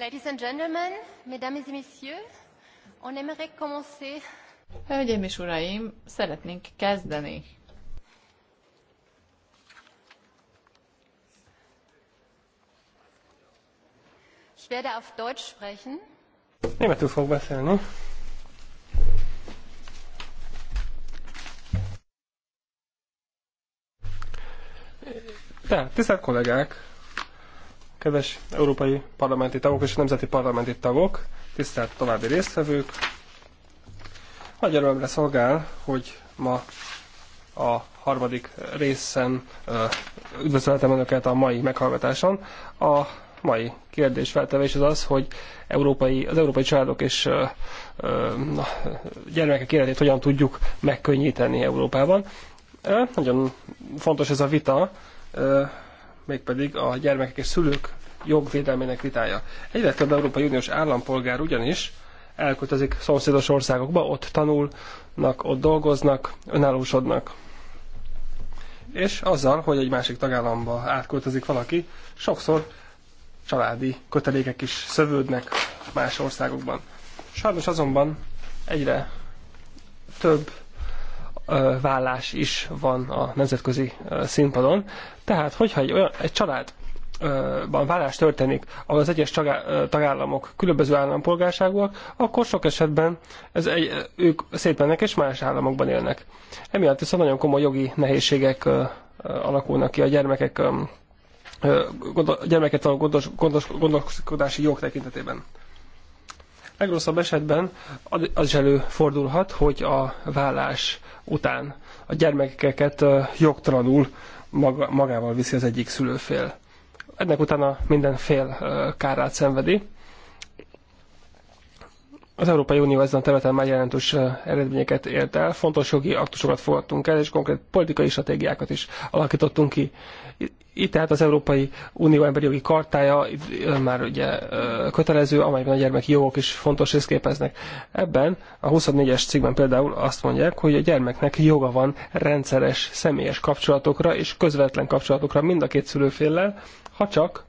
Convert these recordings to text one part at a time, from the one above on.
Ladies and gentlemen, mesdames et messieurs, on aimerait commencer. Hölgyeim és uraim, szeretnénk kezdeni. Ich werde auf Deutsch sprechen. Németül fog beszélni. Tehát, tisztelt kollégák, Kedves európai parlamenti tagok és nemzeti parlamenti tagok, tisztelt további résztvevők! Nagy örömre szolgál, hogy ma a harmadik részen üdvözöltem Önöket a mai meghallgatáson. A mai kérdés feltevés az az, hogy európai, az európai családok és ö, ö, gyermekek életét hogyan tudjuk megkönnyíteni Európában. nagyon fontos ez a vita, mégpedig a gyermekek és szülők jogvédelmének vitája. Egyre több Európai Uniós állampolgár ugyanis elköltözik szomszédos országokba, ott tanulnak, ott dolgoznak, önállósodnak. És azzal, hogy egy másik tagállamba átköltözik valaki, sokszor családi kötelékek is szövődnek más országokban. Sajnos azonban egyre több vállás is van a nemzetközi színpadon. Tehát, hogyha egy, olyan, egy család vállás történik, ahol az egyes tagállamok különböző állampolgárságúak, akkor sok esetben ez egy, ők szétmennek és más államokban élnek. Emiatt viszont nagyon komoly jogi nehézségek alakulnak ki a gyermekek a gyermeket a gondos, gondos, gondoskodási jog tekintetében. Legrosszabb esetben az is előfordulhat, hogy a vállás után a gyermekeket jogtalanul magával viszi az egyik szülőfél. Ennek utána minden fél kárát szenvedi. Az Európai Unió ezen a területen már jelentős eredményeket ért el, fontos jogi aktusokat fogadtunk el, és konkrét politikai stratégiákat is alakítottunk ki. Itt tehát az Európai Unió emberi jogi kartája már ugye kötelező, amelyben a gyermeki jogok is fontos részt képeznek. Ebben a 24-es cikkben például azt mondják, hogy a gyermeknek joga van rendszeres személyes kapcsolatokra és közvetlen kapcsolatokra mind a két szülőféllel, ha csak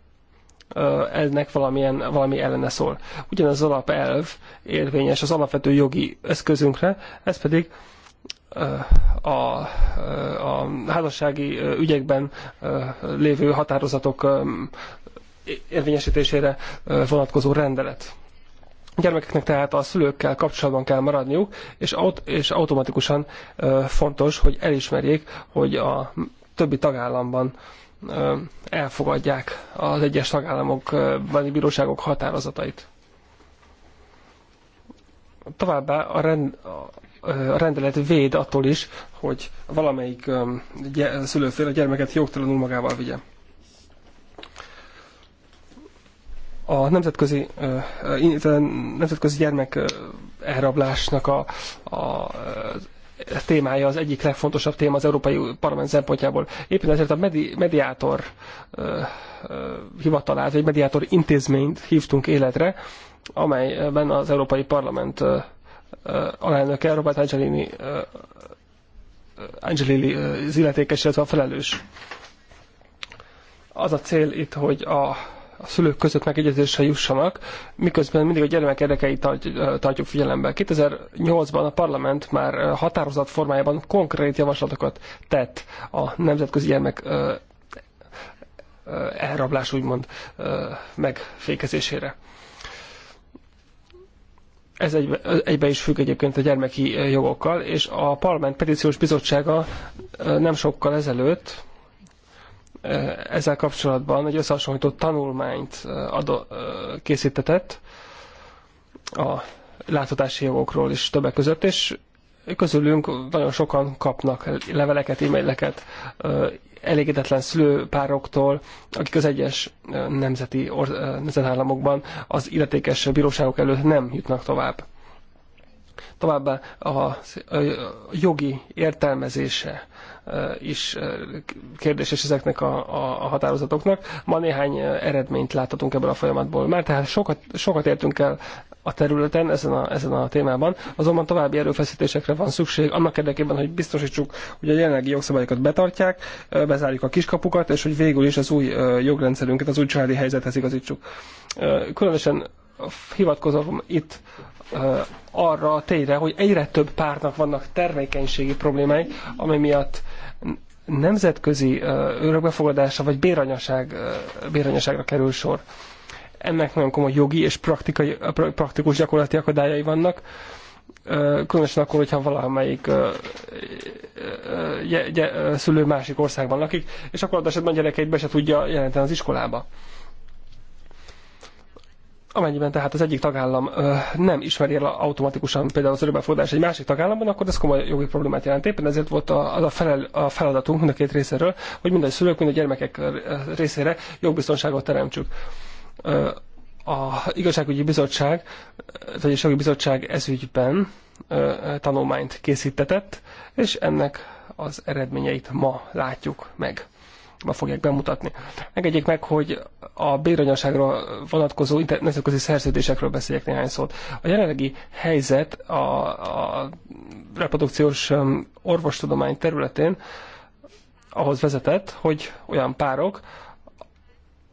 ennek valamilyen, valami ellene szól. Ugyanaz az alapelv érvényes az alapvető jogi eszközünkre, ez pedig a, a házassági ügyekben lévő határozatok érvényesítésére vonatkozó rendelet. A gyermekeknek tehát a szülőkkel kapcsolatban kell maradniuk, és, aut- és automatikusan fontos, hogy elismerjék, hogy a többi tagállamban elfogadják az egyes tagállamokbeli bíróságok határozatait. Továbbá a, rend, a rendelet véd attól is, hogy valamelyik szülőfél a gyermeket jogtalanul magával vigye. A nemzetközi, a nemzetközi gyermek elrablásnak a, a témája az egyik legfontosabb téma az Európai Parlament szempontjából. Éppen ezért a medi, mediátor hivatalát, vagy mediátor intézményt hívtunk életre, amelyben az Európai Parlament alelnöke, Robert Angelini, Angelini az illetékes, illetve a felelős. Az a cél itt, hogy a a szülők között megegyezésre jussanak, miközben mindig a gyermek érdekeit tartjuk figyelembe. 2008-ban a parlament már határozat formájában konkrét javaslatokat tett a nemzetközi gyermek elrablás úgymond megfékezésére ez egybe, egybe is függ egyébként a gyermeki eh, jogokkal, és a Parlament Petíciós Bizottsága eh, nem sokkal ezelőtt eh, ezzel kapcsolatban egy összehasonlító tanulmányt adó, készítetett a láthatási jogokról is többek között, és közülünk nagyon sokan kapnak leveleket, e-maileket, elégedetlen szülőpároktól, akik az egyes nemzeti nemzetállamokban az illetékes bíróságok előtt nem jutnak tovább. Továbbá a jogi értelmezése is kérdéses ezeknek a, a, a határozatoknak. Ma néhány eredményt láthatunk ebből a folyamatból. Már tehát sokat, sokat értünk el a területen, ezen a, ezen a témában, azonban további erőfeszítésekre van szükség, annak érdekében, hogy biztosítsuk, hogy a jelenlegi jogszabályokat betartják, bezárjuk a kiskapukat, és hogy végül is az új jogrendszerünket, az új családi helyzethez igazítsuk. Különösen hivatkozom itt arra a tényre, hogy egyre több pártnak vannak termékenységi problémái, ami miatt nemzetközi örökbefogadása vagy béranyaság, béranyaságra kerül sor ennek nagyon komoly jogi és praktikai, praktikus gyakorlati akadályai vannak, különösen akkor, hogyha valamelyik szülő másik országban lakik, és akkor az esetben gyerekeit be se tudja jelenteni az iskolába. Amennyiben tehát az egyik tagállam ö, nem ismeri el automatikusan például az örökbefogadás egy másik tagállamban, akkor ez komoly jogi problémát jelent. Éppen ezért volt a, az a, felel, a feladatunk mind a két részéről, hogy mind a szülők, mind a gyermekek részére jogbiztonságot teremtsük. Ö, a igazságügyi bizottság, vagy a bizottság ezügyben tanulmányt készítetett, és ennek az eredményeit ma látjuk meg. Ma fogják bemutatni. Megegyék meg, hogy a béranyaságra vonatkozó nemzetközi szerződésekről beszéljek néhány szót. A jelenlegi helyzet a, a reprodukciós orvostudomány területén ahhoz vezetett, hogy olyan párok,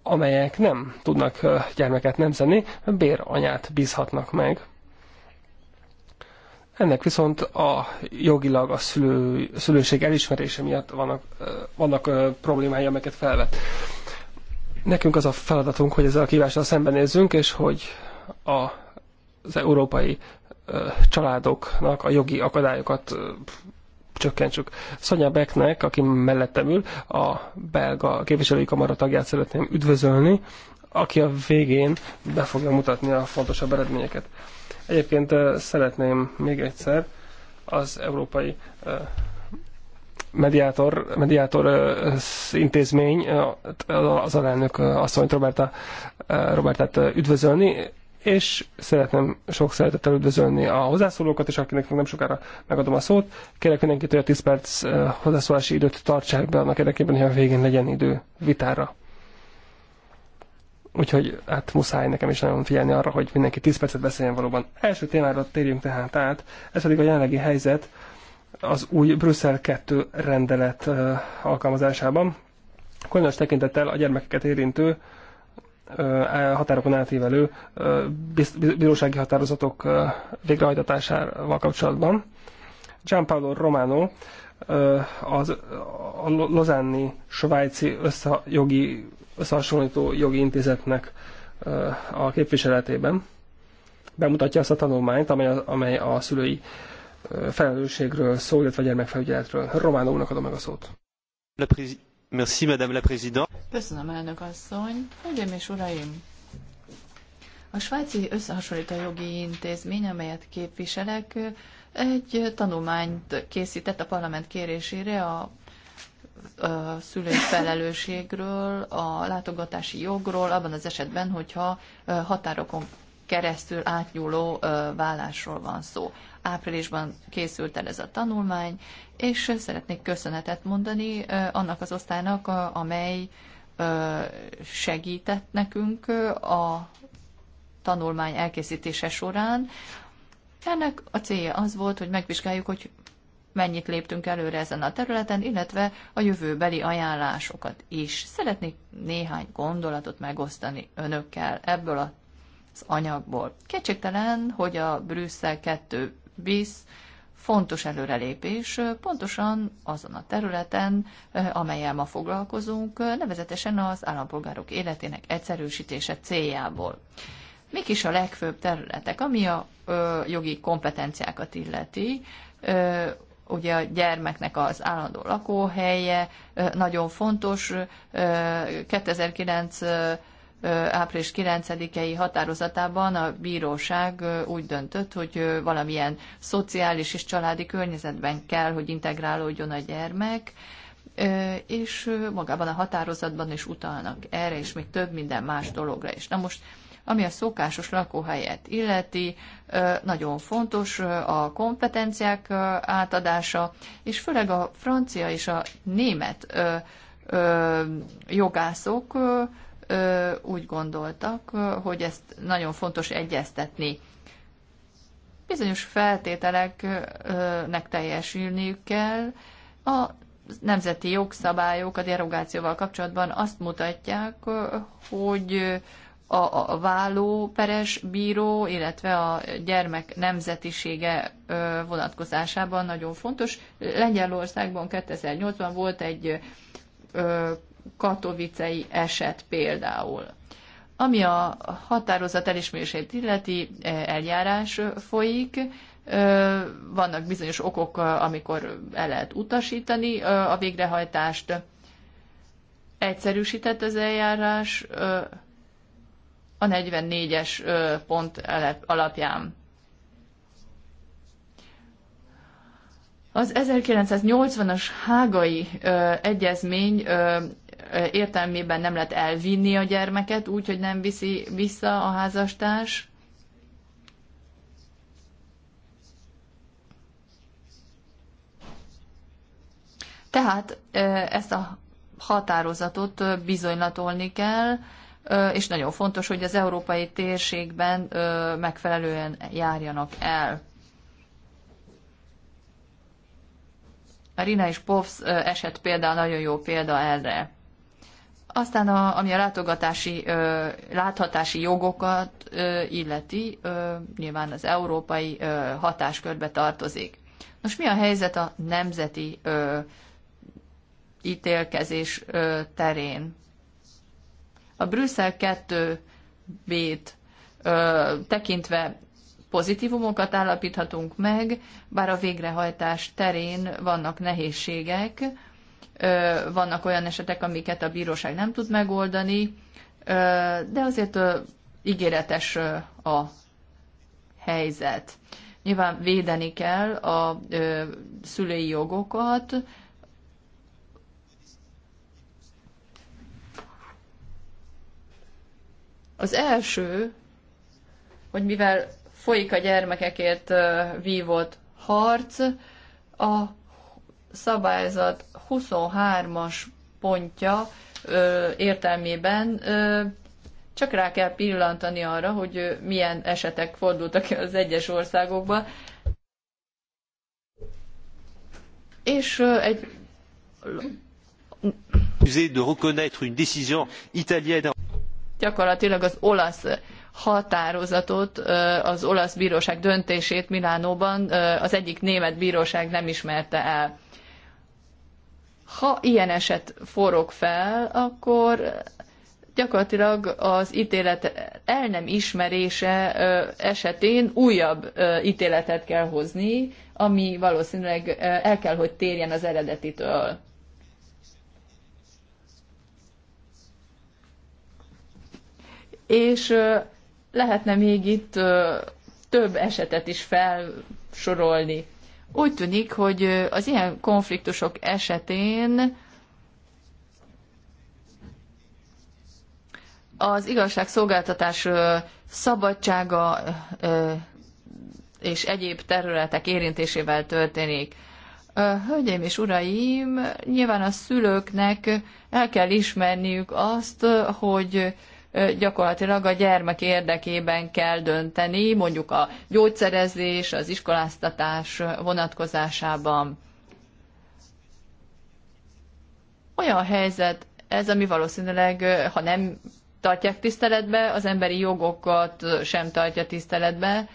amelyek nem tudnak gyermeket nemzeni, béranyát bízhatnak meg. Ennek viszont a jogilag a szülő, szülőség elismerése miatt vannak, vannak problémái, amelyeket felvet. Nekünk az a feladatunk, hogy ezzel a kívással szembenézzünk, és hogy a, az európai családoknak a jogi akadályokat csökkentsük. Szonya Becknek, aki mellettem ül, a belga képviselői kamara tagját szeretném üdvözölni, aki a végén be fogja mutatni a fontosabb eredményeket. Egyébként szeretném még egyszer az Európai mediátor, mediátor intézmény, az alelnök asszonyt Roberta, Robertát üdvözölni és szeretném sok szeretettel üdvözölni a hozzászólókat, és akinek nem sokára megadom a szót. Kérek mindenkit, hogy a 10 perc hozzászólási időt tartsák be annak érdekében, hogy a végén legyen idő vitára. Úgyhogy hát muszáj nekem is nagyon figyelni arra, hogy mindenki 10 percet beszéljen valóban. Első témára térjünk tehát át, ez pedig a jelenlegi helyzet az új Brüsszel 2 rendelet alkalmazásában. Különös tekintettel a gyermekeket érintő E, határokon átívelő bírósági határozatok végrehajtatásával kapcsolatban. Gianpaolo Romano az, a Lozánni Svájci összejogi, összehasonlító jogi intézetnek a képviseletében bemutatja azt a tanulmányt, amely a, amely a szülői felelősségről szól, illetve a gyermekfelügyeletről. Románó adom meg a szót. Merci, Madame la Présidente. Köszönöm, elnök asszony. Hölgyeim és uraim! A svájci összehasonlító jogi intézmény, amelyet képviselek, egy tanulmányt készített a parlament kérésére a a szülői felelősségről, a látogatási jogról, abban az esetben, hogyha határokon keresztül átnyúló vállásról van szó áprilisban készült el ez a tanulmány, és szeretnék köszönetet mondani annak az osztálynak, amely segített nekünk a tanulmány elkészítése során. Ennek a célja az volt, hogy megvizsgáljuk, hogy mennyit léptünk előre ezen a területen, illetve a jövőbeli ajánlásokat is. Szeretnék néhány gondolatot megosztani önökkel ebből az anyagból. Kétségtelen, hogy a Brüsszel 2 visz, fontos előrelépés pontosan azon a területen, amelyel ma foglalkozunk, nevezetesen az állampolgárok életének egyszerűsítése céljából. Mik is a legfőbb területek, ami a ö, jogi kompetenciákat illeti? Ö, ugye a gyermeknek az állandó lakóhelye nagyon fontos. 2009 április 9-i határozatában a bíróság úgy döntött, hogy valamilyen szociális és családi környezetben kell, hogy integrálódjon a gyermek, és magában a határozatban is utalnak erre, és még több minden más dologra is. Na most, ami a szokásos lakóhelyet illeti, nagyon fontos a kompetenciák átadása, és főleg a francia és a német jogászok úgy gondoltak, hogy ezt nagyon fontos egyeztetni. Bizonyos feltételeknek teljesülniük kell. A nemzeti jogszabályok a derogációval kapcsolatban azt mutatják, hogy a, vállóperes bíró, illetve a gyermek nemzetisége vonatkozásában nagyon fontos. Lengyelországban 2008-ban volt egy katovicei eset például. Ami a határozat elismerését illeti, e, eljárás folyik, e, vannak bizonyos okok, e, amikor el lehet utasítani a végrehajtást. Egyszerűsített az eljárás a 44-es pont alapján. Az 1980-as hágai egyezmény értelmében nem lehet elvinni a gyermeket, úgy, hogy nem viszi vissza a házastárs. Tehát ezt a határozatot bizonylatolni kell, és nagyon fontos, hogy az európai térségben megfelelően járjanak el. A Rina és Povs eset példa nagyon jó példa erre. Aztán, a, ami a látogatási, ö, láthatási jogokat ö, illeti, ö, nyilván az európai ö, hatáskörbe tartozik. Most mi a helyzet a nemzeti ö, ítélkezés ö, terén? A Brüsszel 2B-t tekintve pozitívumokat állapíthatunk meg, bár a végrehajtás terén vannak nehézségek, vannak olyan esetek, amiket a bíróság nem tud megoldani, de azért ígéretes a helyzet. Nyilván védeni kell a szülői jogokat, Az első, hogy mivel folyik a gyermekekért vívott harc, a szabályzat 23-as pontja ö, értelmében ö, csak rá kell pillantani arra, hogy ö, milyen esetek fordultak az egyes országokba. És ö, egy de reconnaître une décision italienne. Gyakorlatilag az olasz határozatot, az olasz bíróság döntését Milánóban az egyik német bíróság nem ismerte el. Ha ilyen eset forog fel, akkor gyakorlatilag az ítélet el nem ismerése esetén újabb ítéletet kell hozni, ami valószínűleg el kell, hogy térjen az eredetitől. És lehetne még itt több esetet is felsorolni. Úgy tűnik, hogy az ilyen konfliktusok esetén az igazságszolgáltatás szabadsága és egyéb területek érintésével történik. Hölgyeim és uraim, nyilván a szülőknek el kell ismerniük azt, hogy gyakorlatilag a gyermek érdekében kell dönteni, mondjuk a gyógyszerezés, az iskoláztatás vonatkozásában. Olyan helyzet ez, ami valószínűleg, ha nem tartják tiszteletbe, az emberi jogokat sem tartja tiszteletbe,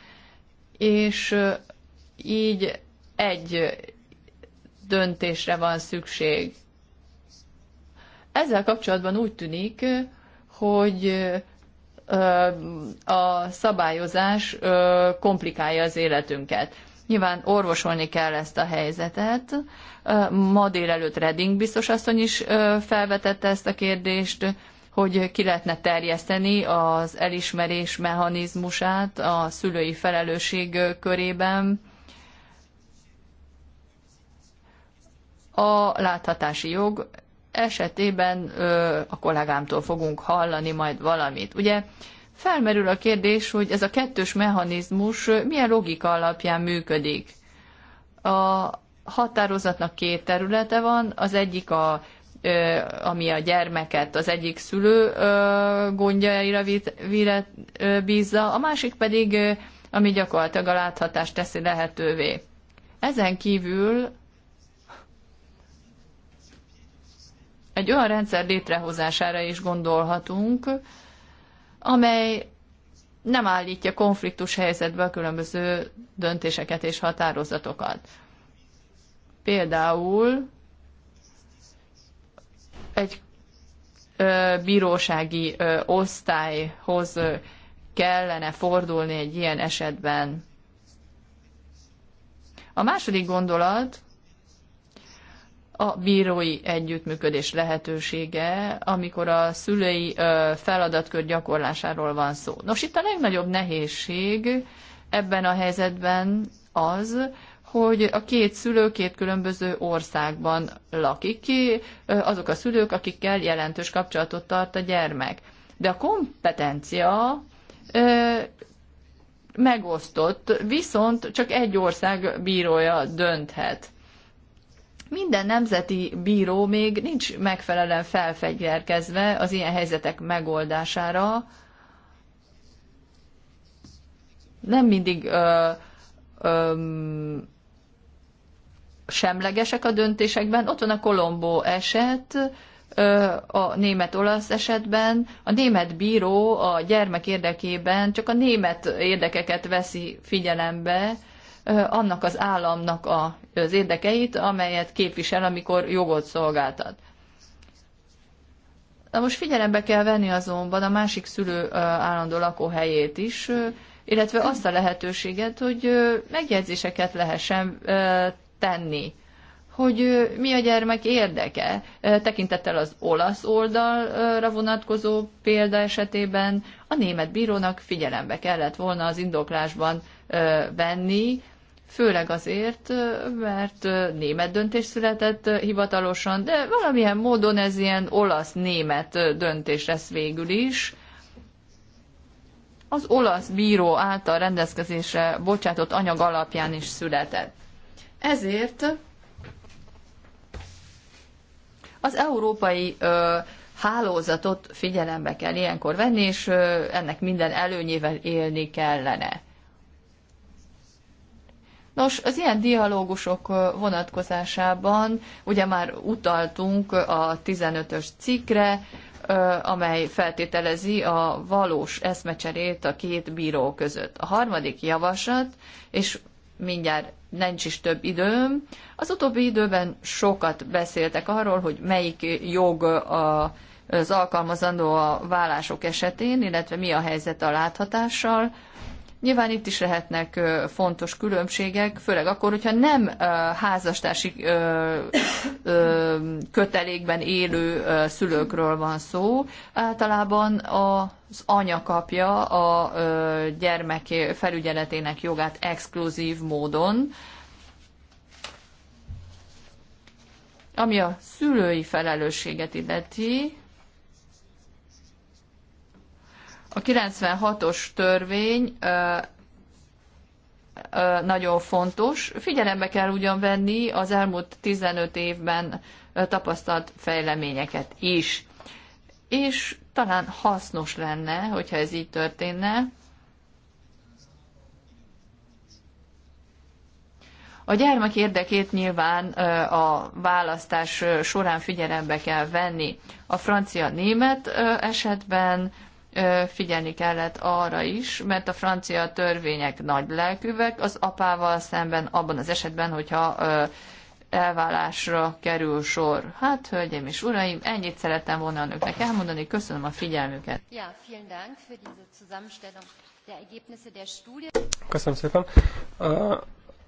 és így egy döntésre van szükség. Ezzel kapcsolatban úgy tűnik, hogy a szabályozás komplikálja az életünket. Nyilván orvosolni kell ezt a helyzetet. Ma délelőtt Redding biztos asszony is felvetette ezt a kérdést, hogy ki lehetne terjeszteni az elismerés mechanizmusát a szülői felelősség körében. A láthatási jog esetében ö, a kollégámtól fogunk hallani majd valamit. Ugye felmerül a kérdés, hogy ez a kettős mechanizmus milyen logika alapján működik. A határozatnak két területe van, az egyik a ami a gyermeket az egyik szülő gondjaira bízza, a másik pedig, ami gyakorlatilag a láthatást teszi lehetővé. Ezen kívül egy olyan rendszer létrehozására is gondolhatunk, amely nem állítja konfliktus helyzetbe a különböző döntéseket és határozatokat. Például egy ö, bírósági ö, osztályhoz ö, kellene fordulni egy ilyen esetben. A második gondolat a bírói együttműködés lehetősége, amikor a szülői feladatkör gyakorlásáról van szó. Nos, itt a legnagyobb nehézség ebben a helyzetben az, hogy a két szülő két különböző országban lakik ki, azok a szülők, akikkel jelentős kapcsolatot tart a gyermek. De a kompetencia megosztott, viszont csak egy ország bírója dönthet minden nemzeti bíró még nincs megfelelően felfegyverkezve az ilyen helyzetek megoldására. Nem mindig ö, ö, semlegesek a döntésekben. Ott van a Kolombó eset, a német-olasz esetben a német bíró a gyermek érdekében csak a német érdekeket veszi figyelembe, annak az államnak a az érdekeit, amelyet képvisel, amikor jogot szolgáltat. Na most figyelembe kell venni azonban a másik szülő állandó lakóhelyét is, illetve azt a lehetőséget, hogy megjegyzéseket lehessen tenni, hogy mi a gyermek érdeke, tekintettel az olasz oldalra vonatkozó példa esetében a német bírónak figyelembe kellett volna az indoklásban venni főleg azért, mert német döntés született hivatalosan, de valamilyen módon ez ilyen olasz-német döntés lesz végül is. Az olasz bíró által rendezkezésre bocsátott anyag alapján is született. Ezért az európai ö, hálózatot figyelembe kell ilyenkor venni, és ö, ennek minden előnyével élni kellene. Nos, az ilyen dialógusok vonatkozásában ugye már utaltunk a 15-ös cikkre, amely feltételezi a valós eszmecserét a két bíró között. A harmadik javaslat, és mindjárt nincs is több időm, az utóbbi időben sokat beszéltek arról, hogy melyik jog a, az alkalmazandó a vállások esetén, illetve mi a helyzet a láthatással, Nyilván itt is lehetnek fontos különbségek, főleg akkor, hogyha nem házastársi kötelékben élő szülőkről van szó. Általában az anya kapja a gyermek felügyeletének jogát exkluzív módon, ami a szülői felelősséget illeti, A 96-os törvény nagyon fontos. Figyelembe kell ugyan venni az elmúlt 15 évben tapasztalt fejleményeket is. És talán hasznos lenne, hogyha ez így történne. A gyermek érdekét nyilván a választás során figyelembe kell venni. A francia-német esetben figyelni kellett arra is, mert a francia törvények nagy lelkűvek az apával szemben abban az esetben, hogyha elvállásra kerül sor. Hát, hölgyeim és uraim, ennyit szerettem volna önöknek elmondani. Köszönöm a figyelmüket. Köszönöm szépen.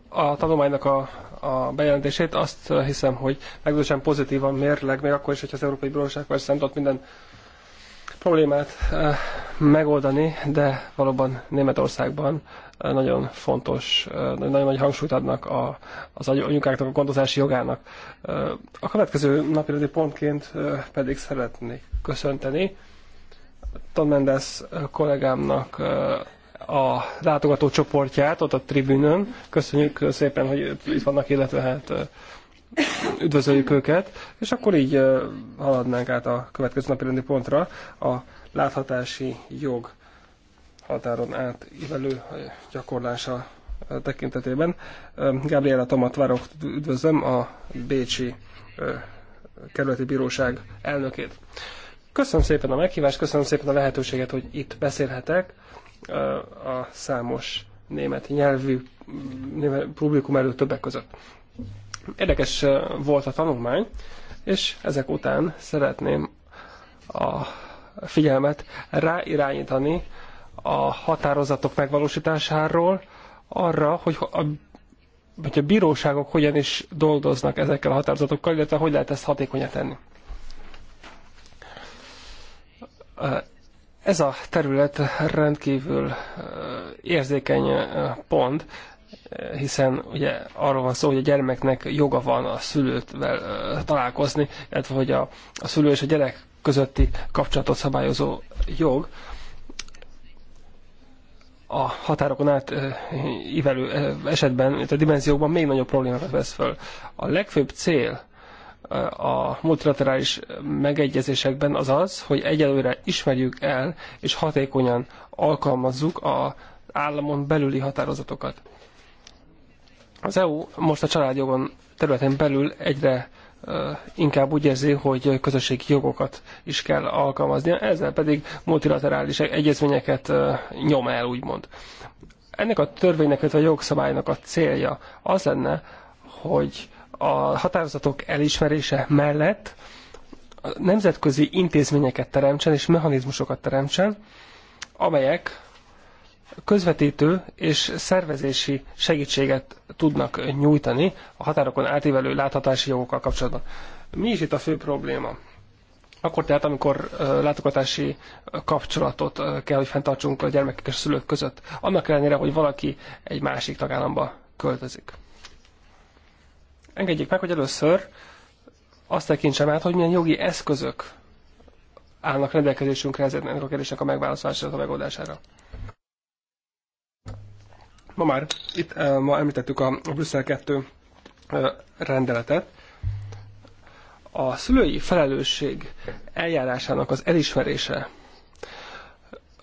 A tanulmánynak a, a bejelentését azt hiszem, hogy meglehetősen pozitívan mérleg, még akkor is, hogy az Európai Bíróság persze nem tudott minden problémát eh, megoldani, de valóban Németországban eh, nagyon fontos, eh, nagyon nagy hangsúlyt adnak a, az anyukáknak a gondozási jogának. A következő napirendi pontként pedig szeretnék köszönteni Tom Mendes kollégámnak a látogató csoportját ott a tribünön. Köszönjük szépen, hogy itt vannak, illetve hát üdvözöljük őket, és akkor így haladnánk át a következő napi rendi pontra, a láthatási jog határon átívelő gyakorlása tekintetében. Gabriela Tomat várok, üdvözlöm a Bécsi Kerületi Bíróság elnökét. Köszönöm szépen a meghívást, köszönöm szépen a lehetőséget, hogy itt beszélhetek a számos német nyelvű német publikum előtt többek között. Érdekes eh, volt a tanulmány, és ezek után szeretném a figyelmet ráirányítani a határozatok megvalósításáról, arra, hogy a, hogy a bíróságok hogyan is dolgoznak ezekkel a határozatokkal, illetve hogy lehet ezt hatékonyan tenni. Eh, ez a terület rendkívül eh, érzékeny pont, hiszen ugye arról van szó, hogy a gyermeknek joga van a szülőtvel találkozni, illetve hogy a, a szülő és a gyerek közötti kapcsolatot szabályozó jog a határokon át ívelő esetben, a dimenziókban még nagyobb problémát vesz föl. A legfőbb cél a multilaterális megegyezésekben az az, hogy egyelőre ismerjük el és hatékonyan alkalmazzuk a államon belüli határozatokat. Az EU most a családjogon területen belül egyre inkább úgy érzi, hogy közösségi jogokat is kell alkalmazni, ezzel pedig multilaterális egyezményeket nyom el, úgymond. Ennek a törvénynek, illetve a jogszabálynak a célja az lenne, hogy a határozatok elismerése mellett nemzetközi intézményeket teremtsen és mechanizmusokat teremtsen, amelyek közvetítő és szervezési segítséget tudnak nyújtani a határokon átívelő láthatási jogokkal kapcsolatban. Mi is itt a fő probléma? Akkor tehát, amikor látogatási kapcsolatot kell, hogy fenntartsunk a gyermekek és a szülők között, annak ellenére, hogy valaki egy másik tagállamba költözik. Engedjék meg, hogy először azt tekintsem át, hogy milyen jogi eszközök állnak rendelkezésünkre ezeknek a kérdésnek a megválaszolására, a megoldására. Ma már itt eh, ma említettük a Brüsszel 2 eh, rendeletet. A szülői felelősség eljárásának az elismerése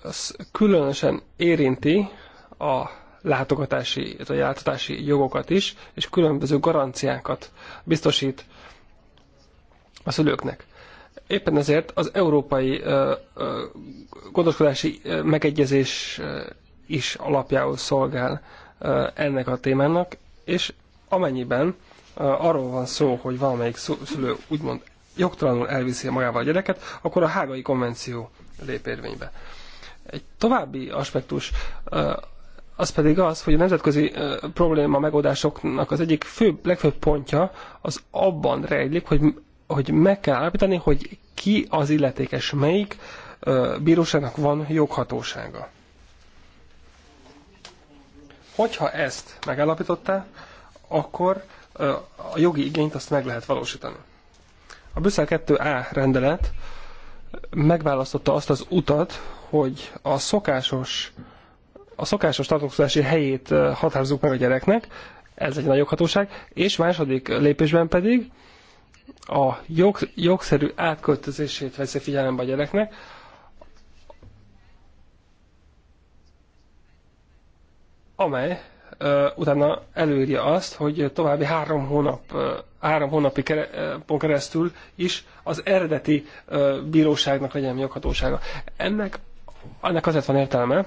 az különösen érinti a látogatási, vagy játszatási jogokat is, és különböző garanciákat biztosít a szülőknek. Éppen ezért az európai ö, eh, ö, gondoskodási megegyezés is alapjául szolgál ennek a témának, és amennyiben arról van szó, hogy valamelyik szülő úgymond jogtalanul elviszi magával a gyereket, akkor a hágai konvenció lép érvénybe. Egy további aspektus az pedig az, hogy a nemzetközi probléma megoldásoknak az egyik fő, legfőbb pontja az abban rejlik, hogy, hogy meg kell állapítani, hogy ki az illetékes, melyik bíróságnak van joghatósága. Hogyha ezt megállapították, akkor a jogi igényt azt meg lehet valósítani. A Brüsszel 2A rendelet megválasztotta azt az utat, hogy a szokásos, a szokásos tartózkodási helyét határozzuk meg a gyereknek, ez egy nagy joghatóság, és második lépésben pedig a jog, jogszerű átköltözését veszi figyelembe a gyereknek, amely utána előírja azt, hogy további három, hónap, három hónapi pont keresztül is az eredeti bíróságnak legyen joghatósága. Ennek, ennek azért van értelme,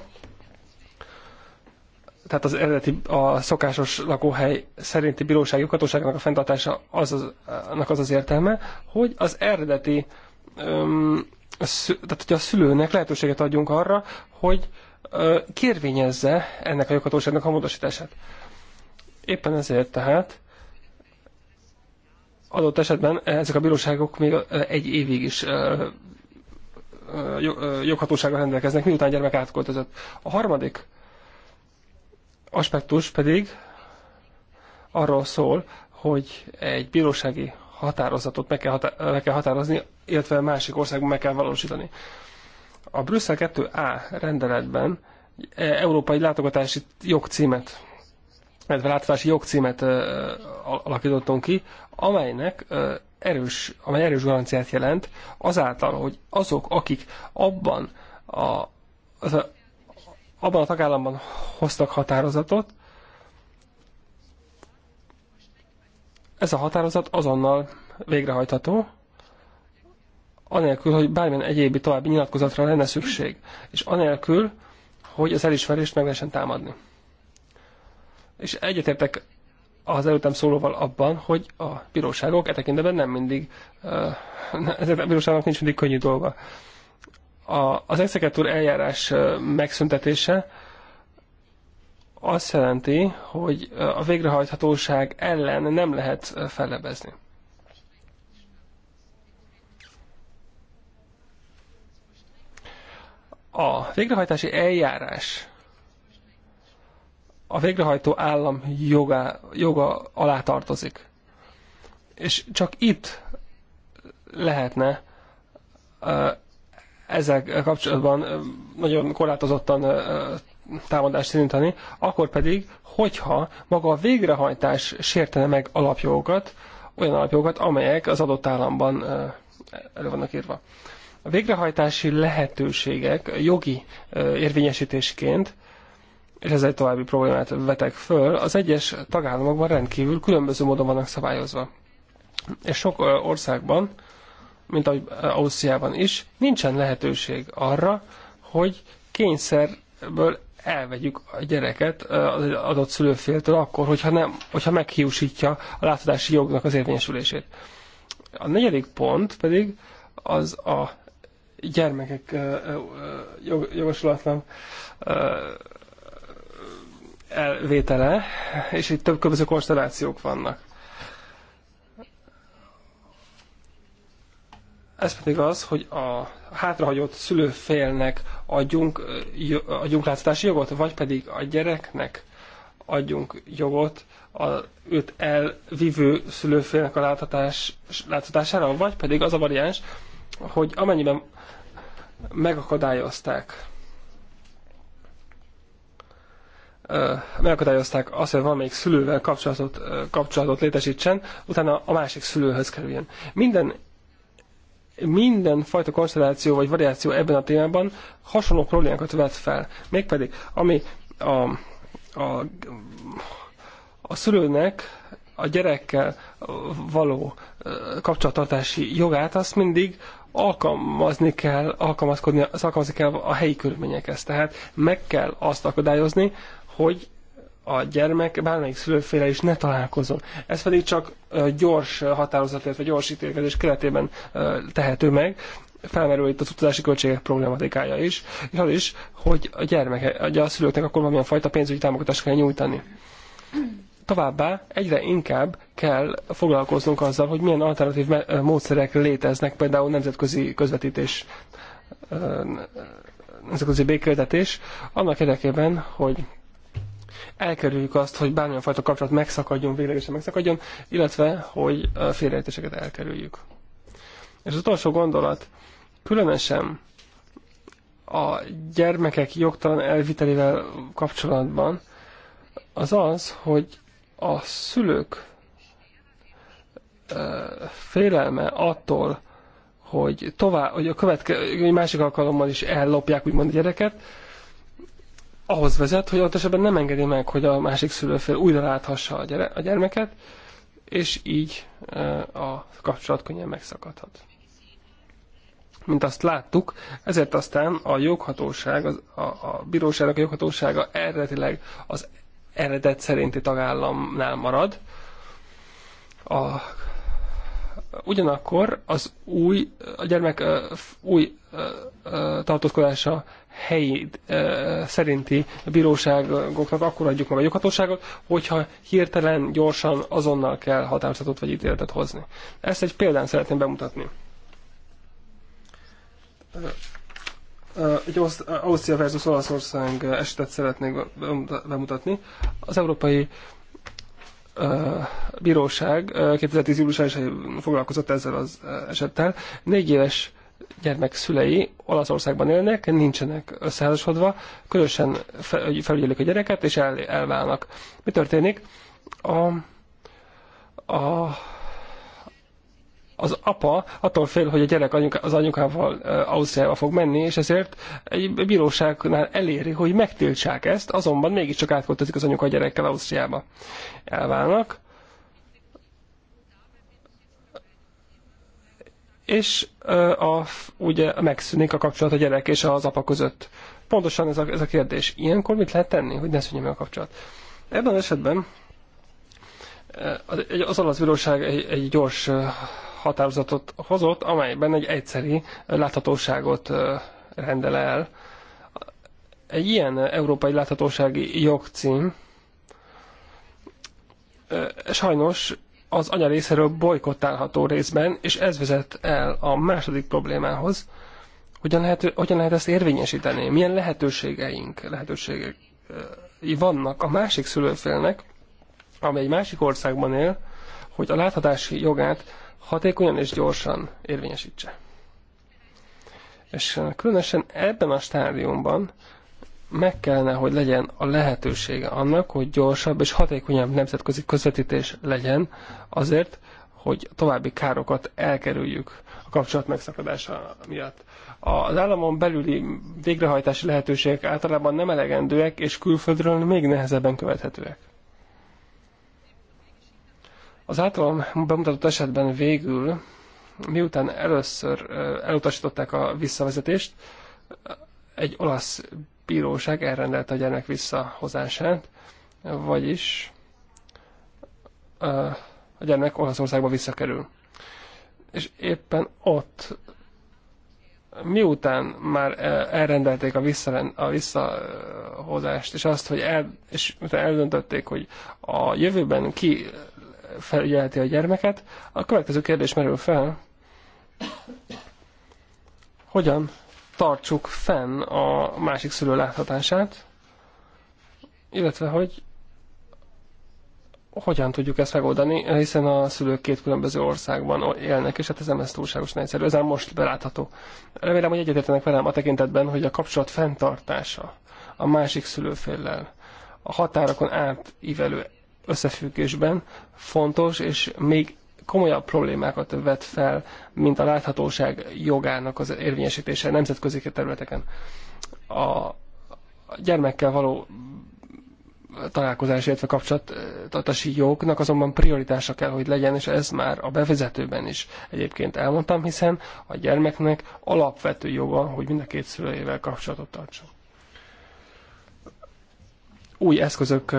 tehát az eredeti, a szokásos lakóhely szerinti bíróság joghatóságnak a fenntartása az az, annak az az értelme, hogy az eredeti, öm, tehát hogy a szülőnek lehetőséget adjunk arra, hogy kérvényezze ennek a joghatóságnak a módosítását. Éppen ezért tehát adott esetben ezek a bíróságok még egy évig is joghatósággal rendelkeznek, miután a gyermek átköltözött. A harmadik aspektus pedig arról szól, hogy egy bírósági határozatot meg kell, meg kell határozni, illetve másik országban meg kell valósítani a Brüsszel 2A rendeletben e, európai látogatási jogcímet, illetve látogatási jogcímet e, alakítottunk ki, amelynek e, erős, amely erős garanciát jelent azáltal, hogy azok, akik abban a, az a, abban a tagállamban hoztak határozatot, ez a határozat azonnal végrehajtható, anélkül, hogy bármilyen egyéb további nyilatkozatra lenne szükség, és anélkül, hogy az elismerést meg lehessen támadni. És egyetértek az előttem szólóval abban, hogy a bíróságok e tekintetben nem mindig, ezek a bíróságok nincs mindig könnyű dolga. A, az exekutúr eljárás megszüntetése azt jelenti, hogy a végrehajthatóság ellen nem lehet fellebezni. A végrehajtási eljárás a végrehajtó állam joga, joga alá tartozik. És csak itt lehetne ezzel kapcsolatban nagyon korlátozottan támadást szintani, akkor pedig, hogyha maga a végrehajtás sértene meg alapjogokat, olyan alapjogokat, amelyek az adott államban elő vannak írva. A végrehajtási lehetőségek jogi érvényesítésként, és ez egy további problémát vetek föl, az egyes tagállamokban rendkívül különböző módon vannak szabályozva. És sok országban, mint ahogy Ausztriában is, nincsen lehetőség arra, hogy kényszerből elvegyük a gyereket az adott szülőféltől akkor, hogyha, nem, hogyha meghiúsítja a látodási jognak az érvényesülését. A negyedik pont pedig az a gyermekek jogosulatlan elvétele, és itt több különböző konstellációk vannak. Ez pedig az, hogy a hátrahagyott szülőfélnek adjunk, adjunk látszatási jogot, vagy pedig a gyereknek adjunk jogot a, őt elvívő szülőfélnek a láthatás, láthatására, vagy pedig az a variáns, hogy amennyiben megakadályozták megakadályozták azt, hogy valamelyik szülővel kapcsolatot, kapcsolatot létesítsen, utána a másik szülőhöz kerüljön. Minden minden fajta konstelláció vagy variáció ebben a témában hasonló problémákat vet fel. Mégpedig, ami a, a, a szülőnek a gyerekkel való kapcsolattartási jogát, azt mindig alkalmazni kell, alkalmazkodni, az alkalmazni kell a helyi körülményekhez. Tehát meg kell azt akadályozni, hogy a gyermek bármelyik szülőféle is ne találkozom. Ez pedig csak gyors határozatért, vagy gyors ítélkezés keretében tehető meg, felmerül itt a utazási költségek problematikája is, és az is, hogy a gyermeke, a szülőknek akkor valamilyen fajta pénzügyi támogatást kell nyújtani. Továbbá egyre inkább kell foglalkoznunk azzal, hogy milyen alternatív módszerek léteznek, például nemzetközi közvetítés, nemzetközi békéltetés, annak érdekében, hogy elkerüljük azt, hogy bármilyen fajta kapcsolat megszakadjon, véglegesen megszakadjon, illetve, hogy félreértéseket elkerüljük. És az utolsó gondolat, különösen a gyermekek jogtalan elvitelével kapcsolatban, az az, hogy a szülők félelme attól, hogy tovább, hogy a következő, hogy másik alkalommal is ellopják úgymond a gyereket, ahhoz vezet, hogy ott esetben nem engedi meg, hogy a másik szülőfél újra láthassa a, gyere, a gyermeket, és így a kapcsolat könnyen megszakadhat. Mint azt láttuk, ezért aztán a joghatóság, az, a, a bíróságnak a joghatósága eredetileg az eredet szerinti tagállamnál marad. A, ugyanakkor az új, a gyermek új tartózkodása helyi szerinti bíróságoknak akkor adjuk meg a joghatóságot, hogyha hirtelen, gyorsan, azonnal kell határozatot vagy ítéletet hozni. Ezt egy példán szeretném bemutatni egy Ausztria versus Olaszország esetet szeretnék bemutatni. Az Európai Bíróság 2010. júliusában foglalkozott ezzel az esettel. Négy éves gyermek szülei Olaszországban élnek, nincsenek összeházasodva, közösen felügyelik a gyereket, és el, elválnak. Mi történik? A, a az apa attól fél, hogy a gyerek anyuka, az anyukával e, Ausztriába fog menni, és ezért egy bíróságnál eléri, hogy megtiltsák ezt, azonban mégiscsak átköltözik az anyuka a gyerekkel Ausztriába. Elválnak. És a, ugye megszűnik a kapcsolat a gyerek és az apa között. Pontosan ez a, ez a kérdés. Ilyenkor mit lehet tenni, hogy ne szűnjön meg a kapcsolat? Ebben az esetben az olasz bíróság egy, egy gyors határozatot hozott, amelyben egy egyszeri láthatóságot rendel el. Egy ilyen európai láthatósági jogcím sajnos az anya részéről bolykottálható részben, és ez vezet el a második problémához, hogyan lehet, hogyan lehet ezt érvényesíteni, milyen lehetőségeink, lehetőségek vannak a másik szülőfélnek, amely egy másik országban él, hogy a láthatási jogát hatékonyan és gyorsan érvényesítse. És eh, különösen ebben a stádiumban meg kellene, hogy legyen a lehetősége annak, hogy gyorsabb és hatékonyabb nemzetközi közvetítés legyen azért, hogy további károkat elkerüljük a kapcsolat megszakadása miatt. Az államon belüli végrehajtási lehetőségek általában nem elegendőek, és külföldről még nehezebben követhetőek. Az általam bemutatott esetben végül, miután először elutasították a visszavezetést, egy olasz bíróság elrendelte a gyermek visszahozását, vagyis a gyermek Olaszországba visszakerül. És éppen ott, miután már elrendelték a, vissza, a visszahozást, és azt, hogy el, és eldöntötték, hogy a jövőben ki felügyelheti a gyermeket. A következő kérdés merül fel, hogyan tartsuk fenn a másik szülő láthatását, illetve hogy hogyan tudjuk ezt megoldani, hiszen a szülők két különböző országban élnek, és hát ez nem ez túlságos egyszerű, ez már most belátható. Remélem, hogy egyetértenek velem a tekintetben, hogy a kapcsolat fenntartása a másik szülőféllel, a határokon átívelő összefüggésben fontos, és még komolyabb problémákat vet fel, mint a láthatóság jogának az érvényesítése nemzetközi területeken. A gyermekkel való találkozás, illetve kapcsolatási jognak azonban prioritása kell, hogy legyen, és ez már a bevezetőben is egyébként elmondtam, hiszen a gyermeknek alapvető joga, hogy mind a két szülőjével kapcsolatot tartson új eszközök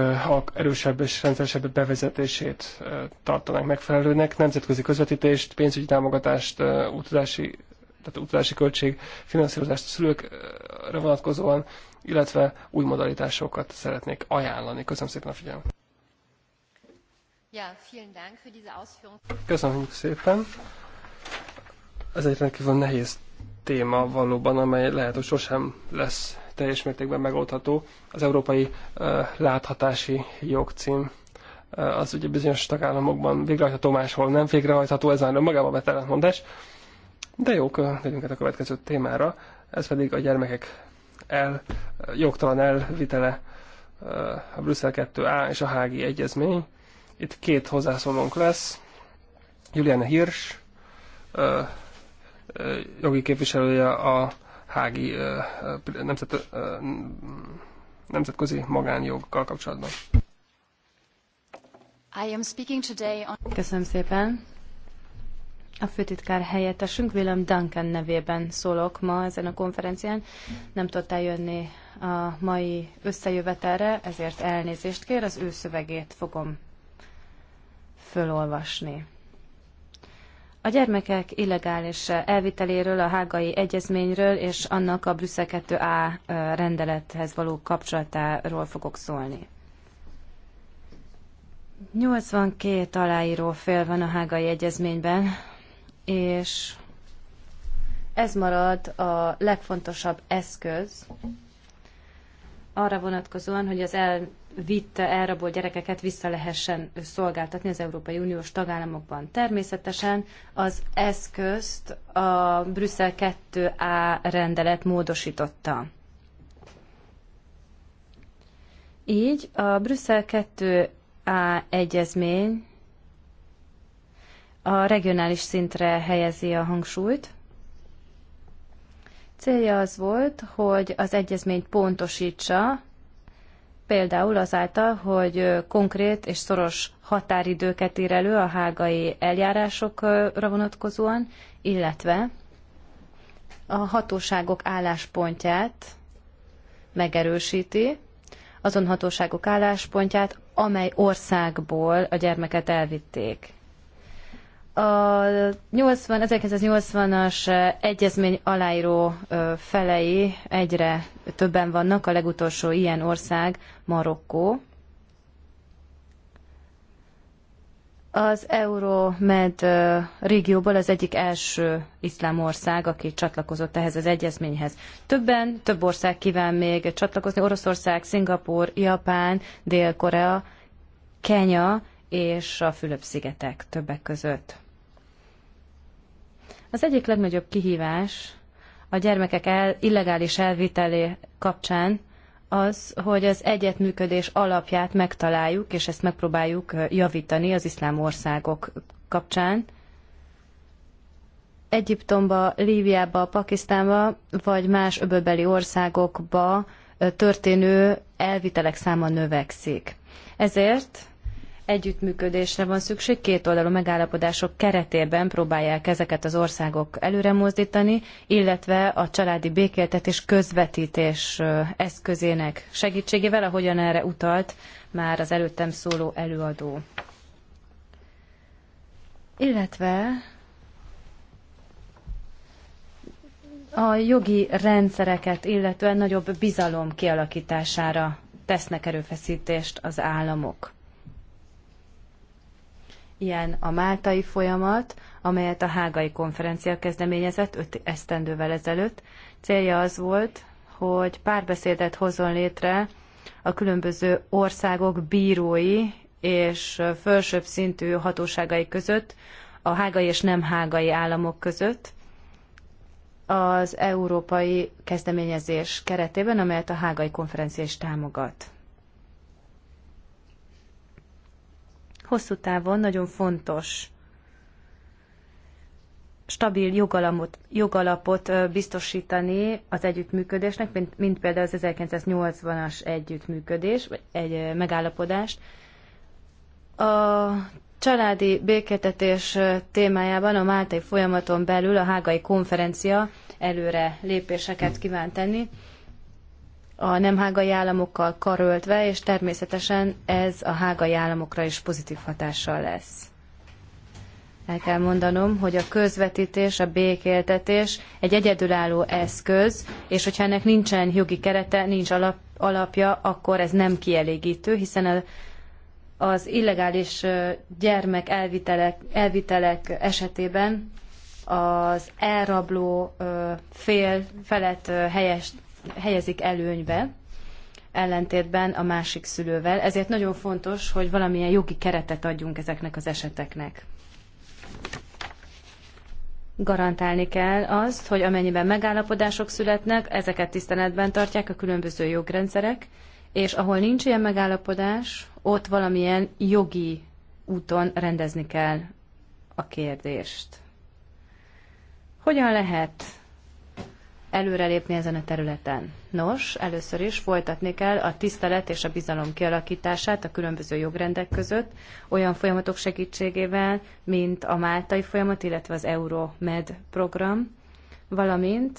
erősebb és rendszeresebb bevezetését tartanánk megfelelőnek, nemzetközi közvetítést, pénzügyi támogatást, utazási, tehát utazási költség, finanszírozást a szülőkre vonatkozóan, illetve új modalitásokat szeretnék ajánlani. Köszönöm szépen a figyelmet! Köszönöm szépen! Ez egy rendkívül nehéz téma valóban, amely lehet, hogy sosem lesz teljes mértékben megoldható. Az európai láthatási jogcím az ugye bizonyos tagállamokban végrehajtható, máshol nem végrehajtható, ez már önmagában vetellentmondás. De jó tegyünk át a következő témára, ez pedig a gyermekek el, jogtalan elvitele a Brüsszel 2A és a Hági Egyezmény. Itt két hozzászólónk lesz, Juliana Hirsch, jogi képviselője a hági nemzet, nemzetközi magánjoggal kapcsolatban. I am speaking today on... Köszönöm szépen. A főtitkár helyettesünk Willem Duncan nevében szólok ma ezen a konferencián. Nem tudott eljönni a mai összejövetelre, ezért elnézést kér, az ő szövegét fogom fölolvasni. A gyermekek illegális elviteléről, a hágai egyezményről és annak a Brüsszel 2A rendelethez való kapcsolatáról fogok szólni. 82 aláíró fél van a hágai egyezményben, és ez marad a legfontosabb eszköz arra vonatkozóan, hogy az el vitte elrabolt gyerekeket vissza lehessen szolgáltatni az Európai Uniós tagállamokban. Természetesen az eszközt a Brüsszel 2A rendelet módosította. Így a Brüsszel 2A egyezmény a regionális szintre helyezi a hangsúlyt, Célja az volt, hogy az egyezmény pontosítsa például azáltal, hogy konkrét és szoros határidőket ír elő a hágai eljárásokra vonatkozóan, illetve a hatóságok álláspontját megerősíti, azon hatóságok álláspontját, amely országból a gyermeket elvitték. A 80, 1980-as egyezmény aláíró felei egyre többen vannak. A legutolsó ilyen ország Marokkó. Az Euromed régióból az egyik első iszlám ország, aki csatlakozott ehhez az egyezményhez. Többen, több ország kíván még csatlakozni, Oroszország, Szingapur, Japán, Dél-Korea, Kenya és a Fülöp-szigetek többek között. Az egyik legnagyobb kihívás a gyermekek el, illegális elvitelé kapcsán az, hogy az egyetműködés alapját megtaláljuk, és ezt megpróbáljuk javítani az iszlám országok kapcsán. Egyiptomba, Líbiába, Pakisztánba, vagy más öbölbeli országokba történő elvitelek száma növekszik. Ezért együttműködésre van szükség, kétoldalú megállapodások keretében próbálják ezeket az országok előre mozdítani, illetve a családi békéltetés közvetítés eszközének segítségével, ahogyan erre utalt már az előttem szóló előadó. Illetve a jogi rendszereket illetően nagyobb bizalom kialakítására tesznek erőfeszítést az államok. Ilyen a máltai folyamat, amelyet a hágai konferencia kezdeményezett öt esztendővel ezelőtt. Célja az volt, hogy párbeszédet hozzon létre a különböző országok bírói és felsőbb szintű hatóságai között, a hágai és nem hágai államok között, az európai kezdeményezés keretében, amelyet a hágai konferencia is támogat. hosszú távon nagyon fontos stabil jogalapot, jogalapot biztosítani az együttműködésnek, mint, mint például az 1980-as együttműködés, vagy egy megállapodást. A családi béketetés témájában a Máltai folyamaton belül a hágai konferencia előre lépéseket kíván tenni a nem hágai államokkal karöltve, és természetesen ez a hágai államokra is pozitív hatással lesz. El kell mondanom, hogy a közvetítés, a békéltetés egy egyedülálló eszköz, és hogyha ennek nincsen jogi kerete, nincs alap, alapja, akkor ez nem kielégítő, hiszen a, az illegális gyermek elvitelek, elvitelek esetében az elrabló fél felett helyes, helyezik előnybe, ellentétben a másik szülővel. Ezért nagyon fontos, hogy valamilyen jogi keretet adjunk ezeknek az eseteknek. Garantálni kell azt, hogy amennyiben megállapodások születnek, ezeket tiszteletben tartják a különböző jogrendszerek, és ahol nincs ilyen megállapodás, ott valamilyen jogi úton rendezni kell a kérdést. Hogyan lehet előrelépni ezen a területen. Nos, először is folytatni kell a tisztelet és a bizalom kialakítását a különböző jogrendek között, olyan folyamatok segítségével, mint a Máltai folyamat, illetve az Euromed program, valamint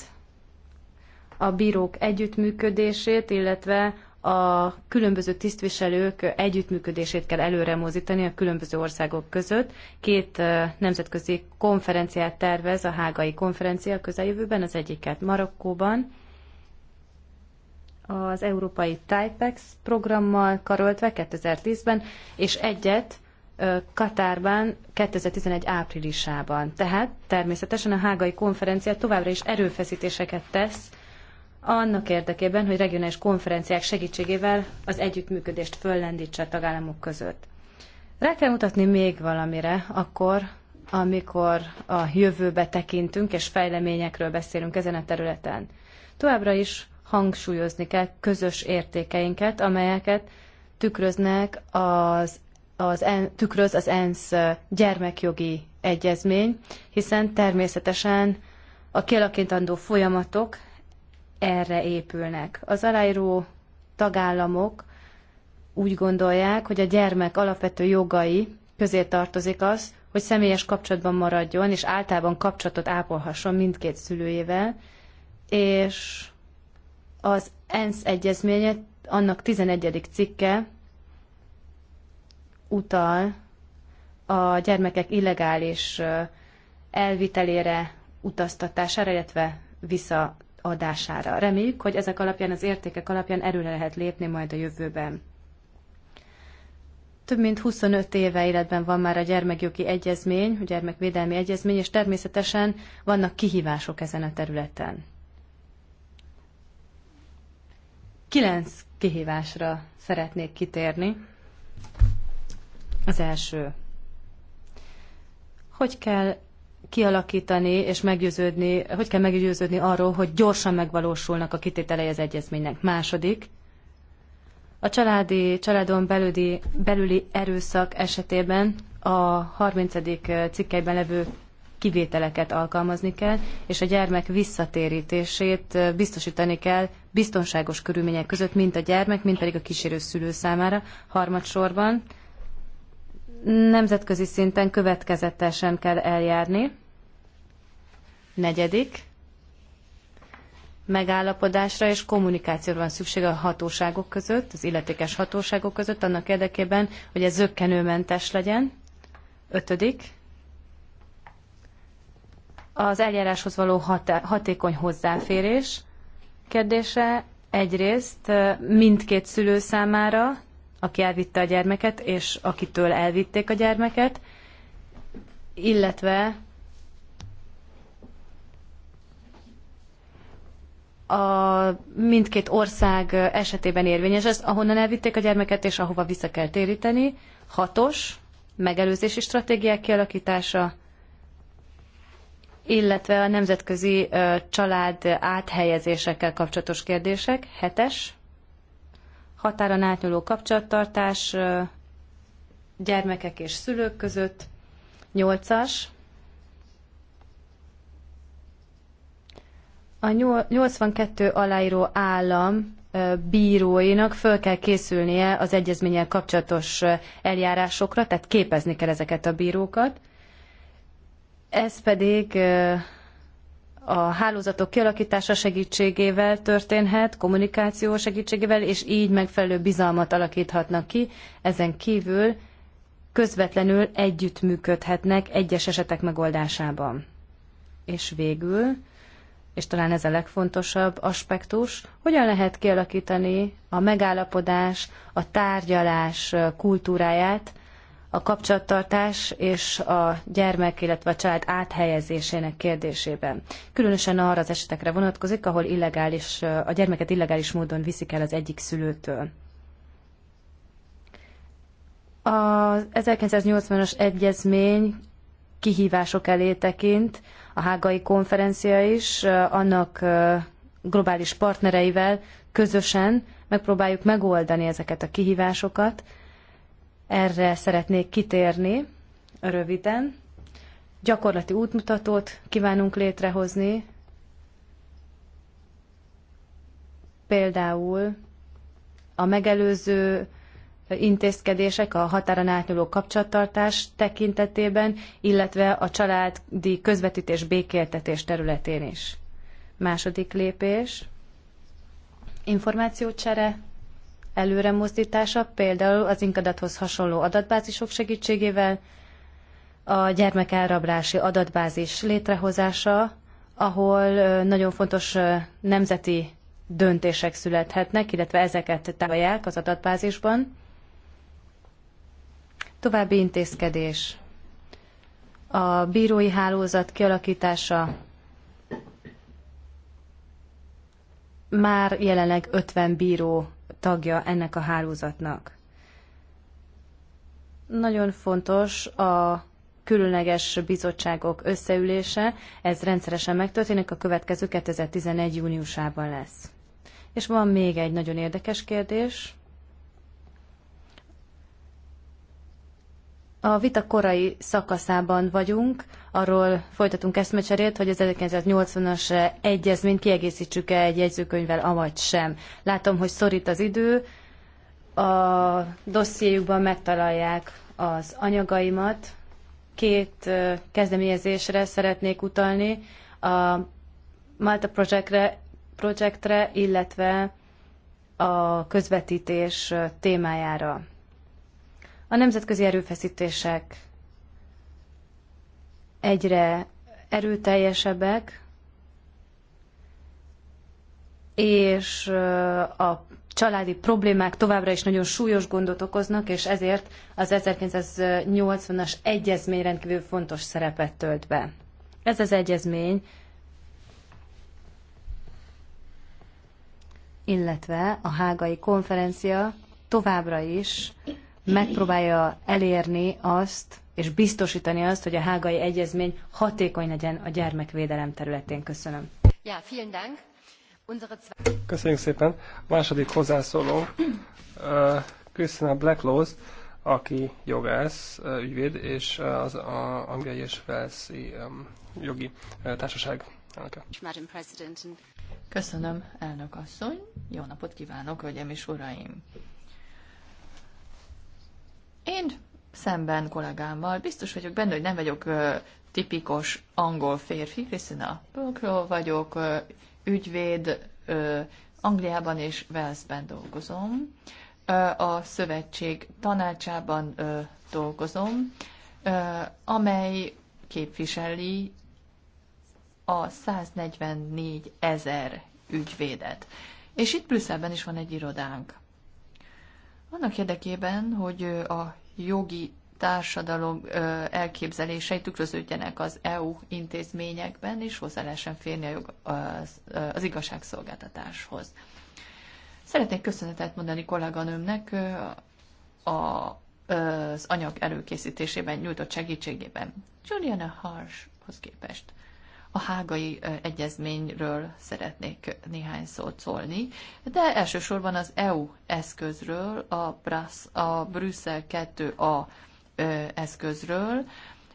a bírók együttműködését, illetve a különböző tisztviselők együttműködését kell előre mozítani a különböző országok között. Két nemzetközi konferenciát tervez a hágai konferencia közeljövőben, az egyiket Marokkóban, az európai TIPEX programmal karöltve 2010-ben, és egyet Katárban 2011 áprilisában. Tehát természetesen a hágai konferencia továbbra is erőfeszítéseket tesz annak érdekében, hogy regionális konferenciák segítségével az együttműködést föllendítse a tagállamok között. Rá kell mutatni még valamire, akkor, amikor a jövőbe tekintünk és fejleményekről beszélünk ezen a területen. Továbbra is hangsúlyozni kell közös értékeinket, amelyeket tükröznek az, az en, tükröz az ENSZ gyermekjogi egyezmény, hiszen természetesen a kialakítandó folyamatok erre épülnek. Az aláíró tagállamok úgy gondolják, hogy a gyermek alapvető jogai közé tartozik az, hogy személyes kapcsolatban maradjon, és általában kapcsolatot ápolhasson mindkét szülőjével, és az ENSZ egyezménye, annak 11. cikke utal a gyermekek illegális elvitelére, utaztatására, illetve vissza adására. Reméljük, hogy ezek alapján, az értékek alapján erőre lehet lépni majd a jövőben. Több mint 25 éve életben van már a gyermekjogi egyezmény, a gyermekvédelmi egyezmény, és természetesen vannak kihívások ezen a területen. Kilenc kihívásra szeretnék kitérni. Az első. Hogy kell kialakítani és meggyőződni, hogy kell meggyőződni arról, hogy gyorsan megvalósulnak a kitételei az egyezménynek. Második, a családi, családon belüli, belüli erőszak esetében a 30. Eh, cikkelyben levő kivételeket alkalmazni kell, és a gyermek visszatérítését eh, biztosítani kell biztonságos körülmények között, mint a gyermek, mint pedig a kísérő szülő számára. Harmadsorban nemzetközi szinten következetesen kell eljárni. Negyedik, megállapodásra és kommunikációra van szükség a hatóságok között, az illetékes hatóságok között, annak érdekében, hogy ez zöggenőmentes legyen. Ötödik, az eljáráshoz való hat- hatékony hozzáférés kérdése egyrészt mindkét szülő számára, aki elvitte a gyermeket, és akitől elvitték a gyermeket, illetve a mindkét ország esetében érvényes ez, ahonnan elvitték a gyermeket, és ahova vissza kell téríteni. Hatos, megelőzési stratégiák kialakítása, illetve a nemzetközi család áthelyezésekkel kapcsolatos kérdések. Hetes, határon átnyúló kapcsolattartás gyermekek és szülők között, 8-as, a 82 aláíró állam bíróinak föl kell készülnie az egyezménnyel kapcsolatos eljárásokra, tehát képezni kell ezeket a bírókat. Ez pedig a hálózatok kialakítása segítségével történhet, kommunikáció segítségével, és így megfelelő bizalmat alakíthatnak ki. Ezen kívül közvetlenül együttműködhetnek egyes esetek megoldásában. És végül, és talán ez a legfontosabb aspektus, hogyan lehet kialakítani a megállapodás, a tárgyalás kultúráját, a kapcsolattartás és a gyermek, illetve a család áthelyezésének kérdésében. Különösen arra az esetekre vonatkozik, ahol illegális, a gyermeket illegális módon viszik el az egyik szülőtől. Az 1980-as egyezmény kihívások elé tekint, a hágai konferencia is, annak globális partnereivel közösen megpróbáljuk megoldani ezeket a kihívásokat, erre szeretnék kitérni röviden. Gyakorlati útmutatót kívánunk létrehozni, például a megelőző intézkedések a határon átnyúló kapcsolattartás tekintetében, illetve a családi közvetítés békéltetés területén is. Második lépés, információcsere előremozdítása, például az inkadathoz hasonló adatbázisok segítségével, a gyermekelrablási adatbázis létrehozása, ahol nagyon fontos nemzeti döntések születhetnek, illetve ezeket találják az adatbázisban. További intézkedés. A bírói hálózat kialakítása már jelenleg 50 bíró tagja ennek a hálózatnak. Nagyon fontos a különleges bizottságok összeülése, ez rendszeresen megtörténik, a következő 2011. júniusában lesz. És van még egy nagyon érdekes kérdés, A vita korai szakaszában vagyunk, arról folytatunk eszmecserét, hogy az 1980-as egyezményt kiegészítsük-e egy jegyzőkönyvvel, avagy sem. Látom, hogy szorít az idő, a dossziéjukban megtalálják az anyagaimat. Két kezdeményezésre szeretnék utalni, a Malta Projectre, Projectre illetve a közvetítés témájára. A nemzetközi erőfeszítések egyre erőteljesebbek, és a családi problémák továbbra is nagyon súlyos gondot okoznak, és ezért az 1980-as egyezmény rendkívül fontos szerepet tölt be. Ez az egyezmény, illetve a hágai konferencia továbbra is megpróbálja elérni azt, és biztosítani azt, hogy a hágai egyezmény hatékony legyen a gyermekvédelem területén. Köszönöm. Ja, vielen Dank. Köszönjük szépen. A második hozzászóló Krisztina Blacklaws, aki jogász, ügyvéd, és az a angliai és um, jogi társaság elnöke. Köszönöm, elnök asszony. Jó napot kívánok, hölgyeim és uraim. Én szemben kollégámmal biztos vagyok benne, hogy nem vagyok ö, tipikus angol férfi, a Bökről vagyok, ö, ügyvéd, ö, Angliában és Walesben dolgozom, ö, a szövetség tanácsában ö, dolgozom, ö, amely képviseli a 144 ezer ügyvédet. És itt Brüsszelben is van egy irodánk. Annak érdekében, hogy a jogi társadalom elképzelései tükröződjenek az EU intézményekben, és hozzá lehessen férni a jog, az, az igazságszolgáltatáshoz. Szeretnék köszönetet mondani kolléganőmnek a, az anyag előkészítésében nyújtott segítségében. Juliana Harshhoz képest a hágai egyezményről szeretnék néhány szót szólni, de elsősorban az EU eszközről, a, Brass, a Brüsszel 2A eszközről.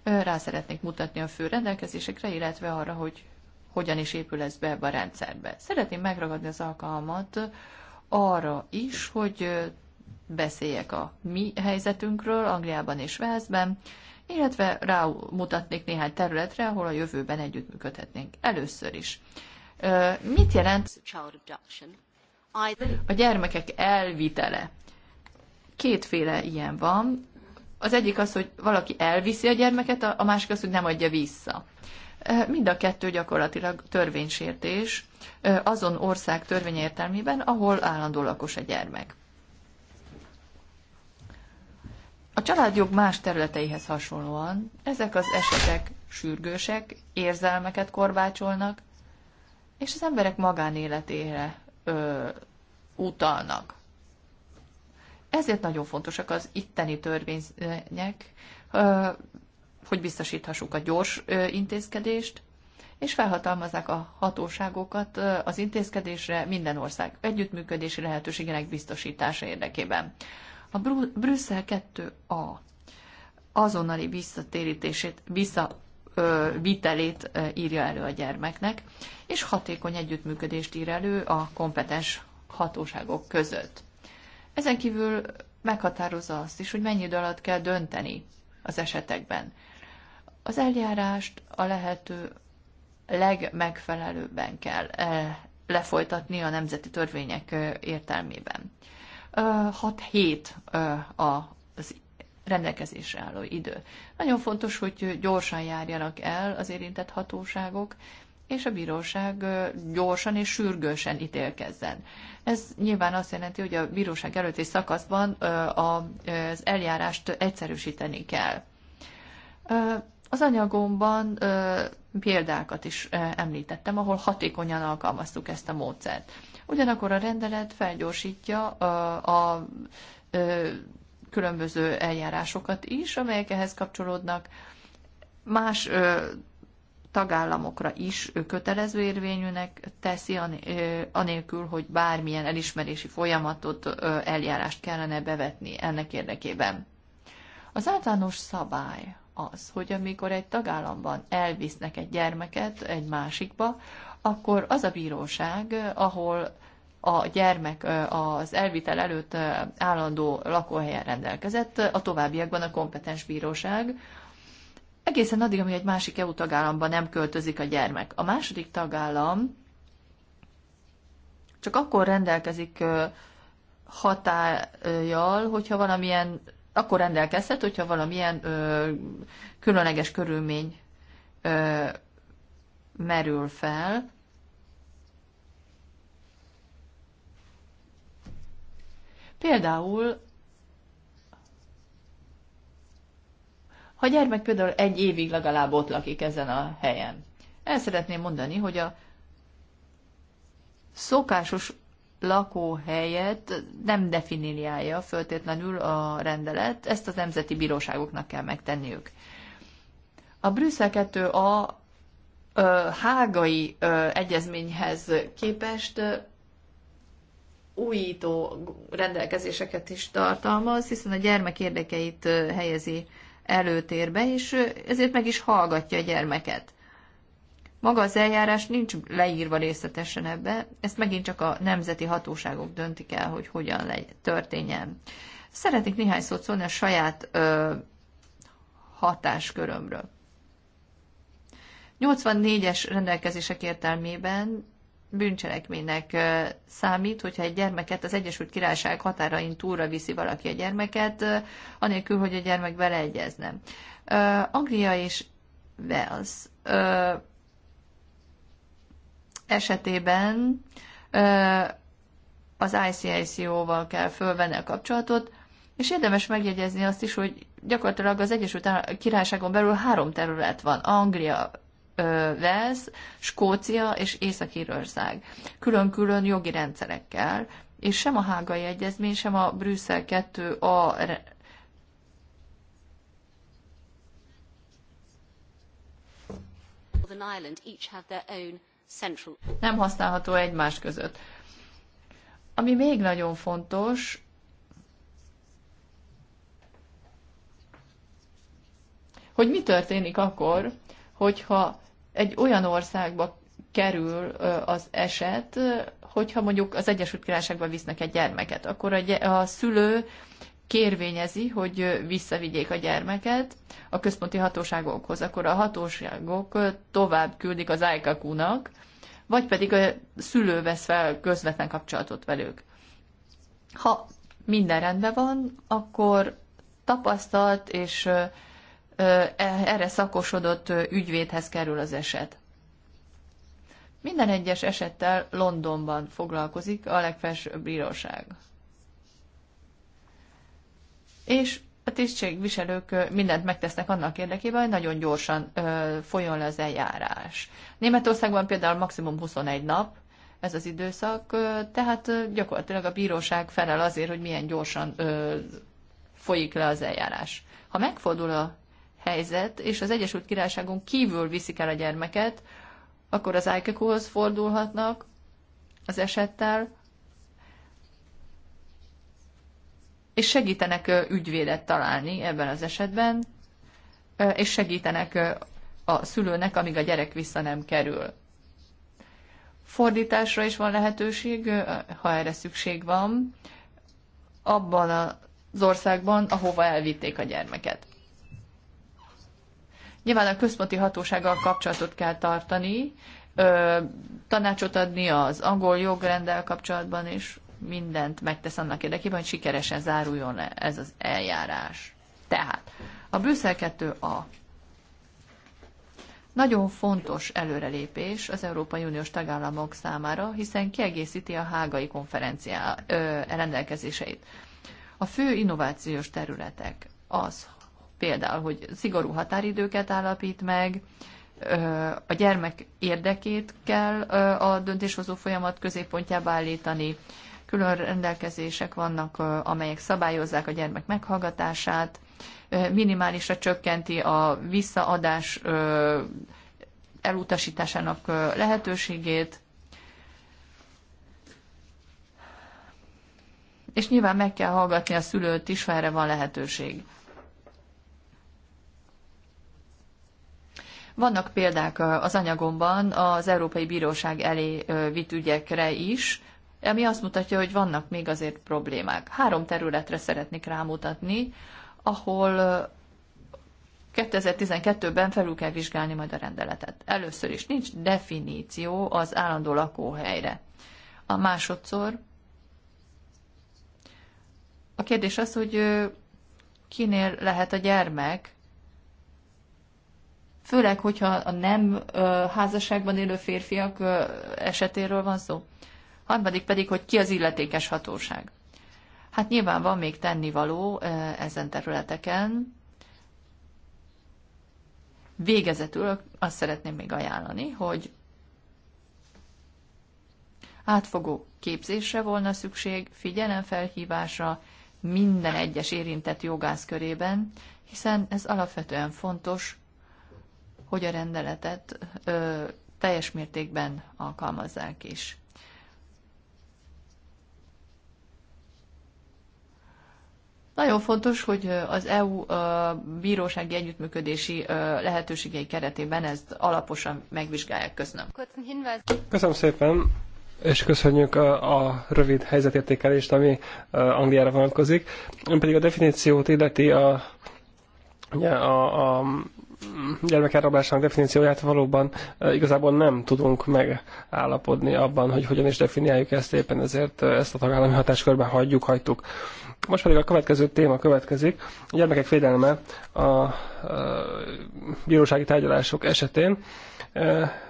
Rá szeretnék mutatni a fő rendelkezésekre, illetve arra, hogy hogyan is épül ez be ebbe a rendszerbe. Szeretném megragadni az alkalmat arra is, hogy beszéljek a mi helyzetünkről Angliában és Velszben, illetve rámutatnék néhány területre, ahol a jövőben együttműködhetnénk. Először is. Mit jelent a gyermekek elvitele? Kétféle ilyen van. Az egyik az, hogy valaki elviszi a gyermeket, a másik az, hogy nem adja vissza. Mind a kettő gyakorlatilag törvénysértés azon ország törvény értelmében, ahol állandó lakos a gyermek. A családjog más területeihez hasonlóan ezek az esetek sürgősek, érzelmeket korbácsolnak, és az emberek magánéletére ö, utalnak. Ezért nagyon fontosak az itteni törvények, ö, hogy biztosíthassuk a gyors ö, intézkedést, és felhatalmazzák a hatóságokat az intézkedésre minden ország együttműködési lehetőségének biztosítása érdekében. A Brü- Brüsszel 2A azonnali visszatérítését, visszavitelét írja elő a gyermeknek, és hatékony együttműködést ír elő a kompetens hatóságok között. Ezen kívül meghatározza azt is, hogy mennyi idő alatt kell dönteni az esetekben. Az eljárást a lehető legmegfelelőbben kell eh, lefolytatni a nemzeti törvények eh, értelmében. 6 hét az rendelkezésre álló idő. Nagyon fontos, hogy gyorsan járjanak el az érintett hatóságok, és a bíróság gyorsan és sürgősen ítélkezzen. Ez nyilván azt jelenti, hogy a bíróság előtti szakaszban az eljárást egyszerűsíteni kell. Az anyagomban példákat is említettem, ahol hatékonyan alkalmaztuk ezt a módszert. Ugyanakkor a rendelet felgyorsítja a, a különböző eljárásokat is, amelyek ehhez kapcsolódnak. Más tagállamokra is kötelező érvényűnek teszi, anélkül, hogy bármilyen elismerési folyamatot, eljárást kellene bevetni ennek érdekében. Az általános szabály az, hogy amikor egy tagállamban elvisznek egy gyermeket egy másikba, akkor az a bíróság, ahol a gyermek az elvitel előtt állandó lakóhelyen rendelkezett, a továbbiakban a kompetens bíróság, egészen addig, amíg egy másik EU tagállamban nem költözik a gyermek. A második tagállam csak akkor rendelkezik hatájjal, hogyha valamilyen, akkor rendelkezhet, hogyha valamilyen ö, különleges körülmény ö, merül fel, Például, ha gyermek például egy évig legalább ott lakik ezen a helyen, el szeretném mondani, hogy a szokásos lakóhelyet nem definiálja föltétlenül a rendelet, ezt az nemzeti bíróságoknak kell megtenniük. A Brüsszel 2A hágai egyezményhez képest újító rendelkezéseket is tartalmaz, hiszen a gyermek érdekeit helyezi előtérbe, és ezért meg is hallgatja a gyermeket. Maga az eljárás nincs leírva részletesen ebbe, ezt megint csak a nemzeti hatóságok döntik el, hogy hogyan történjen. Szeretnék néhány szót szólni a saját ö, hatáskörömről. 84-es rendelkezések értelmében bűncselekménynek számít, hogyha egy gyermeket az Egyesült Királyság határain túlra viszi valaki a gyermeket, anélkül, hogy a gyermek beleegyezne. Anglia és Wales esetében az ICICO-val kell fölvenni a kapcsolatot, és érdemes megjegyezni azt is, hogy gyakorlatilag az Egyesült Királyságon belül három terület van, Anglia, Wales, Skócia és Észak-Írország külön-külön jogi rendszerekkel, és sem a hágai egyezmény, sem a Brüsszel 2A nem használható egymás között. Ami még nagyon fontos, hogy mi történik akkor, hogyha egy olyan országba kerül az eset, hogyha mondjuk az Egyesült Királyságban visznek egy gyermeket, akkor a, a szülő kérvényezi, hogy visszavigyék a gyermeket a központi hatóságokhoz, akkor a hatóságok tovább küldik az IKQ-nak, vagy pedig a szülő vesz fel közvetlen kapcsolatot velük. Ha minden rendben van, akkor tapasztalt és E, erre szakosodott ügyvédhez kerül az eset. Minden egyes esettel Londonban foglalkozik a legfelsőbb bíróság. És a tisztségviselők mindent megtesznek annak érdekében, hogy nagyon gyorsan ö, folyjon le az eljárás. Németországban például maximum 21 nap ez az időszak, ö, tehát gyakorlatilag a bíróság felel azért, hogy milyen gyorsan ö, folyik le az eljárás. Ha megfordul a helyzet, és az Egyesült Királyságon kívül viszik el a gyermeket, akkor az ICAQ-hoz fordulhatnak az esettel, és segítenek ügyvédet találni ebben az esetben, és segítenek a szülőnek, amíg a gyerek vissza nem kerül. Fordításra is van lehetőség, ha erre szükség van, abban az országban, ahova elvitték a gyermeket. Nyilván a központi hatósággal kapcsolatot kell tartani, tanácsot adni az angol jogrendel kapcsolatban, és mindent megtesz annak érdekében, hogy sikeresen záruljon le ez az eljárás. Tehát a Brüsszel 2A nagyon fontos előrelépés az Európai Uniós tagállamok számára, hiszen kiegészíti a hágai konferencia ö, rendelkezéseit. A fő innovációs területek az, Például, hogy szigorú határidőket állapít meg, a gyermek érdekét kell a döntéshozó folyamat középpontjába állítani, külön rendelkezések vannak, amelyek szabályozzák a gyermek meghallgatását, minimálisra csökkenti a visszaadás elutasításának lehetőségét, és nyilván meg kell hallgatni a szülőt is, ha erre van lehetőség. Vannak példák az anyagomban az Európai Bíróság elé vitt ügyekre is, ami azt mutatja, hogy vannak még azért problémák. Három területre szeretnék rámutatni, ahol 2012-ben felül kell vizsgálni majd a rendeletet. Először is nincs definíció az állandó lakóhelyre. A másodszor a kérdés az, hogy kinél lehet a gyermek, főleg, hogyha a nem házasságban élő férfiak esetéről van szó. Harmadik pedig, hogy ki az illetékes hatóság. Hát nyilván van még tennivaló ezen területeken. Végezetül azt szeretném még ajánlani, hogy átfogó képzésre volna szükség, figyelemfelhívásra minden egyes érintett jogász körében, hiszen ez alapvetően fontos hogy a rendeletet ö, teljes mértékben alkalmazzák is. Nagyon fontos, hogy az EU bírósági együttműködési lehetőségei keretében ezt alaposan megvizsgálják. Köszönöm. Köszönöm szépen, és köszönjük a, a rövid helyzetértékelést, ami Angliára vonatkozik. Ön pedig a definíciót illeti a, a, a, gyermekárablásának definícióját valóban igazából nem tudunk megállapodni abban, hogy hogyan is definiáljuk ezt, éppen ezért ezt a tagállami hatáskörben hagyjuk, hagytuk. Most pedig a következő téma következik. A gyermekek védelme a, a bírósági tárgyalások esetén.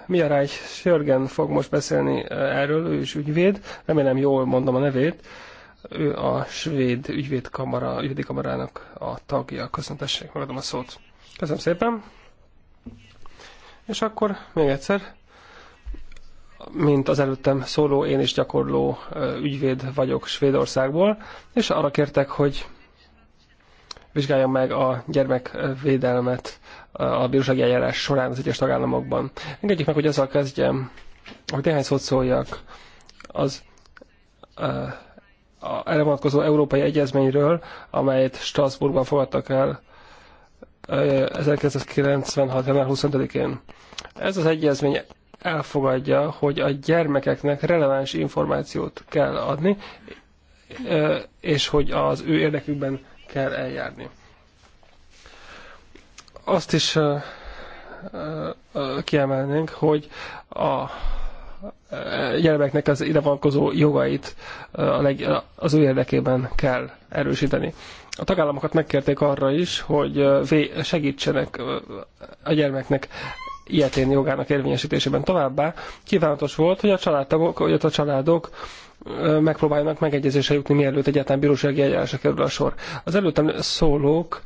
Mia Reich Sörgen fog most beszélni erről, ő is ügyvéd, remélem jól mondom a nevét. Ő a svéd ügyvédkamara, ügyvédi kamarának a tagja. Köszöntessék, megadom a szót. Köszönöm szépen. És akkor még egyszer, mint az előttem szóló, én is gyakorló ügyvéd vagyok Svédországból, és arra kértek, hogy vizsgáljam meg a gyermekvédelmet a bírósági eljárás során az egyes tagállamokban. Engedjük meg, hogy azzal kezdjem, hogy néhány szót szóljak az erre vonatkozó európai egyezményről, amelyet Strasbourgban fogadtak el 1996. január 25-én. Ez az egyezmény elfogadja, hogy a gyermekeknek releváns információt kell adni, és hogy az ő érdekükben kell eljárni. Azt is kiemelnénk, hogy a gyermeknek az ide vonatkozó jogait az ő érdekében kell erősíteni a tagállamokat megkérték arra is, hogy segítsenek a gyermeknek ilyetén jogának érvényesítésében. Továbbá kívánatos volt, hogy a családok, hogy a családok megpróbáljanak megegyezésre jutni, mielőtt egyáltalán bírósági eljárásra kerül a sor. Az előttem szólók,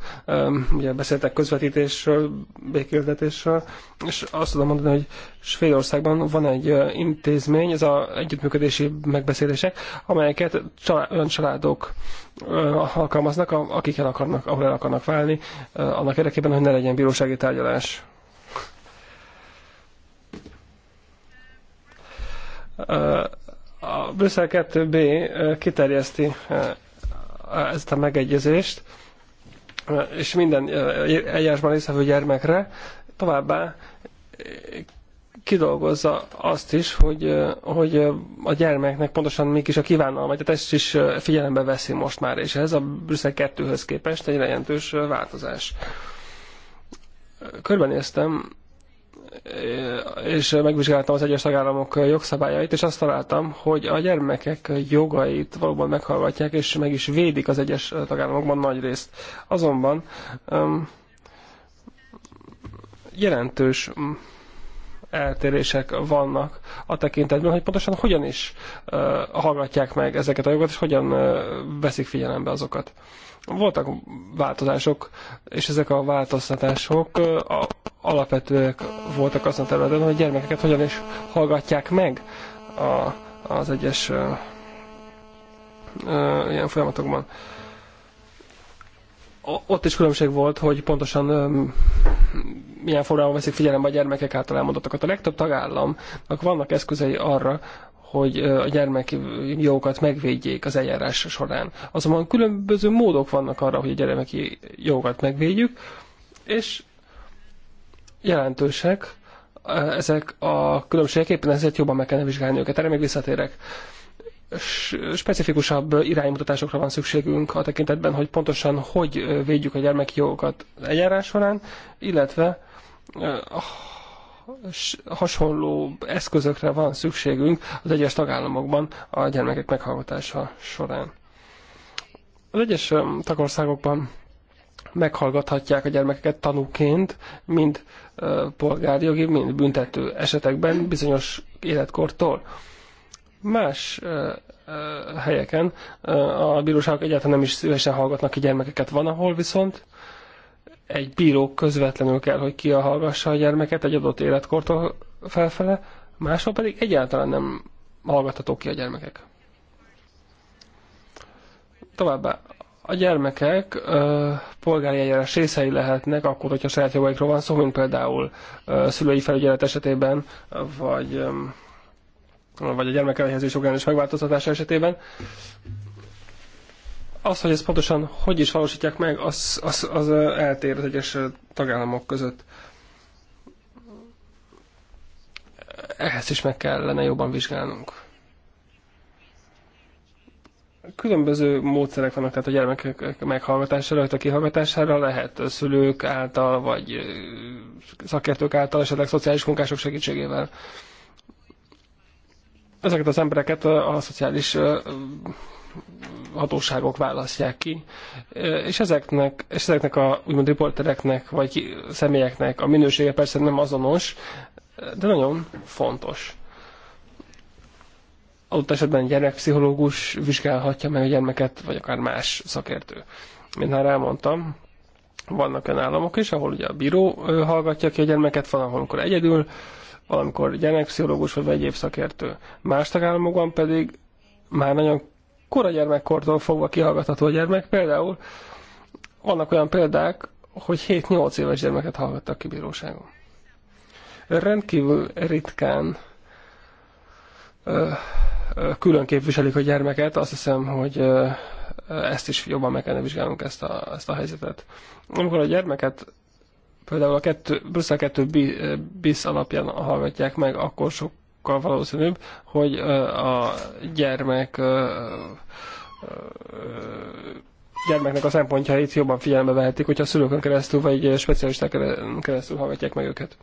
ugye beszéltek közvetítésről, békéldetésről, és azt tudom mondani, hogy Svédországban van egy intézmény, ez a együttműködési megbeszélések, amelyeket család, olyan családok alkalmaznak, akik el akarnak, ahol el akarnak válni, annak érdekében, hogy ne legyen bírósági tárgyalás. A Brüsszel 2B kiterjeszti ezt a megegyezést, és minden eljárásban részvevő gyermekre, továbbá kidolgozza azt is, hogy, hogy a gyermeknek pontosan mik is a kívánalma, tehát ezt is figyelembe veszi most már, és ez a Brüsszel 2-höz képest egy jelentős változás. Körbenéztem és megvizsgáltam az egyes tagállamok jogszabályait, és azt találtam, hogy a gyermekek jogait valóban meghallgatják, és meg is védik az egyes tagállamokban nagy részt. Azonban jelentős mm, eltérések vannak a tekintetben, hogy pontosan hogyan is hallgatják meg ezeket a jogokat, és hogyan veszik figyelembe azokat voltak változások, és ezek a változtatások a, alapvetőek voltak azon a területen, hogy gyermekeket hogyan is hallgatják meg a, az egyes ö, ö, ilyen folyamatokban. Ott is különbség volt, hogy pontosan ö, milyen formában veszik figyelembe a gyermekek által elmondottakat. A legtöbb tagállamnak vannak eszközei arra, hogy a gyermek jogokat megvédjék az eljárás során. Azonban különböző módok vannak arra, hogy a gyermeki jogokat megvédjük, és jelentősek ezek a különbségek, éppen ezért jobban meg kellene vizsgálni őket. Erre még visszatérek. Specifikusabb iránymutatásokra van szükségünk a tekintetben, hogy pontosan hogy védjük a gyermeki jogokat eljárás során, illetve hasonló eszközökre van szükségünk az egyes tagállamokban a gyermekek meghallgatása során. Az egyes tagországokban meghallgathatják a gyermekeket tanúként, mind polgárjogi, mind büntető esetekben bizonyos életkortól. Más helyeken a bíróságok egyáltalán nem is szívesen hallgatnak ki gyermekeket. Van, ahol viszont egy bíró közvetlenül kell, hogy kiahallgassa a gyermeket egy adott életkortól felfele, máshol pedig egyáltalán nem hallgathatók ki a gyermekek. Továbbá a gyermekek ö, polgári eljárás részei lehetnek, akkor, hogyha saját jogaikról van szó, mint például ö, szülői felügyelet esetében, vagy, ö, vagy a gyermekelhelyezés jogán és megváltoztatása esetében. Az, hogy ezt pontosan hogy is valósítják meg, az, az, az eltér az egyes tagállamok között. Ehhez is meg kellene jobban vizsgálnunk. Különböző módszerek vannak, tehát a gyermekek meghallgatására, a kihallgatására lehet szülők által, vagy szakértők által, esetleg szociális munkások segítségével ezeket az embereket a, a szociális hatóságok választják ki, és ezeknek, és ezeknek a úgymond riportereknek, vagy személyeknek a minősége persze nem azonos, de nagyon fontos. Adott esetben egy vizsgálhatja meg a gyermeket, vagy akár más szakértő. Mint már elmondtam, vannak olyan államok is, ahol ugye a bíró hallgatja ki a gyermeket, van, ahol amikor egyedül, valamikor gyermekpszichológus vagy egyéb szakértő. Más tagállamokban pedig már nagyon kora gyermekkortól fogva kihallgatható a gyermek. Például vannak olyan példák, hogy 7-8 éves gyermeket hallgattak ki bíróságon. Rendkívül ritkán ö, ö, külön képviselik a gyermeket, azt hiszem, hogy ö, ezt is jobban meg kellene vizsgálnunk ezt a, ezt a helyzetet. Amikor a gyermeket például a kettő, Brüsszel 2 BIS alapján hallgatják meg, akkor sok sokkal valószínűbb, hogy a gyermek gyermeknek a szempontjait jobban figyelembe vehetik, hogyha a szülőkön keresztül vagy specialistákon keresztül hallgatják meg őket.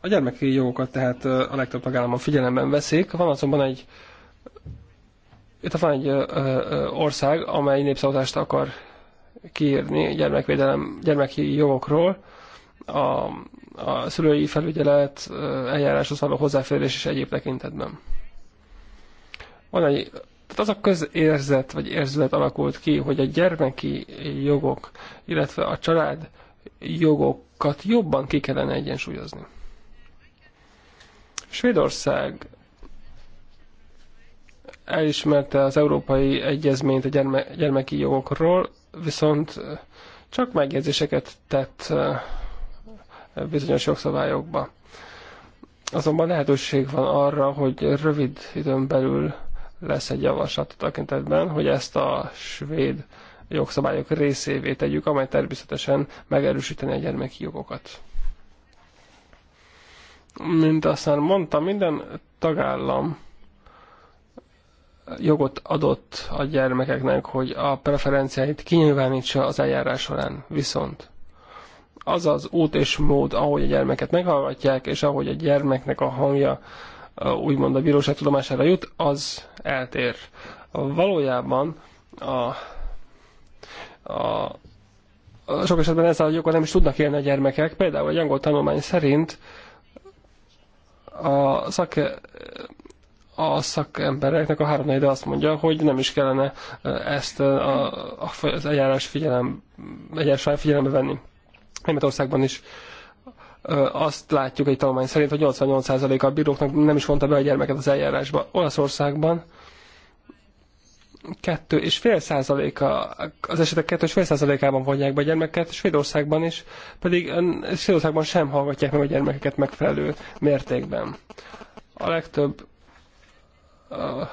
A gyermeki jogokat tehát a legtöbb tagállamon figyelemben veszik. Van azonban egy itt van egy ország, amely népszavazást akar kiírni gyermekvédelem, gyermeki jogokról. A a szülői felügyelet, eljáráshoz való hozzáférés és egyéb tekintetben. Van egy, tehát az a közérzet vagy érzület alakult ki, hogy a gyermeki jogok, illetve a család jogokat jobban ki kellene egyensúlyozni. Svédország elismerte az Európai Egyezményt a gyerme, gyermeki jogokról, viszont csak megjegyzéseket tett bizonyos jogszabályokba. Azonban lehetőség van arra, hogy rövid időn belül lesz egy javaslat a tekintetben, hogy ezt a svéd jogszabályok részévé tegyük, amely természetesen megerősíteni a gyermeki jogokat. Mint aztán mondtam, minden tagállam jogot adott a gyermekeknek, hogy a preferenciáit kinyilvánítsa az eljárás során. Viszont az az út és mód, ahogy a gyermeket meghallgatják, és ahogy a gyermeknek a hangja úgymond a bíróság tudomására jut, az eltér. Valójában a, a, a sok esetben ezzel a jogon nem is tudnak élni a gyermekek. Például egy angol tanulmány szerint a szak, a szakembereknek a három ide azt mondja, hogy nem is kellene ezt a, a, az eljárás figyelem, eljárás figyelembe venni. Németországban is azt látjuk egy tanulmány szerint, hogy 88% a a bíróknak nem is vonta be a gyermeket az eljárásba. Olaszországban 2,5%-a, az esetek 2,5%-ában vonják be a gyermeket, Svédországban is, pedig Svédországban sem hallgatják meg a gyermekeket megfelelő mértékben. A legtöbb uh,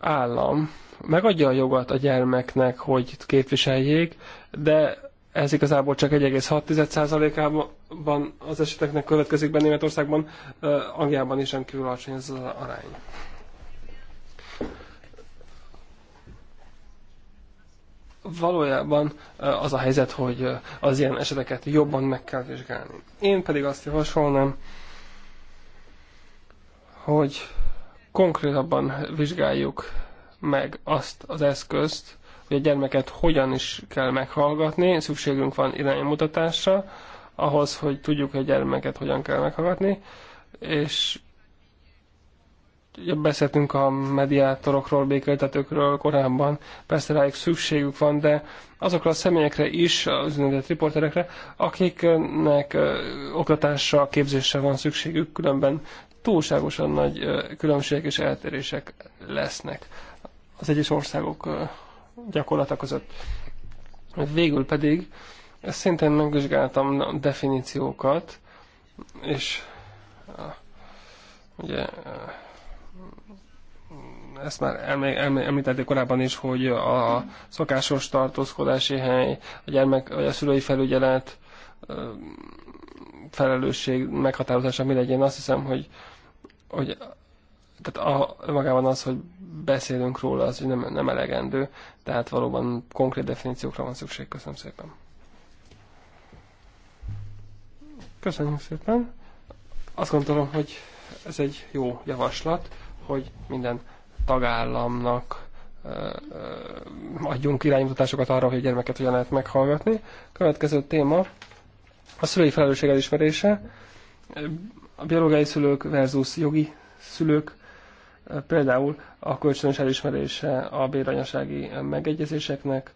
állam megadja a jogat a gyermeknek, hogy képviseljék, de ez igazából csak 1,6%-ában az eseteknek következik be Németországban, Angliában is rendkívül alacsony ez az arány. Valójában az a helyzet, hogy az ilyen eseteket jobban meg kell vizsgálni. Én pedig azt javasolnám, hogy konkrétabban vizsgáljuk meg azt az eszközt, hogy a gyermeket hogyan is kell meghallgatni, szükségünk van iránymutatásra, ahhoz, hogy tudjuk, hogy a gyermeket hogyan kell meghallgatni, és beszéltünk a mediátorokról, békéltetőkről korábban, persze rájuk szükségük van, de azokra a személyekre is, az úgynevezett riporterekre, akiknek oktatásra, képzésre van szükségük, különben túlságosan nagy különbségek és eltérések lesznek az egyes országok gyakorlata között. Végül pedig szintén megvizsgáltam a definíciókat, és ugye ezt már említették korábban is, hogy a szokásos tartózkodási hely, a gyermek, vagy a szülői felügyelet felelősség meghatározása mi legyen. Azt hiszem, hogy, hogy tehát a, magában az, hogy beszélünk róla, az hogy nem, nem elegendő, tehát valóban konkrét definíciókra van szükség. Köszönöm szépen. Köszönjük szépen. Azt gondolom, hogy ez egy jó javaslat, hogy minden tagállamnak ö, ö, adjunk iránymutatásokat arra, hogy a gyermeket hogyan lehet meghallgatni. Következő téma a szülői felelősség elismerése, a biológiai szülők versus jogi szülők Például a kölcsönös elismerése a béranyasági megegyezéseknek.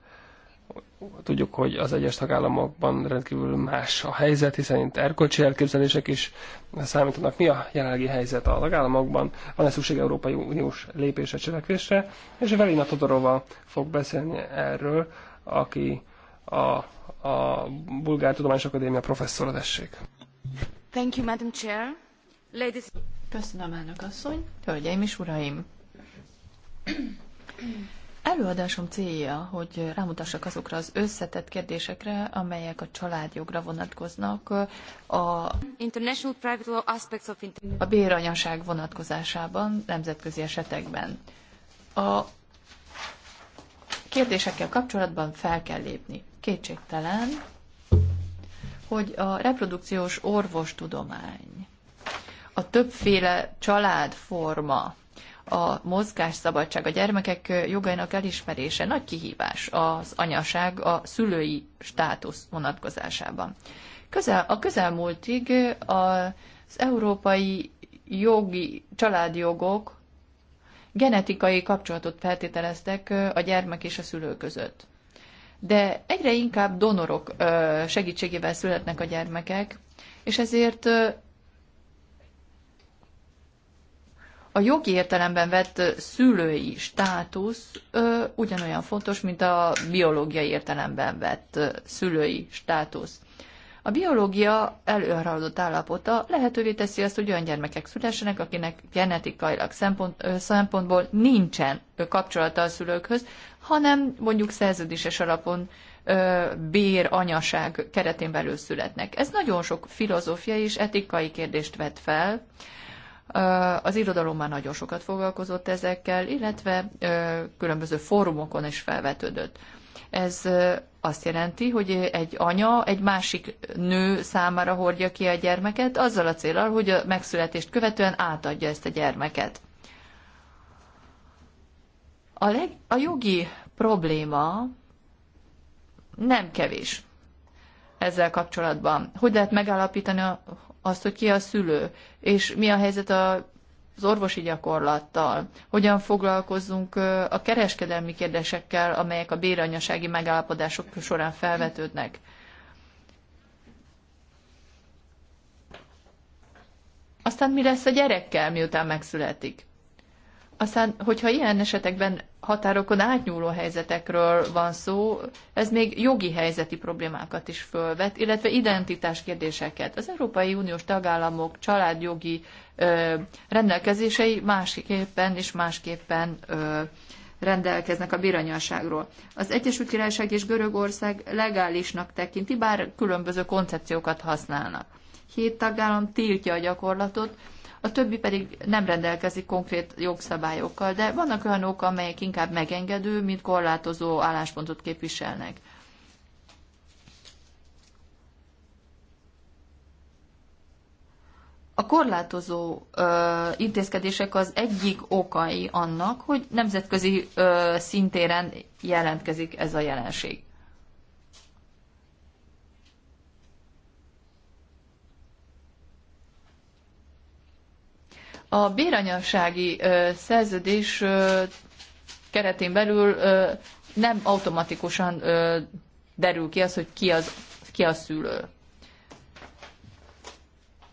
Tudjuk, hogy az egyes tagállamokban rendkívül más a helyzet, hiszen itt erkölcsi elképzelések is számítanak. Mi a jelenlegi helyzet a tagállamokban? Van-e szükség Európai Uniós lépésre, cselekvésre? És Velina Todorova fog beszélni erről, aki a, a Bulgár Tudományos Akadémia professzora. Tessék! Thank you, Madam Chair. Ladies... Köszönöm, elnök asszony. Hölgyeim és uraim! Előadásom célja, hogy rámutassak azokra az összetett kérdésekre, amelyek a családjogra vonatkoznak, a, International private law aspects of a béranyaság vonatkozásában, nemzetközi esetekben. A kérdésekkel kapcsolatban fel kell lépni. Kétségtelen, hogy a reprodukciós orvostudomány a többféle családforma, a mozgásszabadság, a gyermekek jogainak elismerése nagy kihívás az anyaság a szülői státusz vonatkozásában. Közel, a közelmúltig az európai jogi családjogok genetikai kapcsolatot feltételeztek a gyermek és a szülő között. De egyre inkább donorok segítségével születnek a gyermekek, és ezért a jogi értelemben vett szülői státusz ö, ugyanolyan fontos, mint a biológiai értelemben vett ö, szülői státusz. A biológia előrehaladott állapota lehetővé teszi azt, hogy olyan gyermekek szülessenek, akinek genetikailag szempont, ö, szempontból nincsen kapcsolata a szülőkhöz, hanem mondjuk szerződéses alapon ö, bér anyaság keretén belül születnek. Ez nagyon sok filozófiai és etikai kérdést vet fel, az irodalom már nagyon sokat foglalkozott ezekkel, illetve különböző fórumokon is felvetődött. Ez azt jelenti, hogy egy anya egy másik nő számára hordja ki a gyermeket, azzal a célral, hogy a megszületést követően átadja ezt a gyermeket. A, leg, a jogi probléma nem kevés ezzel kapcsolatban? Hogy lehet megállapítani azt, hogy ki a szülő, és mi a helyzet a az orvosi gyakorlattal, hogyan foglalkozzunk a kereskedelmi kérdésekkel, amelyek a béranyasági megállapodások során felvetődnek. Aztán mi lesz a gyerekkel, miután megszületik? Aztán, hogyha ilyen esetekben határokon átnyúló helyzetekről van szó, ez még jogi helyzeti problémákat is fölvet, illetve identitás kérdéseket. Az Európai Uniós tagállamok családjogi ö, rendelkezései másképpen és másképpen ö, rendelkeznek a bíranyasságról. Az Egyesült Királyság és Görögország legálisnak tekinti, bár különböző koncepciókat használnak. Hét tagállam tiltja a gyakorlatot, a többi pedig nem rendelkezik konkrét jogszabályokkal, de vannak olyan ok, amelyek inkább megengedő, mint korlátozó álláspontot képviselnek. A korlátozó ö, intézkedések az egyik okai annak, hogy nemzetközi ö, szintéren jelentkezik ez a jelenség. A béranyagsági szerződés keretén belül nem automatikusan derül ki az, hogy ki, az, ki a szülő.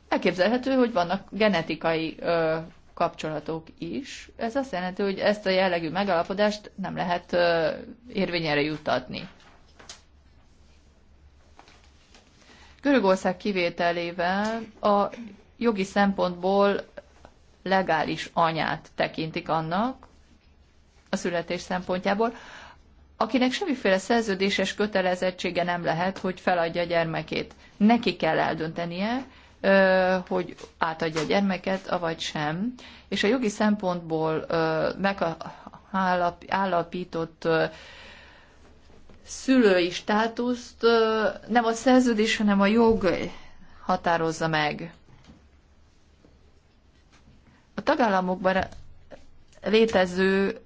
Elképzelhető, hogy vannak genetikai kapcsolatok is. Ez azt jelenti, hogy ezt a jellegű megalapodást nem lehet érvényre juttatni. Görögország kivételével a jogi szempontból legális anyát tekintik annak a születés szempontjából, akinek semmiféle szerződéses kötelezettsége nem lehet, hogy feladja a gyermekét. Neki kell eldöntenie, hogy átadja a gyermeket, avagy sem. És a jogi szempontból megállapított szülői státuszt nem a szerződés, hanem a jog határozza meg tagállamokban létező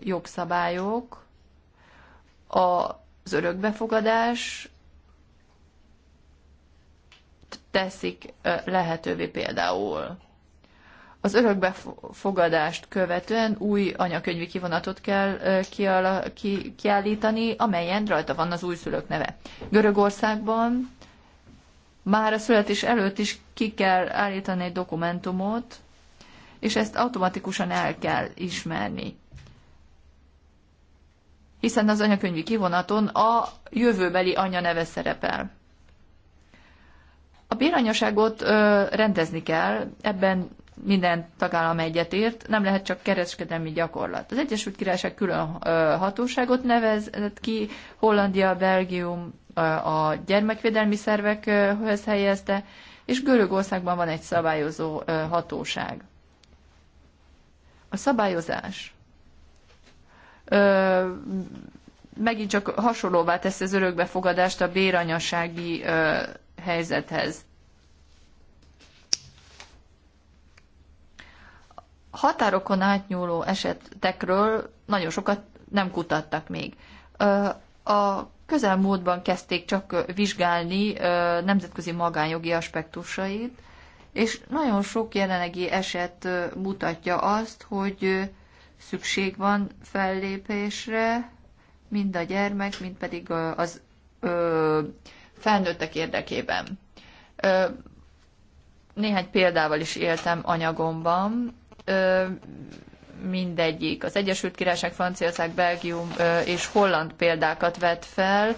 jogszabályok, az örökbefogadás teszik lehetővé például. Az örökbefogadást követően új anyakönyvi kivonatot kell kiállítani, amelyen rajta van az újszülők neve. Görögországban már a születés előtt is ki kell állítani egy dokumentumot, és ezt automatikusan el kell ismerni. Hiszen az anyakönyvi kivonaton a jövőbeli anya neve szerepel. A béranyaságot ö, rendezni kell, ebben minden tagállam egyetért, nem lehet csak kereskedelmi gyakorlat. Az Egyesült Királyság külön ö, hatóságot nevezett ki, Hollandia, Belgium ö, a gyermekvédelmi szervekhez helyezte, és Görögországban van egy szabályozó ö, hatóság. A szabályozás ö, megint csak hasonlóvá tesz az örökbefogadást a béranyasági ö, helyzethez. Határokon átnyúló esetekről nagyon sokat nem kutattak még. Ö, a közelmúltban kezdték csak vizsgálni ö, nemzetközi magánjogi aspektusait, és nagyon sok jelenlegi eset mutatja azt, hogy szükség van fellépésre, mind a gyermek, mind pedig az ö, felnőttek érdekében. Ö, néhány példával is éltem anyagomban. Ö, mindegyik. Az Egyesült Királyság, Franciaország, Belgium és Holland példákat vett fel,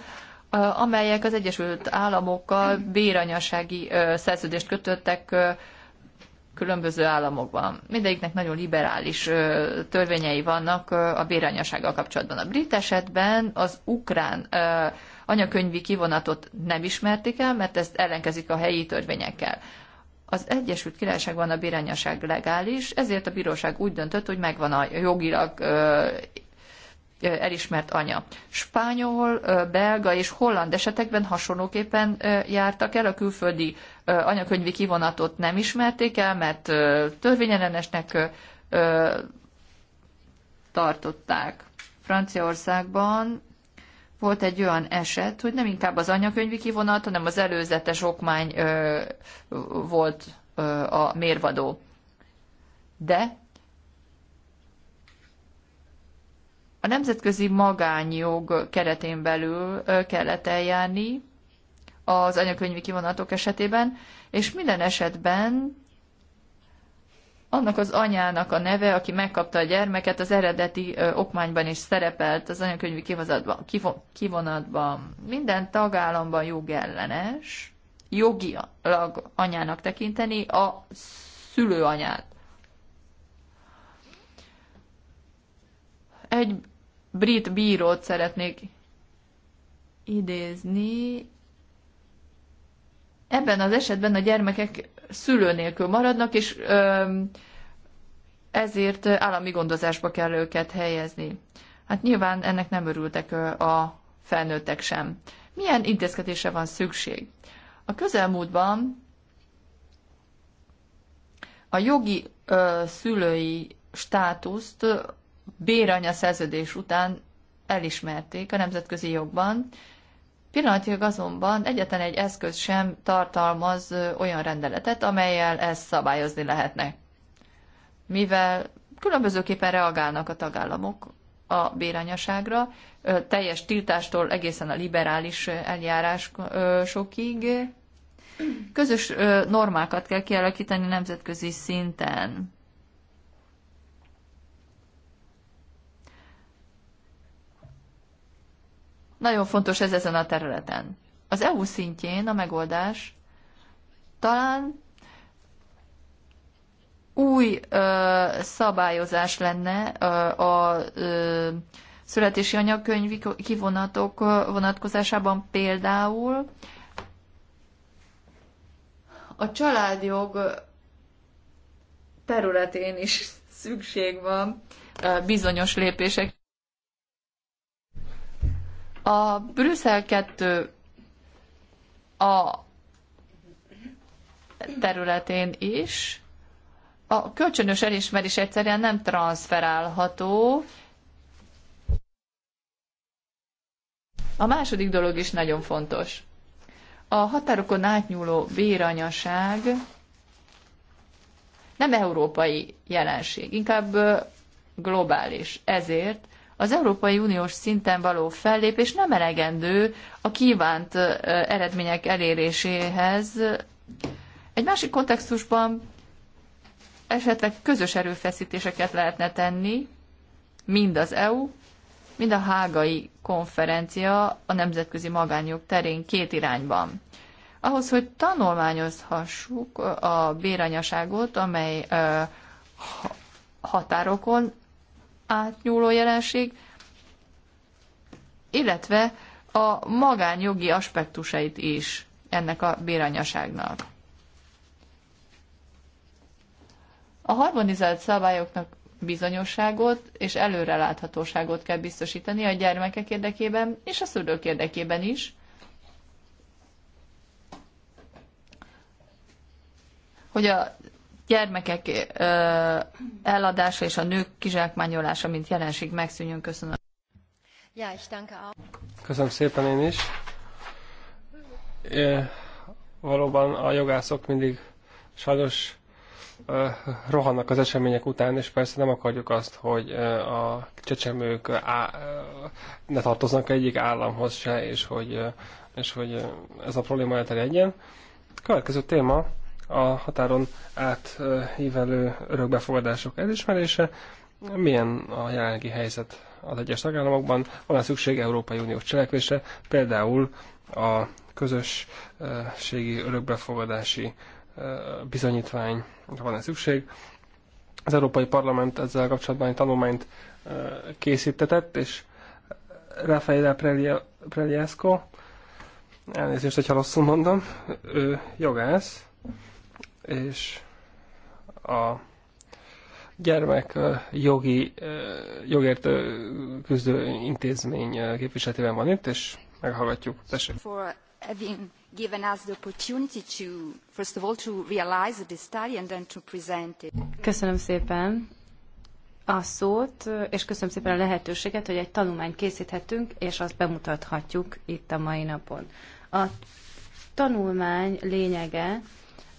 amelyek az Egyesült Államokkal béranyasági szerződést kötöttek különböző államokban. Mindegyiknek nagyon liberális törvényei vannak a béranyasággal kapcsolatban. A brit esetben az ukrán anyakönyvi kivonatot nem ismertik el, mert ezt ellenkezik a helyi törvényekkel. Az Egyesült Királyságban a béranyaság legális, ezért a bíróság úgy döntött, hogy megvan a jogilag elismert anya. Spanyol, belga és holland esetekben hasonlóképpen jártak el, a külföldi anyakönyvi kivonatot nem ismerték el, mert törvényellenesnek tartották. Franciaországban volt egy olyan eset, hogy nem inkább az anyakönyvi kivonat, hanem az előzetes okmány volt a mérvadó. De A nemzetközi magánjog keretén belül kellett eljárni az anyakönyvi kivonatok esetében, és minden esetben annak az anyának a neve, aki megkapta a gyermeket, az eredeti ö, okmányban is szerepelt az anyakönyvi kivonatban. kivonatban. Minden tagállamban jogellenes, jogilag anyának tekinteni a szülőanyát. Egy brit bírót szeretnék idézni. Ebben az esetben a gyermekek szülő nélkül maradnak, és ezért állami gondozásba kell őket helyezni. Hát nyilván ennek nem örültek a felnőttek sem. Milyen intézkedése van szükség? A közelmúltban a jogi ö, szülői státuszt béranya szerződés után elismerték a nemzetközi jogban. Pillanatilag azonban egyetlen egy eszköz sem tartalmaz olyan rendeletet, amelyel ezt szabályozni lehetne. Mivel különbözőképpen reagálnak a tagállamok a béranyaságra, teljes tiltástól egészen a liberális eljárásokig, közös normákat kell kialakítani nemzetközi szinten. Nagyon fontos ez ezen a területen. Az EU szintjén a megoldás talán új ö, szabályozás lenne ö, a ö, születési anyakönyv kivonatok vonatkozásában például a családjog területén is szükség van bizonyos lépések. A Brüsszel 2 a területén is a kölcsönös elismerés egyszerűen nem transferálható. A második dolog is nagyon fontos. A határokon átnyúló béranyaság nem európai jelenség, inkább globális. Ezért az Európai Uniós szinten való fellépés nem elegendő a kívánt eredmények eléréséhez. Egy másik kontextusban esetleg közös erőfeszítéseket lehetne tenni, mind az EU, mind a hágai konferencia a nemzetközi magánjog terén két irányban. Ahhoz, hogy tanulmányozhassuk a béranyaságot, amely határokon átnyúló jelenség, illetve a magánjogi aspektusait is ennek a béranyaságnak. A harmonizált szabályoknak bizonyosságot és előreláthatóságot kell biztosítani a gyermekek érdekében és a szülők érdekében is, hogy a gyermekek eladása és a nők kizsákmányolása, mint jelenség megszűnjön. Köszönöm. Ja, Köszönöm szépen én is. É, valóban a jogászok mindig sajnos rohannak az események után, és persze nem akarjuk azt, hogy a csecsemők á, ne tartoznak egyik államhoz se, és hogy, és hogy ez a probléma elterjedjen. Következő téma a határon átívelő örökbefogadások elismerése, milyen a jelenlegi helyzet az egyes tagállamokban, van szükség Európai Unió cselekvése, például a közösségi örökbefogadási bizonyítvány van-e szükség. Az Európai Parlament ezzel kapcsolatban egy tanulmányt készítetett, és Rafaela Preliasco, elnézést, hogyha rosszul mondom, ő jogász, és a gyermek jogi, jogért küzdő intézmény képviseletében van itt, és meghallgatjuk. Tessék. having given us the opportunity to, first of all, to realize the study and then to present it. Köszönöm szépen a szót, és köszönöm szépen a lehetőséget, hogy egy tanulmányt készíthetünk, és azt bemutathatjuk itt a mai napon. A tanulmány lényege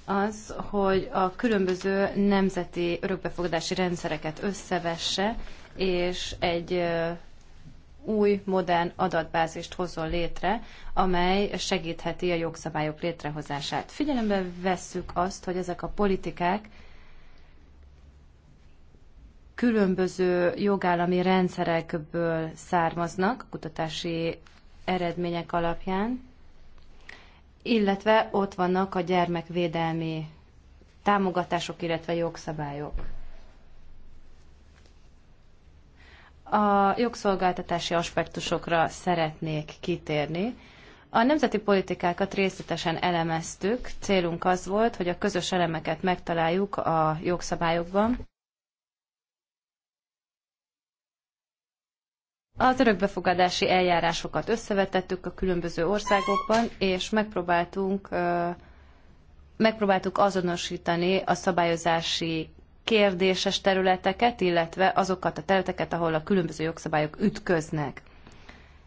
az, hogy a különböző nemzeti örökbefogadási rendszereket összevesse, és egy új, modern adatbázist hozzon létre, amely segítheti a jogszabályok létrehozását. Figyelembe vesszük azt, hogy ezek a politikák különböző jogállami rendszerekből származnak, kutatási eredmények alapján, illetve ott vannak a gyermekvédelmi támogatások, illetve jogszabályok. A jogszolgáltatási aspektusokra szeretnék kitérni. A nemzeti politikákat részletesen elemeztük, célunk az volt, hogy a közös elemeket megtaláljuk a jogszabályokban, Az örökbefogadási eljárásokat összevetettük a különböző országokban, és megpróbáltunk, megpróbáltuk azonosítani a szabályozási kérdéses területeket, illetve azokat a területeket, ahol a különböző jogszabályok ütköznek.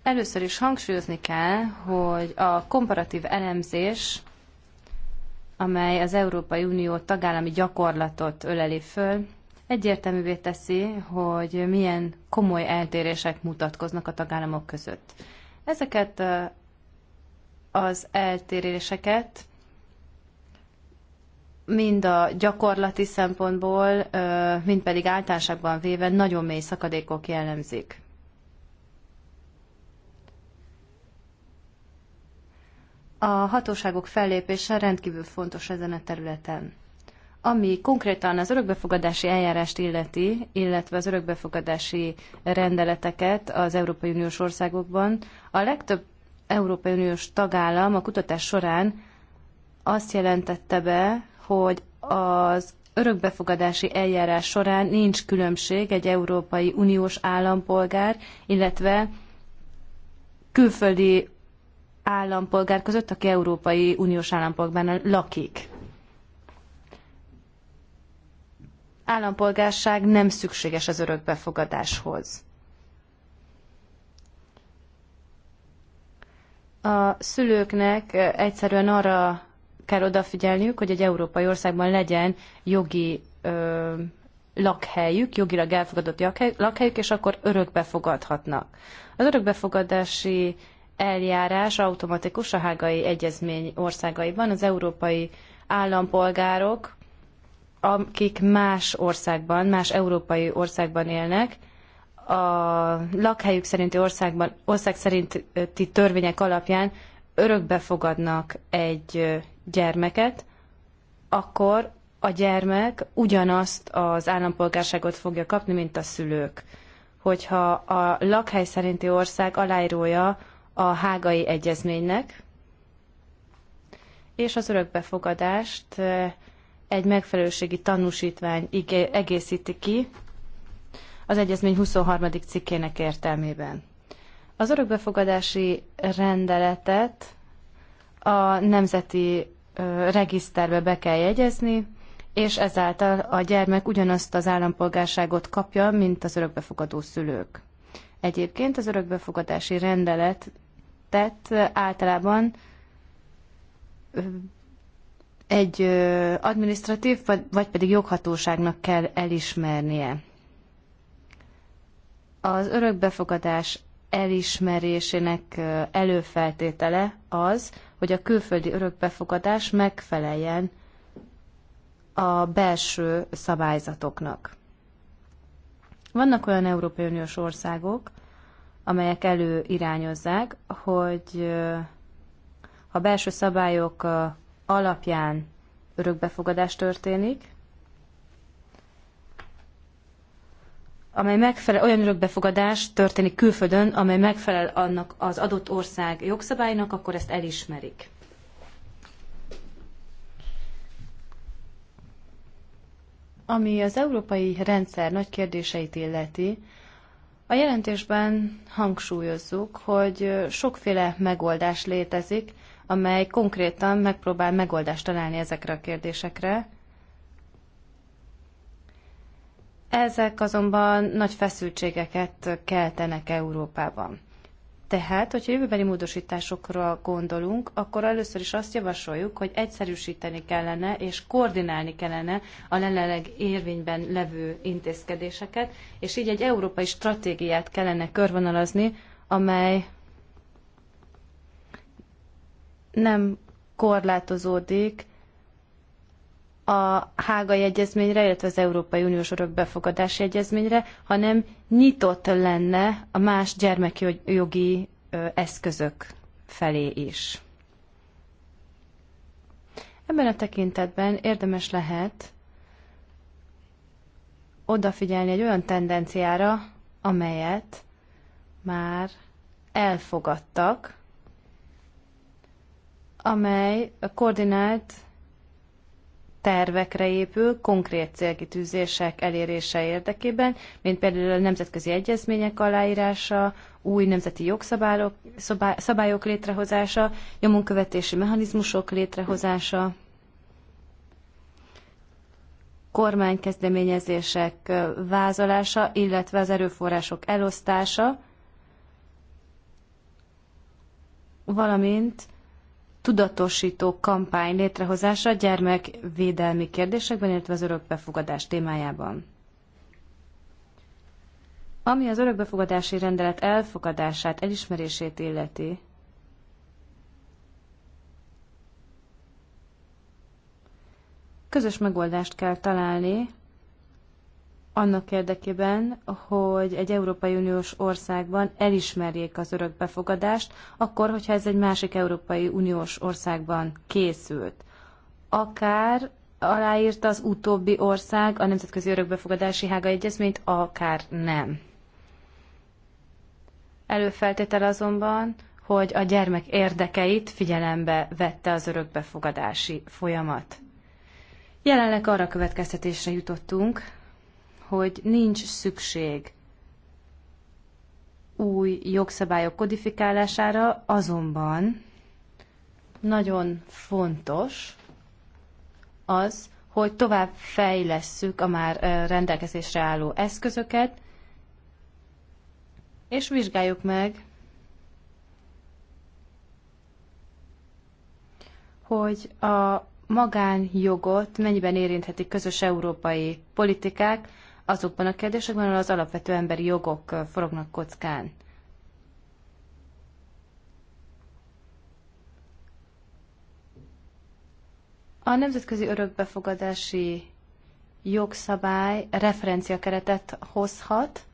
Először is hangsúlyozni kell, hogy a komparatív elemzés, amely az Európai Unió tagállami gyakorlatot öleli föl, egyértelművé teszi, hogy milyen komoly eltérések mutatkoznak a tagállamok között. Ezeket az eltéréseket mind a gyakorlati szempontból, mind pedig általánosságban véve nagyon mély szakadékok jellemzik. A hatóságok fellépése rendkívül fontos ezen a területen. Ami konkrétan az örökbefogadási eljárást illeti, illetve az örökbefogadási rendeleteket az Európai Uniós országokban, a legtöbb Európai Uniós tagállam a kutatás során azt jelentette be, hogy az örökbefogadási eljárás során nincs különbség egy Európai Uniós állampolgár, illetve külföldi állampolgár között, aki Európai Uniós állampolgárban lakik. állampolgárság nem szükséges az örökbefogadáshoz. A szülőknek egyszerűen arra kell odafigyelniük, hogy egy európai országban legyen jogi ö, lakhelyük, jogilag elfogadott lakhelyük, és akkor örökbefogadhatnak. Az örökbefogadási eljárás automatikus a hágai egyezmény országaiban. Az európai állampolgárok akik más országban, más európai országban élnek, a lakhelyük szerinti országban, ország szerinti törvények alapján örökbe fogadnak egy gyermeket, akkor a gyermek ugyanazt az állampolgárságot fogja kapni, mint a szülők. Hogyha a lakhely szerinti ország aláírója a hágai egyezménynek, és az örökbefogadást egy megfelelőségi tanúsítvány egészíti ki az egyezmény 23. cikkének értelmében. Az örökbefogadási rendeletet a nemzeti regiszterbe be kell jegyezni, és ezáltal a gyermek ugyanazt az állampolgárságot kapja, mint az örökbefogadó szülők. Egyébként az örökbefogadási rendeletet általában egy administratív vagy pedig joghatóságnak kell elismernie. Az örökbefogadás elismerésének előfeltétele az, hogy a külföldi örökbefogadás megfeleljen a belső szabályzatoknak. Vannak olyan Európai Uniós országok, amelyek előirányozzák, hogy ha belső szabályok alapján örökbefogadás történik, amely megfelel, olyan örökbefogadás történik külföldön, amely megfelel annak az adott ország jogszabálynak, akkor ezt elismerik. Ami az európai rendszer nagy kérdéseit illeti, a jelentésben hangsúlyozzuk, hogy sokféle megoldás létezik, amely konkrétan megpróbál megoldást találni ezekre a kérdésekre. Ezek azonban nagy feszültségeket keltenek Európában. Tehát, hogyha jövőbeni módosításokra gondolunk, akkor először is azt javasoljuk, hogy egyszerűsíteni kellene és koordinálni kellene a jelenleg érvényben levő intézkedéseket, és így egy európai stratégiát kellene körvonalazni, amely nem korlátozódik a hágai egyezményre, illetve az Európai Uniós Örökbefogadási Egyezményre, hanem nyitott lenne a más gyermekjogi eszközök felé is. Ebben a tekintetben érdemes lehet odafigyelni egy olyan tendenciára, amelyet már elfogadtak, amely a koordinált tervekre épül konkrét célkitűzések elérése érdekében, mint például a nemzetközi egyezmények aláírása, új nemzeti jogszabályok szabály, szabályok létrehozása, nyomonkövetési mechanizmusok létrehozása, kormánykezdeményezések vázolása, illetve az erőforrások elosztása, valamint tudatosító kampány létrehozása gyermekvédelmi kérdésekben, illetve az örökbefogadás témájában. Ami az örökbefogadási rendelet elfogadását, elismerését illeti, közös megoldást kell találni annak érdekében, hogy egy Európai Uniós országban elismerjék az örökbefogadást, akkor, hogyha ez egy másik Európai Uniós országban készült. Akár aláírta az utóbbi ország a Nemzetközi Örökbefogadási Hága Egyezményt, akár nem. Előfeltétel azonban, hogy a gyermek érdekeit figyelembe vette az örökbefogadási folyamat. Jelenleg arra következtetésre jutottunk, hogy nincs szükség új jogszabályok kodifikálására, azonban nagyon fontos az, hogy tovább fejlesszük a már rendelkezésre álló eszközöket, és vizsgáljuk meg, hogy a magánjogot mennyiben érinthetik közös európai politikák, azokban a kérdésekben, ahol az alapvető emberi jogok forognak kockán. A nemzetközi örökbefogadási jogszabály referenciakeretet hozhat,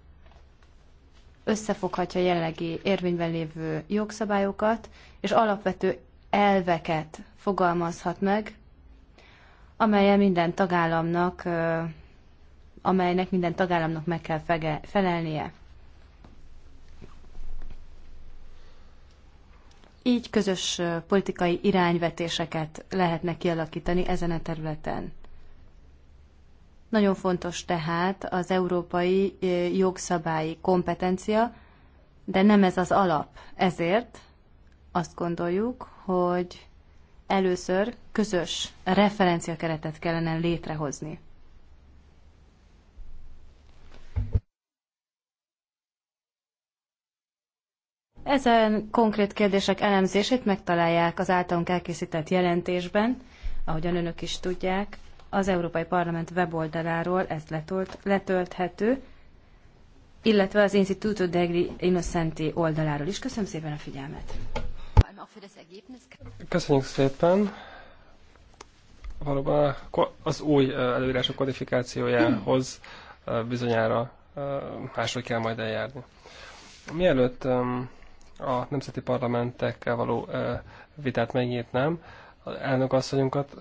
összefoghatja jelenlegi érvényben lévő jogszabályokat, és alapvető elveket fogalmazhat meg, amelyen minden tagállamnak amelynek minden tagállamnak meg kell fege, felelnie. Így közös politikai irányvetéseket lehetne kialakítani ezen a területen. Nagyon fontos tehát az európai jogszabályi kompetencia, de nem ez az alap. Ezért azt gondoljuk, hogy először közös referenciakeretet kellene létrehozni. Ezen konkrét kérdések elemzését megtalálják az általunk elkészített jelentésben, ahogyan önök is tudják, az Európai Parlament weboldaláról ez letolt, letölthető, illetve az Instituto degli Innocenti oldaláról is. Köszönöm szépen a figyelmet! Köszönjük szépen! Valóban az új előírások kodifikációjához bizonyára máshogy kell majd eljárni. Mielőtt a nemzeti parlamentekkel való vitát megnyitnám. Az elnök asszonyunkat,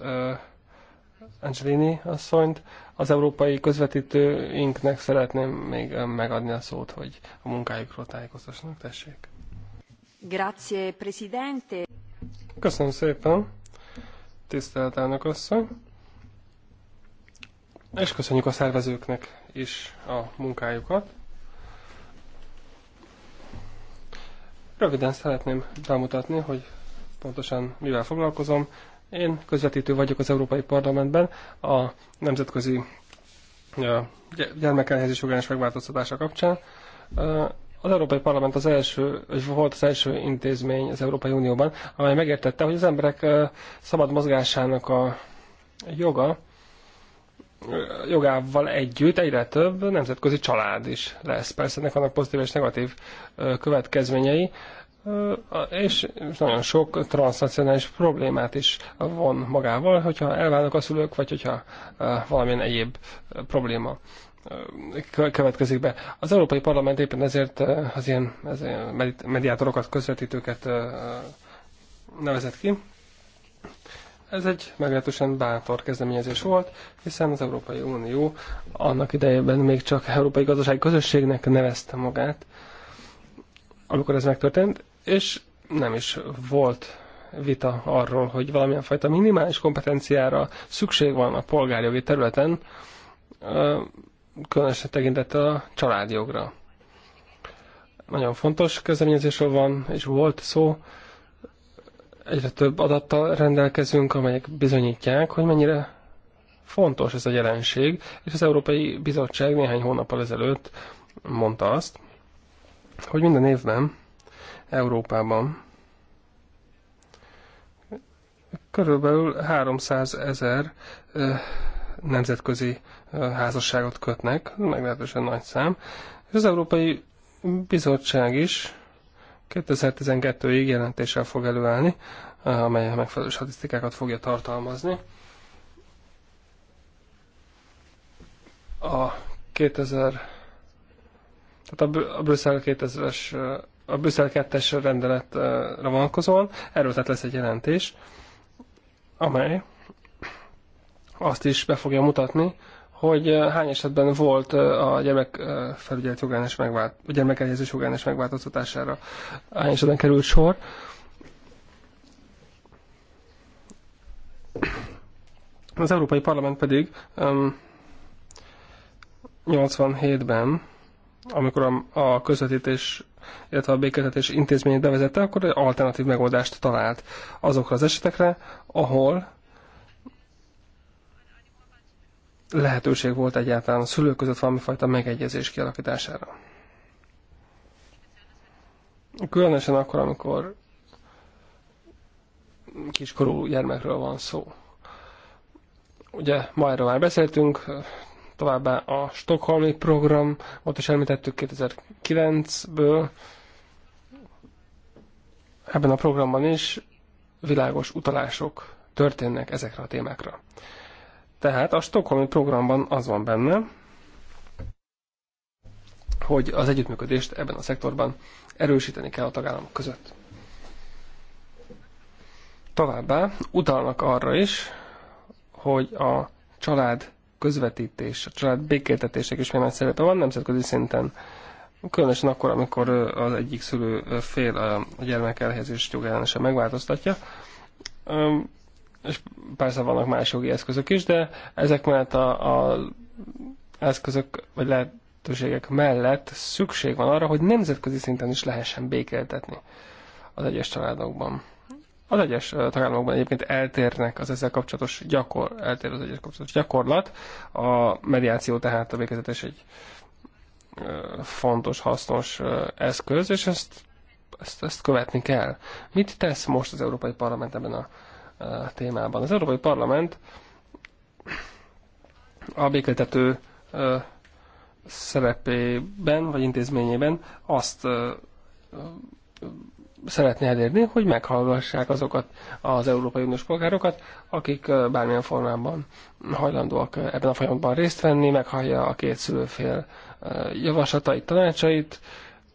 Angelini asszonyt, az európai közvetítőinknek szeretném még megadni a szót, hogy a munkájukról tájékoztassanak. Tessék! Grazie, Presidente! Köszönöm szépen, tisztelt elnök asszony! És köszönjük a szervezőknek is a munkájukat. Röviden szeretném bemutatni, hogy pontosan mivel foglalkozom. Én közvetítő vagyok az Európai Parlamentben a nemzetközi gyermekelhelyezés Jogányos megváltoztatása kapcsán. Az Európai Parlament az első, volt az első intézmény az Európai Unióban, amely megértette, hogy az emberek szabad mozgásának a joga jogával együtt egyre több nemzetközi család is lesz. Persze ennek vannak pozitív és negatív következményei, és nagyon sok transnacionális problémát is von magával, hogyha elválnak a szülők, vagy hogyha valamilyen egyéb probléma következik be. Az Európai Parlament éppen ezért az ilyen, az ilyen mediátorokat, közvetítőket nevezett ki, ez egy meglehetősen bátor kezdeményezés volt, hiszen az Európai Unió annak idejében még csak Európai Gazdasági Közösségnek nevezte magát, amikor ez megtörtént, és nem is volt vita arról, hogy valamilyen fajta minimális kompetenciára szükség van a polgárjogi területen, különösen tekintett a családjogra. Nagyon fontos kezdeményezésről van, és volt szó, egyre több adattal rendelkezünk, amelyek bizonyítják, hogy mennyire fontos ez a jelenség, és az Európai Bizottság néhány hónappal ezelőtt mondta azt, hogy minden évben Európában körülbelül 300 ezer nemzetközi házasságot kötnek, meglehetősen nagy szám, és az Európai Bizottság is 2012-ig jelentéssel fog előállni, amely megfelelő statisztikákat fogja tartalmazni. A 2000 tehát a, a Brüsszel 2000-es a Brüsszel 2-es rendeletre vonatkozóan erről tehát lesz egy jelentés, amely azt is be fogja mutatni, hogy hány esetben volt a gyermekfelügyelet jogállás megvált, a gyermekelhelyezés jogállás megváltoztatására, hány esetben került sor. Az Európai Parlament pedig um, 87-ben, amikor a, a közvetítés, illetve a békéltetés intézményét bevezette, akkor egy alternatív megoldást talált azokra az esetekre, ahol lehetőség volt egyáltalán a szülők között valamifajta megegyezés kialakítására. Különösen akkor, amikor kiskorú gyermekről van szó. Ugye ma erről már beszéltünk, továbbá a Stockholmi program, ott is említettük 2009-ből. Ebben a programban is világos utalások történnek ezekre a témákra. Tehát a Stockholmi programban az van benne, hogy az együttműködést ebben a szektorban erősíteni kell a tagállamok között. Továbbá utalnak arra is, hogy a család közvetítés, a család békéltetések is milyen nagy szerepe van nemzetközi szinten. Különösen akkor, amikor az egyik szülő fél a gyermek elhelyezés jogellenesen megváltoztatja és persze vannak más jogi eszközök is, de ezek mellett a, eszközök, vagy lehetőségek mellett szükség van arra, hogy nemzetközi szinten is lehessen békéltetni az egyes családokban. Az egyes tagállamokban egyébként eltérnek az ezzel kapcsolatos gyakor, eltér az egyes kapcsolatos gyakorlat. A mediáció tehát a végezetes egy fontos, hasznos eszköz, és ezt, ezt, ezt követni kell. Mit tesz most az Európai Parlament ebben a témában. Az Európai Parlament a békéltető szerepében, vagy intézményében azt szeretné elérni, hogy meghallgassák azokat az Európai Uniós polgárokat, akik bármilyen formában hajlandóak ebben a folyamatban részt venni, meghallja a két szülőfél javaslatait, tanácsait,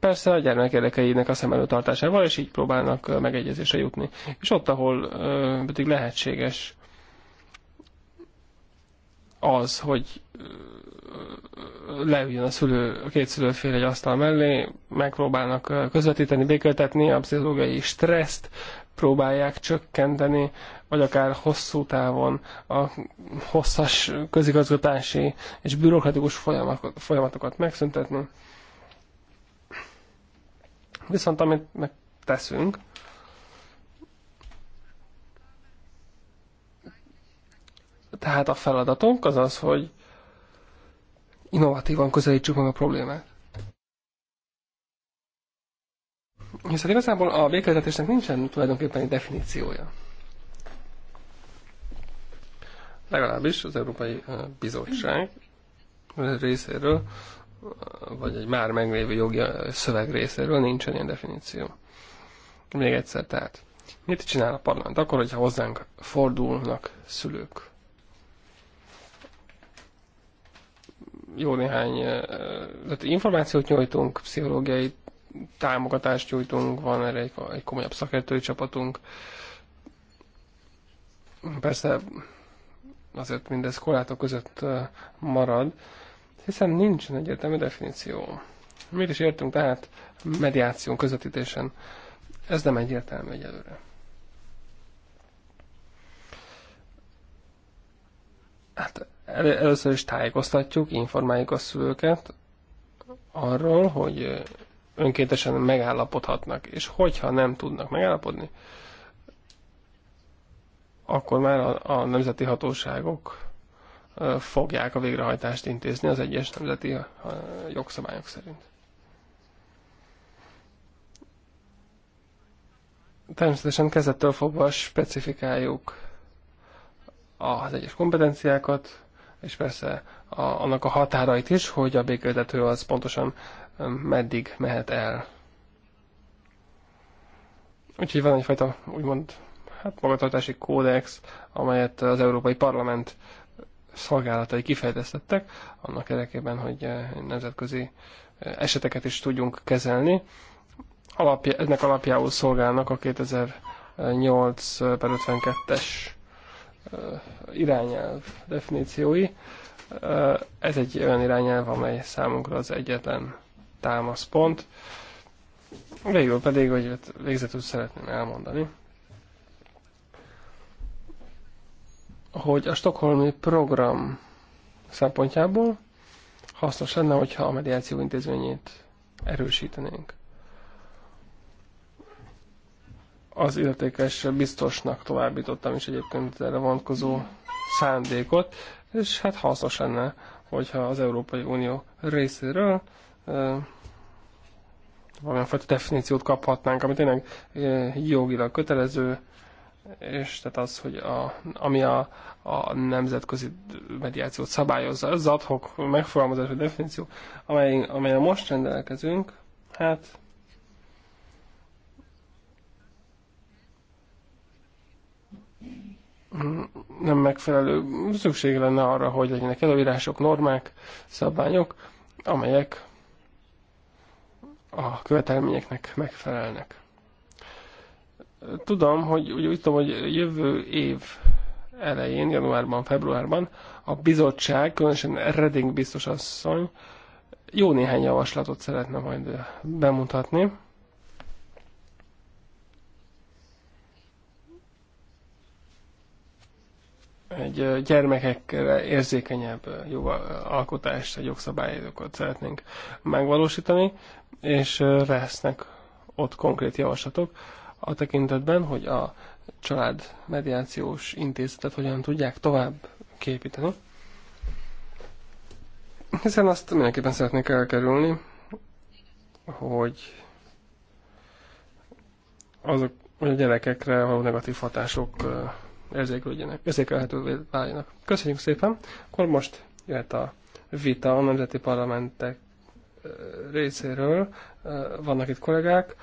persze a gyermek érdekeinek a szem előtartásával, és így próbálnak megegyezésre jutni. És ott, ahol pedig lehetséges az, hogy leüljön a szülő, a két szülőfél egy asztal mellé, megpróbálnak közvetíteni, béköltetni, a pszichológiai stresszt próbálják csökkenteni, vagy akár hosszú távon a hosszas közigazgatási és bürokratikus folyamatokat megszüntetni Viszont amit meg teszünk, tehát a feladatunk az az, hogy innovatívan közelítsük meg a problémát. Hiszen igazából a békéltetésnek nincsen tulajdonképpen egy definíciója. Legalábbis az Európai Bizottság részéről vagy egy már meglévő jogi szöveg részéről nincsen ilyen definíció. Még egyszer, tehát mit csinál a parlament akkor, hogyha hozzánk fordulnak szülők? Jó néhány eh, tehát információt nyújtunk, pszichológiai támogatást nyújtunk, van erre egy, egy komolyabb szakértői csapatunk. Persze azért mindez korlátok között eh, marad, hiszen nincsen egyértelmű definíció. Mit is értünk tehát mediáción, közvetítésen? Ez nem egyértelmű egyelőre. Hát el, először is tájékoztatjuk, informáljuk a szülőket arról, hogy önkéntesen megállapodhatnak, és hogyha nem tudnak megállapodni, akkor már a, a nemzeti hatóságok fogják a végrehajtást intézni az egyes nemzeti jogszabályok szerint. Természetesen kezdettől fogva specifikáljuk az egyes kompetenciákat, és persze a, annak a határait is, hogy a békéltető az pontosan meddig mehet el. Úgyhogy van egyfajta úgymond hát magatartási kódex, amelyet az Európai Parlament szolgálatai kifejlesztettek, annak érdekében, hogy eh, nemzetközi eh, eseteket is tudjunk kezelni. Alapja, ennek alapjául szolgálnak a 2008 eh, per 52-es irányelv definíciói. Ez egy olyan irányelv, amely számunkra az egyetlen támaszpont. Végül pedig, hogy végzetül szeretném elmondani, hogy a stokholmi program szempontjából hasznos lenne, hogyha a mediáció intézményét erősítenénk. Az illetékes biztosnak továbbítottam is egyébként erre vonatkozó szándékot, és hát hasznos lenne, hogyha az Európai Unió részéről valamilyen fajta definíciót kaphatnánk, ami tényleg jogilag kötelező, és tehát az, hogy a, ami a, a nemzetközi mediációt szabályozza, az adhok megfogalmazás, definíció, amely, amelyen most rendelkezünk, hát nem megfelelő szükség lenne arra, hogy legyenek előírások, normák, szabályok, amelyek a követelményeknek megfelelnek tudom, hogy úgy, úgy tudom, hogy jövő év elején, januárban, februárban a bizottság, különösen Redding biztos asszony, jó néhány javaslatot szeretne majd bemutatni. egy gyermekekre érzékenyebb jó alkotást, egy jogszabályokat szeretnénk megvalósítani, és lesznek ott konkrét javaslatok, a tekintetben, hogy a család mediációs intézetet hogyan tudják tovább képíteni. Hiszen azt mindenképpen szeretnék elkerülni, hogy azok, hogy a gyerekekre való negatív hatások érzékelhetővé váljanak. Köszönjük szépen! Akkor most jöhet a vita a nemzeti parlamentek részéről, vannak itt kollégák,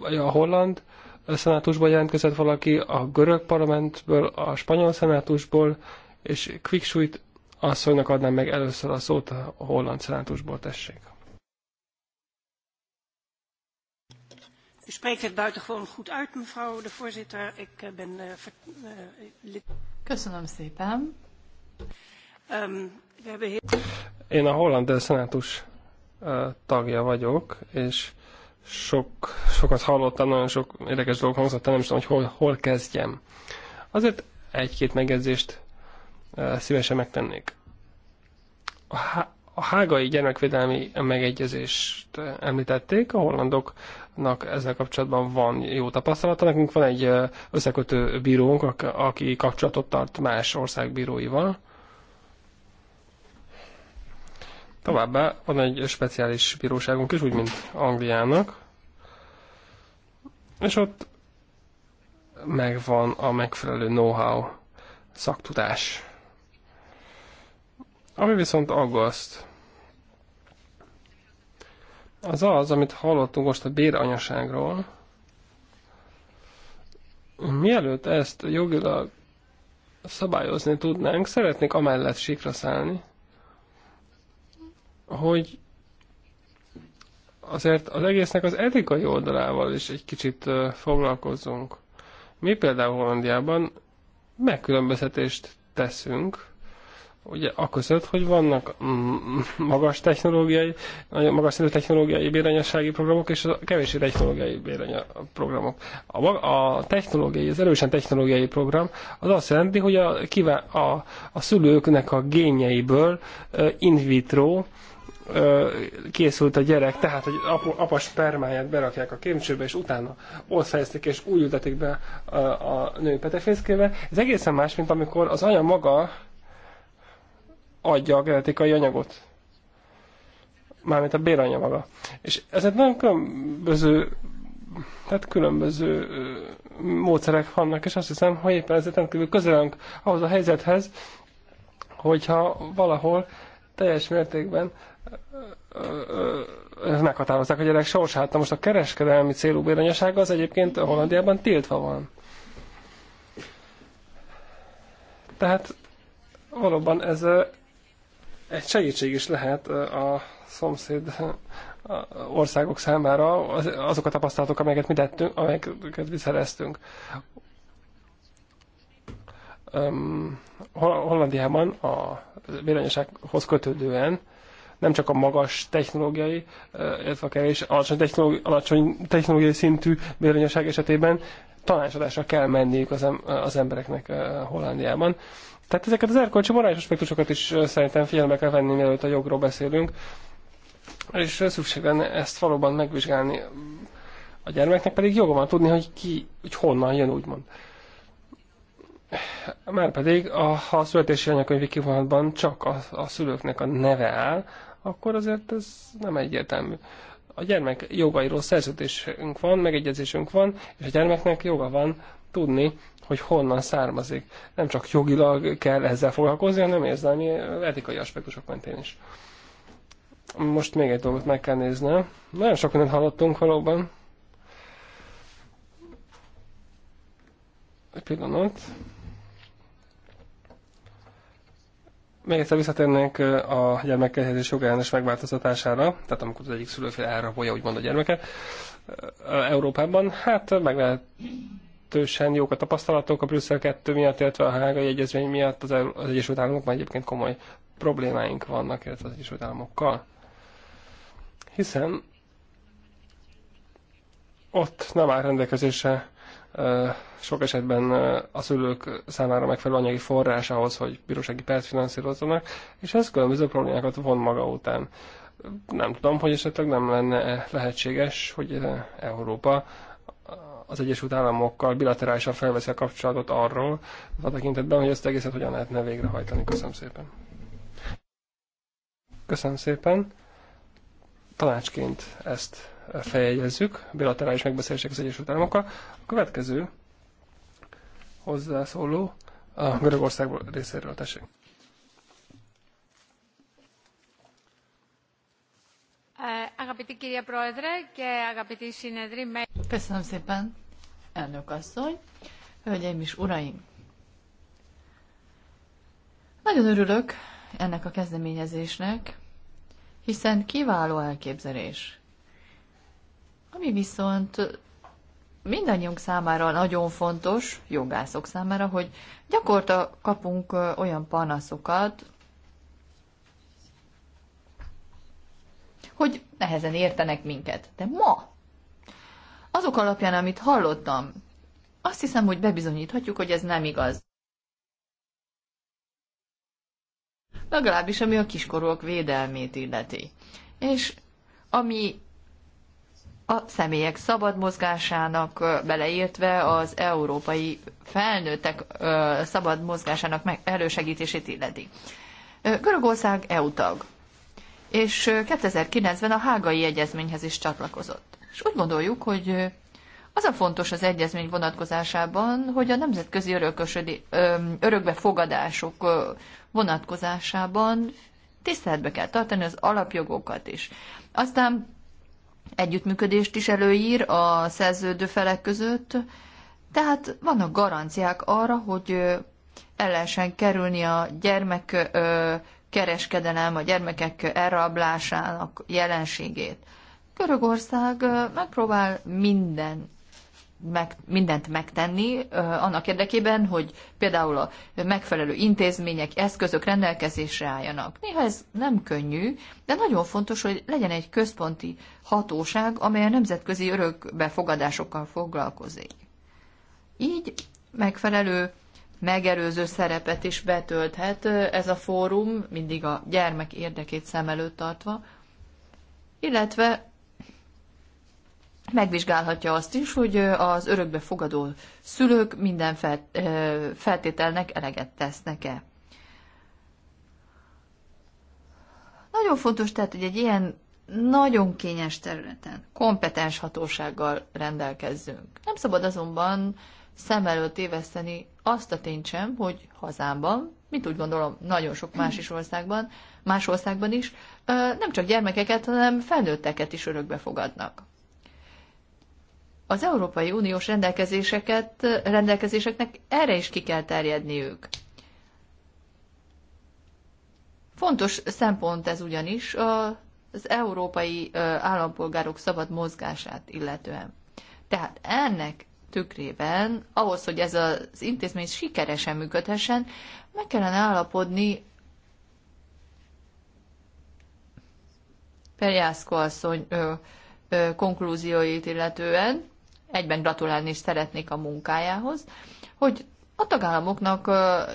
vagy a holland szenátusból jelentkezett valaki, a görög parlamentből, a spanyol szenátusból, és Quicksuit asszonynak adnám meg először a szót a holland szenátusból, tessék. U spreekt het buitengewoon goed uit, mevrouw de voorzitter. Ik eh, ben eh, eh, lid. Köszönöm szépen. Ehm, we hebben... Én a holland szenátus tagja vagyok, és sok, sokat hallottam, nagyon sok érdekes dolgok hangzott, nem is tudom, hogy hol, hol kezdjem. Azért egy-két megjegyzést szívesen megtennék. A, há a hágai gyermekvédelmi megegyezést említették, a hollandoknak ezzel kapcsolatban van jó tapasztalata. Nekünk van egy összekötő bírónk, aki kapcsolatot tart más ország bíróival, Továbbá van egy speciális bíróságunk is, úgy, mint Angliának, és ott megvan a megfelelő know-how, szaktudás. Ami viszont aggaszt, az az, amit hallottunk most a béranyaságról, mielőtt ezt jogilag szabályozni tudnánk, szeretnék amellett sikra szállni, hogy azért az egésznek az etikai oldalával is egy kicsit foglalkozzunk. Mi például Hollandiában megkülönböztetést teszünk, ugye aközött, hogy vannak mm, magas technológiai, nagyon magas szintű technológiai bérenyessági programok, és a kevési technológiai béranya programok. A, a technológiai, az erősen technológiai program az azt jelenti, hogy a, a, a szülőknek a génjeiből in vitro készült a gyerek, tehát, hogy apa, apa spermáját berakják a kémcsőbe, és utána ott fejezték, és úgy ültetik be a, a nő petefészkébe. Ez egészen más, mint amikor az anya maga adja a genetikai anyagot. Mármint a béranya maga. És ez egy nagyon különböző tehát különböző módszerek vannak, és azt hiszem, hogy éppen ezért rendkívül közelünk ahhoz a helyzethez, hogyha valahol teljes mértékben meghatározták a gyerek sorsát. Na most a kereskedelmi célú béranyaság az egyébként a Hollandiában tiltva van. Tehát valóban ez egy segítség is lehet a szomszéd országok számára azok a tapasztalatok, amelyeket mi tettünk, amelyeket mi szereztünk. Hollandiában a villanyossághoz kötődően nem csak a magas technológiai, eh, illetve a kevés alacsony, technológi, alacsony technológiai szintű bizonyosság esetében tanácsadásra kell menniük az, em, az embereknek eh, Hollandiában. Tehát ezeket az erkölcsi morális aspektusokat is eh, szerintem figyelembe kell venni, mielőtt a jogról beszélünk. És szükség lenne ezt valóban megvizsgálni. A gyermeknek pedig joga van tudni, hogy ki, hogy honnan jön, úgymond. Márpedig a, a születési anyakönyvi kivonatban csak a, a szülőknek a neve áll, akkor azért ez nem egyértelmű. A gyermek jogairól szerződésünk van, megegyezésünk van, és a gyermeknek joga van tudni, hogy honnan származik. Nem csak jogilag kell ezzel foglalkozni, hanem érzelmi, etikai aspektusok mentén is. Most még egy dolgot meg kell néznem. Nagyon sok mindent hallottunk valóban. Egy pillanat. Még egyszer visszatérnénk a gyermekkelhelyezés jogállás megváltoztatására, tehát amikor az egyik szülőfél elrabolja úgymond a gyermeket Európában, hát meg lehet Tősen jók a tapasztalatok a Brüsszel 2 miatt, illetve a Hágai Egyezmény miatt az, az Egyesült Államokban egyébként komoly problémáink vannak, illetve az Egyesült Államokkal. Hiszen ott nem áll rendelkezésre sok esetben a szülők számára megfelelő anyagi forrás ahhoz, hogy bírósági pert finanszírozzanak, és ez különböző problémákat von maga után. Nem tudom, hogy esetleg nem lenne -e lehetséges, hogy Európa az Egyesült Államokkal bilaterálisan felveszi a kapcsolatot arról, a tekintetben, hogy ezt egészet hogyan lehetne végrehajtani. Köszönöm szépen. Köszönöm szépen. Tanácsként ezt feljegyezzük, bilaterális megbeszélések az Egyesült Államokkal. A következő hozzászóló a Görögország részéről, tessék. Köszönöm szépen, elnök asszony, hölgyeim és uraim! Nagyon örülök ennek a kezdeményezésnek, hiszen kiváló elképzelés ami viszont mindannyiunk számára nagyon fontos, jogászok számára, hogy gyakorta kapunk olyan panaszokat, hogy nehezen értenek minket. De ma, azok alapján, amit hallottam, azt hiszem, hogy bebizonyíthatjuk, hogy ez nem igaz. Legalábbis ami a kiskorúak védelmét illeti. És ami a személyek szabad mozgásának, beleértve az európai felnőttek szabad mozgásának elősegítését illeti. Görögország EU tag, és 2009-ben a hágai egyezményhez is csatlakozott. És úgy gondoljuk, hogy az a fontos az egyezmény vonatkozásában, hogy a nemzetközi örökösödi, örökbefogadások vonatkozásában tiszteletbe kell tartani az alapjogokat is. Aztán együttműködést is előír a szerződő felek között, tehát vannak garanciák arra, hogy el lehessen kerülni a gyermek kereskedelem, a gyermekek elrablásának jelenségét. Görögország megpróbál minden meg, mindent megtenni annak érdekében, hogy például a megfelelő intézmények, eszközök rendelkezésre álljanak. Néha ez nem könnyű, de nagyon fontos, hogy legyen egy központi hatóság, amely a nemzetközi örökbefogadásokkal foglalkozik. Így megfelelő megerőző szerepet is betölthet ez a fórum, mindig a gyermek érdekét szem előtt tartva, illetve megvizsgálhatja azt is, hogy az örökbe fogadó szülők minden feltételnek eleget tesznek-e. Nagyon fontos tehát, hogy egy ilyen nagyon kényes területen kompetens hatósággal rendelkezzünk. Nem szabad azonban szem előtt éveszteni azt a tényt sem, hogy hazámban, mint úgy gondolom nagyon sok más is országban, más országban is, nem csak gyermekeket, hanem felnőtteket is örökbe fogadnak az Európai Uniós rendelkezéseket, rendelkezéseknek erre is ki kell terjedniük. Fontos szempont ez ugyanis az európai állampolgárok szabad mozgását illetően. Tehát ennek tükrében, ahhoz, hogy ez az intézmény sikeresen működhessen, meg kellene állapodni Perjászko asszony ö, ö, konklúzióit illetően, egyben gratulálni is szeretnék a munkájához, hogy a tagállamoknak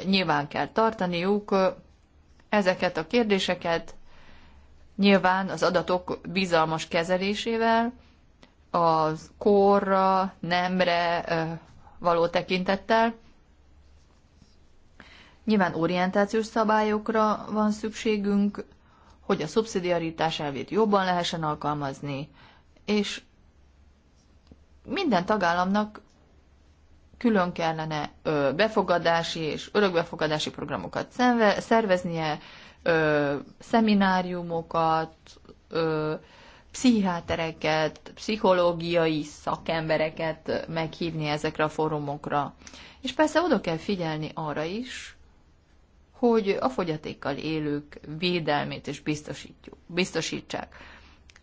nyilván kell tartaniuk ezeket a kérdéseket, nyilván az adatok bizalmas kezelésével, az korra, nemre való tekintettel. Nyilván orientációs szabályokra van szükségünk, hogy a szubszidiaritás elvét jobban lehessen alkalmazni, és minden tagállamnak külön kellene befogadási és örökbefogadási programokat szerveznie, szemináriumokat, pszichiátereket, pszichológiai szakembereket meghívni ezekre a fórumokra. És persze oda kell figyelni arra is, hogy a fogyatékkal élők védelmét is biztosítjuk, biztosítsák.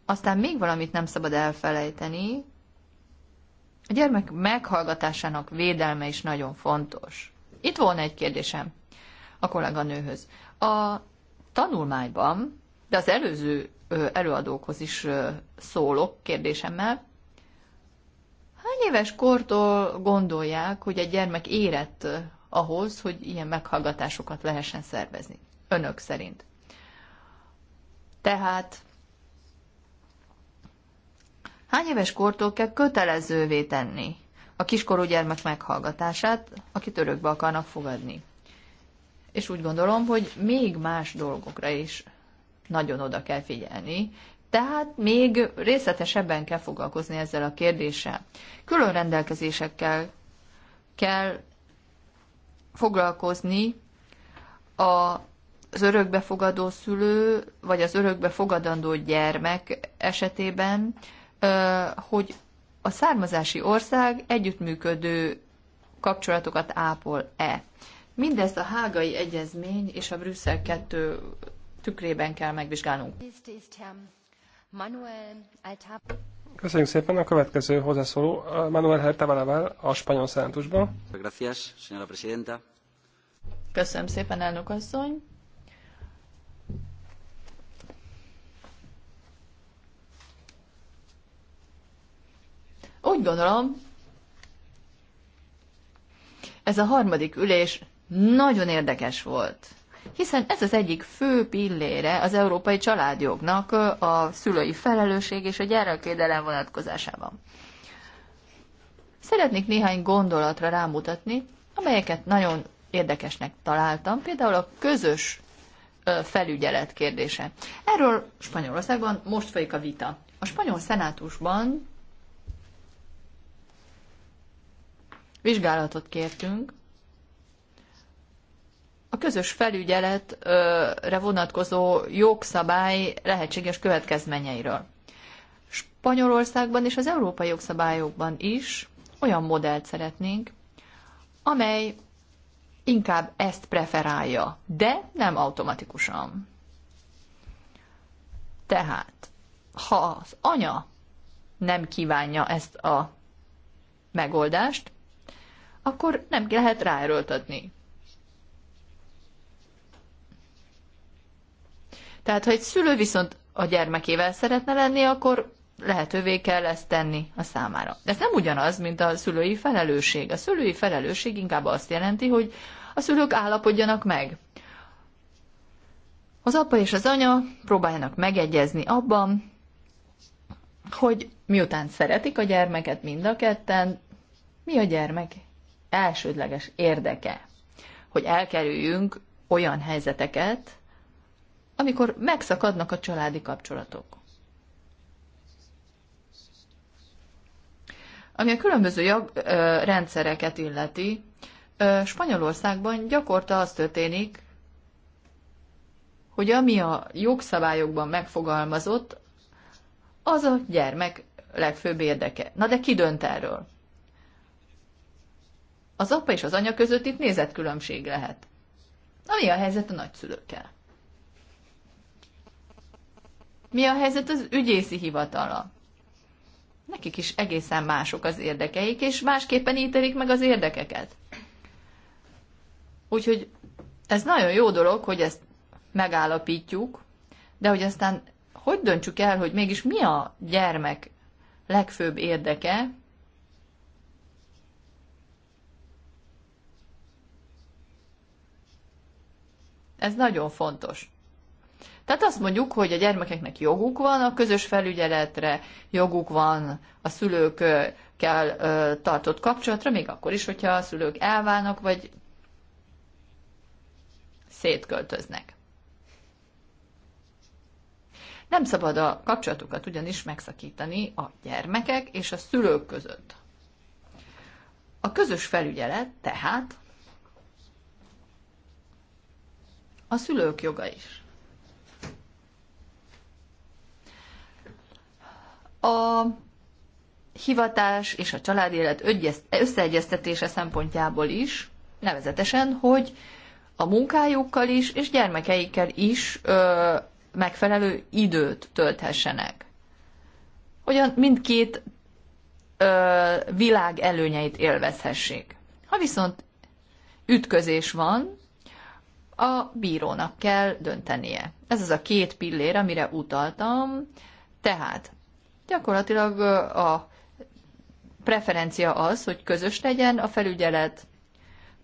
Aztán még valamit nem szabad elfelejteni, a gyermek meghallgatásának védelme is nagyon fontos. Itt volna egy kérdésem a kolléganőhöz. A tanulmányban, de az előző előadókhoz is szólok kérdésemmel, hány éves kortól gondolják, hogy egy gyermek érett ahhoz, hogy ilyen meghallgatásokat lehessen szervezni? Önök szerint. Tehát Hány éves kortól kell kötelezővé tenni a kiskorú gyermek meghallgatását, akit örökbe akarnak fogadni? És úgy gondolom, hogy még más dolgokra is nagyon oda kell figyelni, tehát még részletesebben kell foglalkozni ezzel a kérdéssel. Külön rendelkezésekkel kell foglalkozni a az örökbefogadó szülő, vagy az örökbefogadandó gyermek esetében, hogy a származási ország együttműködő kapcsolatokat ápol-e. Mindezt a hágai egyezmény és a Brüsszel 2 tükrében kell megvizsgálnunk. Köszönjük szépen a következő hozzászóló, Manuel Hertavalaval a spanyol szentusban. Köszönöm szépen, elnök asszony. úgy gondolom, ez a harmadik ülés nagyon érdekes volt, hiszen ez az egyik fő pillére az európai családjognak a szülői felelősség és a gyermekvédelem vonatkozásában. Szeretnék néhány gondolatra rámutatni, amelyeket nagyon érdekesnek találtam, például a közös felügyelet kérdése. Erről Spanyolországban most folyik a vita. A spanyol szenátusban vizsgálatot kértünk. A közös felügyeletre vonatkozó jogszabály lehetséges következményeiről. Spanyolországban és az európai jogszabályokban is olyan modellt szeretnénk, amely inkább ezt preferálja, de nem automatikusan. Tehát, ha az anya nem kívánja ezt a megoldást, akkor nem lehet ráerőltetni. Tehát, ha egy szülő viszont a gyermekével szeretne lenni, akkor lehetővé kell ezt tenni a számára. De ez nem ugyanaz, mint a szülői felelősség. A szülői felelősség inkább azt jelenti, hogy a szülők állapodjanak meg. Az apa és az anya próbáljanak megegyezni abban, hogy miután szeretik a gyermeket mind a ketten, mi a gyermek elsődleges érdeke, hogy elkerüljünk olyan helyzeteket, amikor megszakadnak a családi kapcsolatok. Ami a különböző jog, ö, rendszereket illeti, ö, Spanyolországban gyakorta az történik, hogy ami a jogszabályokban megfogalmazott, az a gyermek legfőbb érdeke. Na de ki dönt erről? az apa és az anya között itt különbség lehet. Na mi a helyzet a nagyszülőkkel? Mi a helyzet az ügyészi hivatala? Nekik is egészen mások az érdekeik, és másképpen ítelik meg az érdekeket. Úgyhogy ez nagyon jó dolog, hogy ezt megállapítjuk, de hogy aztán hogy döntsük el, hogy mégis mi a gyermek legfőbb érdeke, Ez nagyon fontos. Tehát azt mondjuk, hogy a gyermekeknek joguk van a közös felügyeletre, joguk van a szülőkkel tartott kapcsolatra, még akkor is, hogyha a szülők elválnak, vagy szétköltöznek. Nem szabad a kapcsolatukat ugyanis megszakítani a gyermekek és a szülők között. A közös felügyelet tehát a szülők joga is. A hivatás és a családélet összeegyeztetése szempontjából is, nevezetesen, hogy a munkájukkal is és gyermekeikkel is ö, megfelelő időt tölthessenek. Hogyan mindkét ö, világ előnyeit élvezhessék. Ha viszont ütközés van, a bírónak kell döntenie. Ez az a két pillér, amire utaltam. Tehát gyakorlatilag a preferencia az, hogy közös legyen a felügyelet,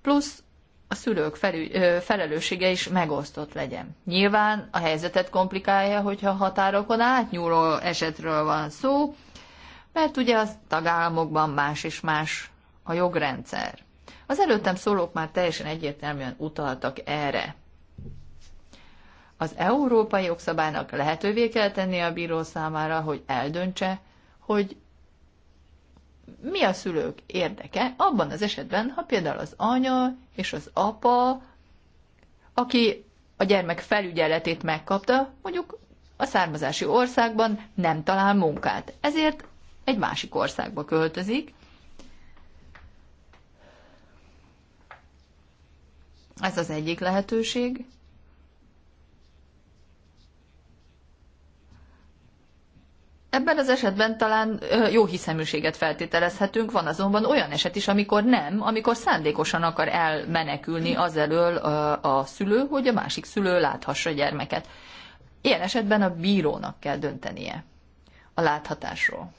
plusz a szülők felü- felelőssége is megosztott legyen. Nyilván a helyzetet komplikálja, hogyha határokon átnyúló esetről van szó, mert ugye a tagállamokban más és más a jogrendszer. Az előttem szólók már teljesen egyértelműen utaltak erre. Az európai jogszabálynak lehetővé kell tenni a bíró számára, hogy eldöntse, hogy mi a szülők érdeke abban az esetben, ha például az anya és az apa, aki a gyermek felügyeletét megkapta, mondjuk a származási országban nem talál munkát, ezért egy másik országba költözik, Ez az egyik lehetőség. Ebben az esetben talán jó hiszeműséget feltételezhetünk, van azonban olyan eset is, amikor nem, amikor szándékosan akar elmenekülni az elől a szülő, hogy a másik szülő láthassa a gyermeket. Ilyen esetben a bírónak kell döntenie a láthatásról.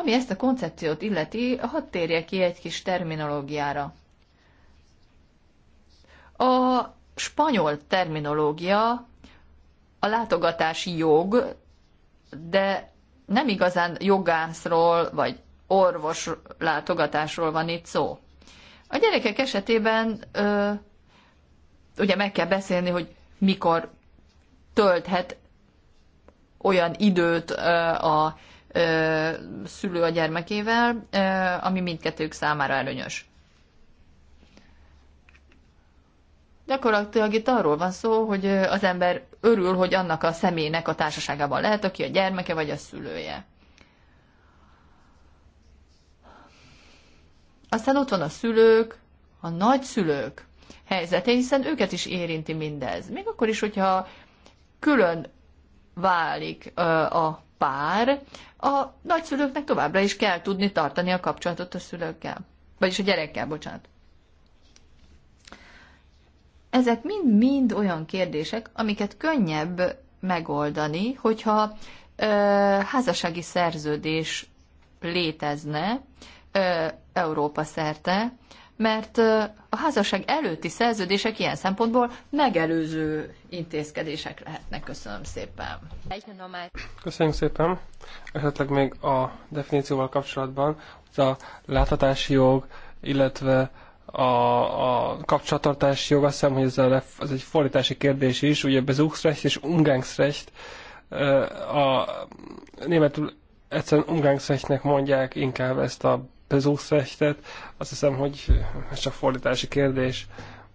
Ami ezt a koncepciót illeti, hadd térjek ki egy kis terminológiára. A spanyol terminológia a látogatási jog, de nem igazán jogászról vagy orvos látogatásról van itt szó. A gyerekek esetében ö, ugye meg kell beszélni, hogy mikor tölthet olyan időt ö, a szülő a gyermekével, ami mindkettők számára előnyös. Gyakorlatilag itt arról van szó, hogy az ember örül, hogy annak a személynek a társaságában lehet, aki a gyermeke vagy a szülője. Aztán ott van a szülők, a nagyszülők helyzete, hiszen őket is érinti mindez. Még akkor is, hogyha külön válik a pár, a nagyszülőknek továbbra is kell tudni tartani a kapcsolatot a szülőkkel, vagyis a gyerekkel, bocsánat. Ezek mind-mind olyan kérdések, amiket könnyebb megoldani, hogyha ö, házassági szerződés létezne ö, Európa szerte, mert a házasság előtti szerződések ilyen szempontból megelőző intézkedések lehetnek. Köszönöm szépen. Köszönjük szépen. Esetleg még a definícióval kapcsolatban a láthatási jog, illetve a, a kapcsolattartási jog, azt hiszem, hogy ez, a, ez egy fordítási kérdés is, ugye Bezugsrecht és Ungangsrecht a németül egyszerűen Ungangsrechtnek mondják inkább ezt a festet, Azt hiszem, hogy ez csak fordítási kérdés.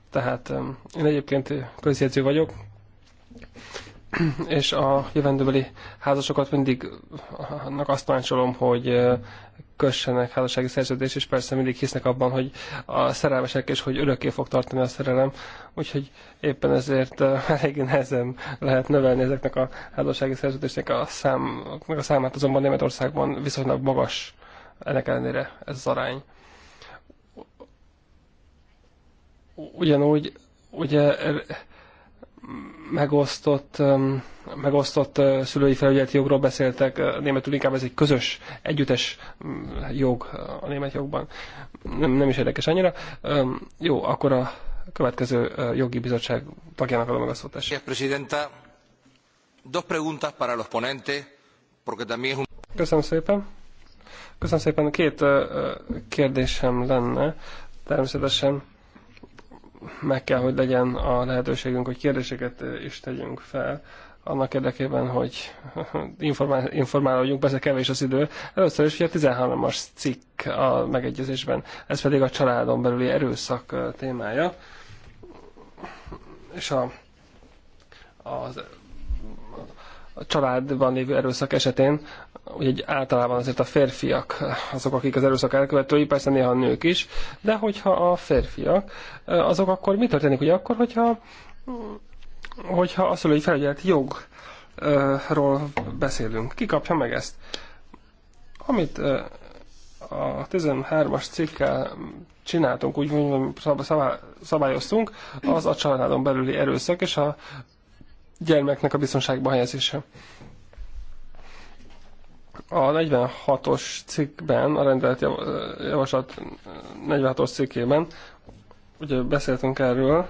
Tehát én egyébként közjegyző vagyok, és a jövendőbeli házasokat mindig annak azt tanácsolom, hogy eh, kössenek házassági szerződés, és persze mindig hisznek abban, hogy a szerelmesek és hogy örökké fog tartani a szerelem, úgyhogy éppen ezért eh, eléggé nehezen lehet növelni ezeknek a házassági szerződésnek a, szám, a számát, azonban Németországban viszonylag magas ennek ellenére ez az arány. Ugyanúgy, ugye megosztott, um, megosztott uh, szülői felügyeleti jogról beszéltek, uh, németül inkább ez egy közös, együttes um, jog uh, a német jogban. Nem, nem is érdekes annyira. Um, jó, akkor a következő jogi bizottság tagjának adom meg a szót. Presidenta, dos preguntas para los ponentes, porque también un... Köszönöm szépen. Köszönöm szépen. Két kérdésem lenne. Természetesen meg kell, hogy legyen a lehetőségünk, hogy kérdéseket is tegyünk fel annak érdekében, hogy informál, informálódjunk, persze kevés az idő. Először is ugye a 13-as cikk a megegyezésben, ez pedig a családon belüli erőszak témája, és a, az a családban lévő erőszak esetén, ugye általában azért a férfiak azok, akik az erőszak elkövetői, persze néha a nők is, de hogyha a férfiak, azok akkor mi történik? Ugye akkor, hogyha, hogyha a szülői felügyelet jogról beszélünk. Ki kapja meg ezt? Amit a 13-as cikkel csináltunk, úgy szabályoztunk, az a családon belüli erőszak, és a gyermeknek a biztonságba helyezése. A 46-os cikkben, a rendelet javaslat 46-os cikkében, ugye beszéltünk erről,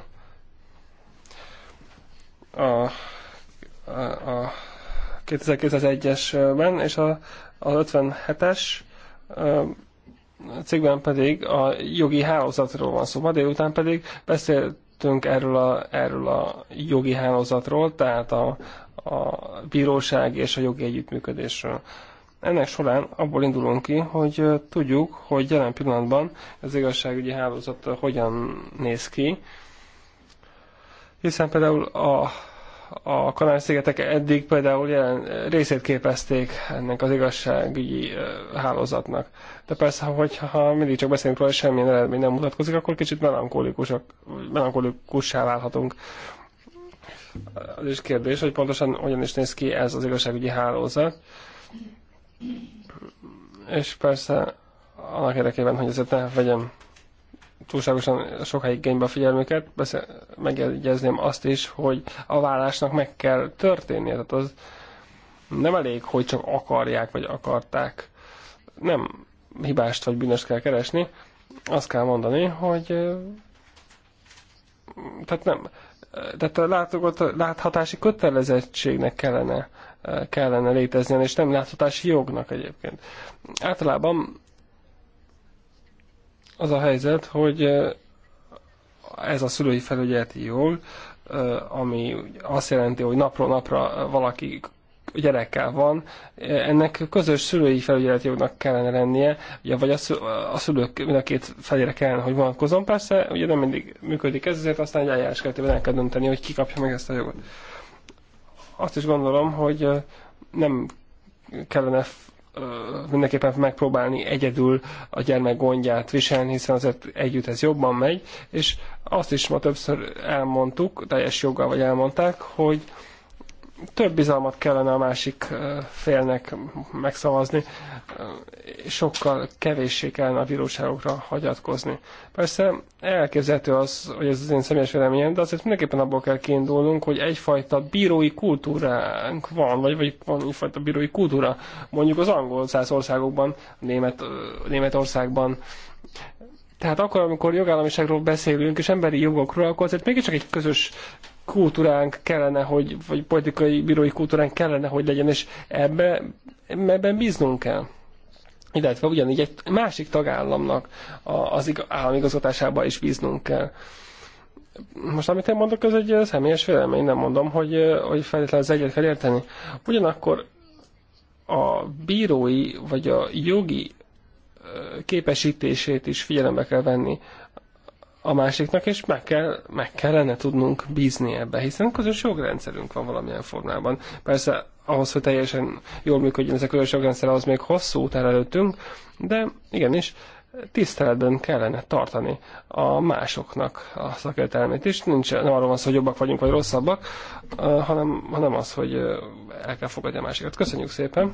a, a, a 2201-esben, és a, a 57-es cikkben pedig a jogi hálózatról van szó. Ma délután pedig beszélt beszéltünk erről a, erről a jogi hálózatról, tehát a, a bíróság és a jogi együttműködésről. Ennek során abból indulunk ki, hogy tudjuk, hogy jelen pillanatban az igazságügyi hálózat hogyan néz ki, hiszen például a a Kanári-szigetek eddig például jelen részét képezték ennek az igazságügyi hálózatnak. De persze, hogyha mindig csak beszélünk róla, és semmilyen eredmény nem mutatkozik, akkor kicsit melankolikussá válhatunk. Az is kérdés, hogy pontosan hogyan is néz ki ez az igazságügyi hálózat. És persze annak érdekében, hogy ezért ne vegyem túlságosan sokáig igénybe a figyelmüket, megjegyezném azt is, hogy a vállásnak meg kell történnie. Tehát az nem elég, hogy csak akarják vagy akarták. Nem hibást vagy bűnöst kell keresni. Azt kell mondani, hogy tehát nem, tehát a látogat, láthatási kötelezettségnek kellene, kellene léteznie, és nem láthatási jognak egyébként. Általában az a helyzet, hogy ez a szülői felügyeleti jog, ami azt jelenti, hogy napról napra valaki gyerekkel van, ennek közös szülői felügyeleti jognak kellene lennie, ugye, vagy a szülők mind a két felére kellene, hogy vonatkozom. Persze, ugye nem mindig működik ez, ezért aztán egy eljárás keretében el kell dönteni, hogy ki kapja meg ezt a jogot. Azt is gondolom, hogy nem kellene mindenképpen megpróbálni egyedül a gyermek gondját viselni, hiszen azért együtt ez jobban megy, és azt is ma többször elmondtuk, teljes joggal vagy elmondták, hogy több bizalmat kellene a másik félnek megszavazni, sokkal kevéssé kellene a bíróságokra hagyatkozni. Persze elképzelhető az, hogy ez az én személyes véleményem, de azért mindenképpen abból kell kiindulnunk, hogy egyfajta bírói kultúránk van, vagy, vagy van egyfajta bírói kultúra, mondjuk az angol száz országokban, Német, Németországban, tehát akkor, amikor jogállamiságról beszélünk és emberi jogokról, akkor azért mégiscsak egy közös kultúránk kellene, hogy, vagy politikai bírói kultúránk kellene, hogy legyen, és ebbe, ebben bíznunk kell. Illetve ugyanígy egy másik tagállamnak az államigazgatásába is bíznunk kell. Most amit én mondok, ez egy személyes vélemény, nem mondom, hogy, hogy feltétlenül az egyet kell érteni. Ugyanakkor a bírói vagy a jogi képesítését is figyelembe kell venni a másiknak, és meg, kell, meg kellene tudnunk bízni ebbe, hiszen közös jogrendszerünk van valamilyen formában. Persze ahhoz, hogy teljesen jól működjön ez a közös jogrendszer, az még hosszú út előttünk, de igenis tiszteletben kellene tartani a másoknak a szakértelmét is. Nincs, nem arról van szó, hogy jobbak vagyunk, vagy rosszabbak, eh, hanem, hanem az, hogy eh, el kell fogadni a másikat. Köszönjük szépen!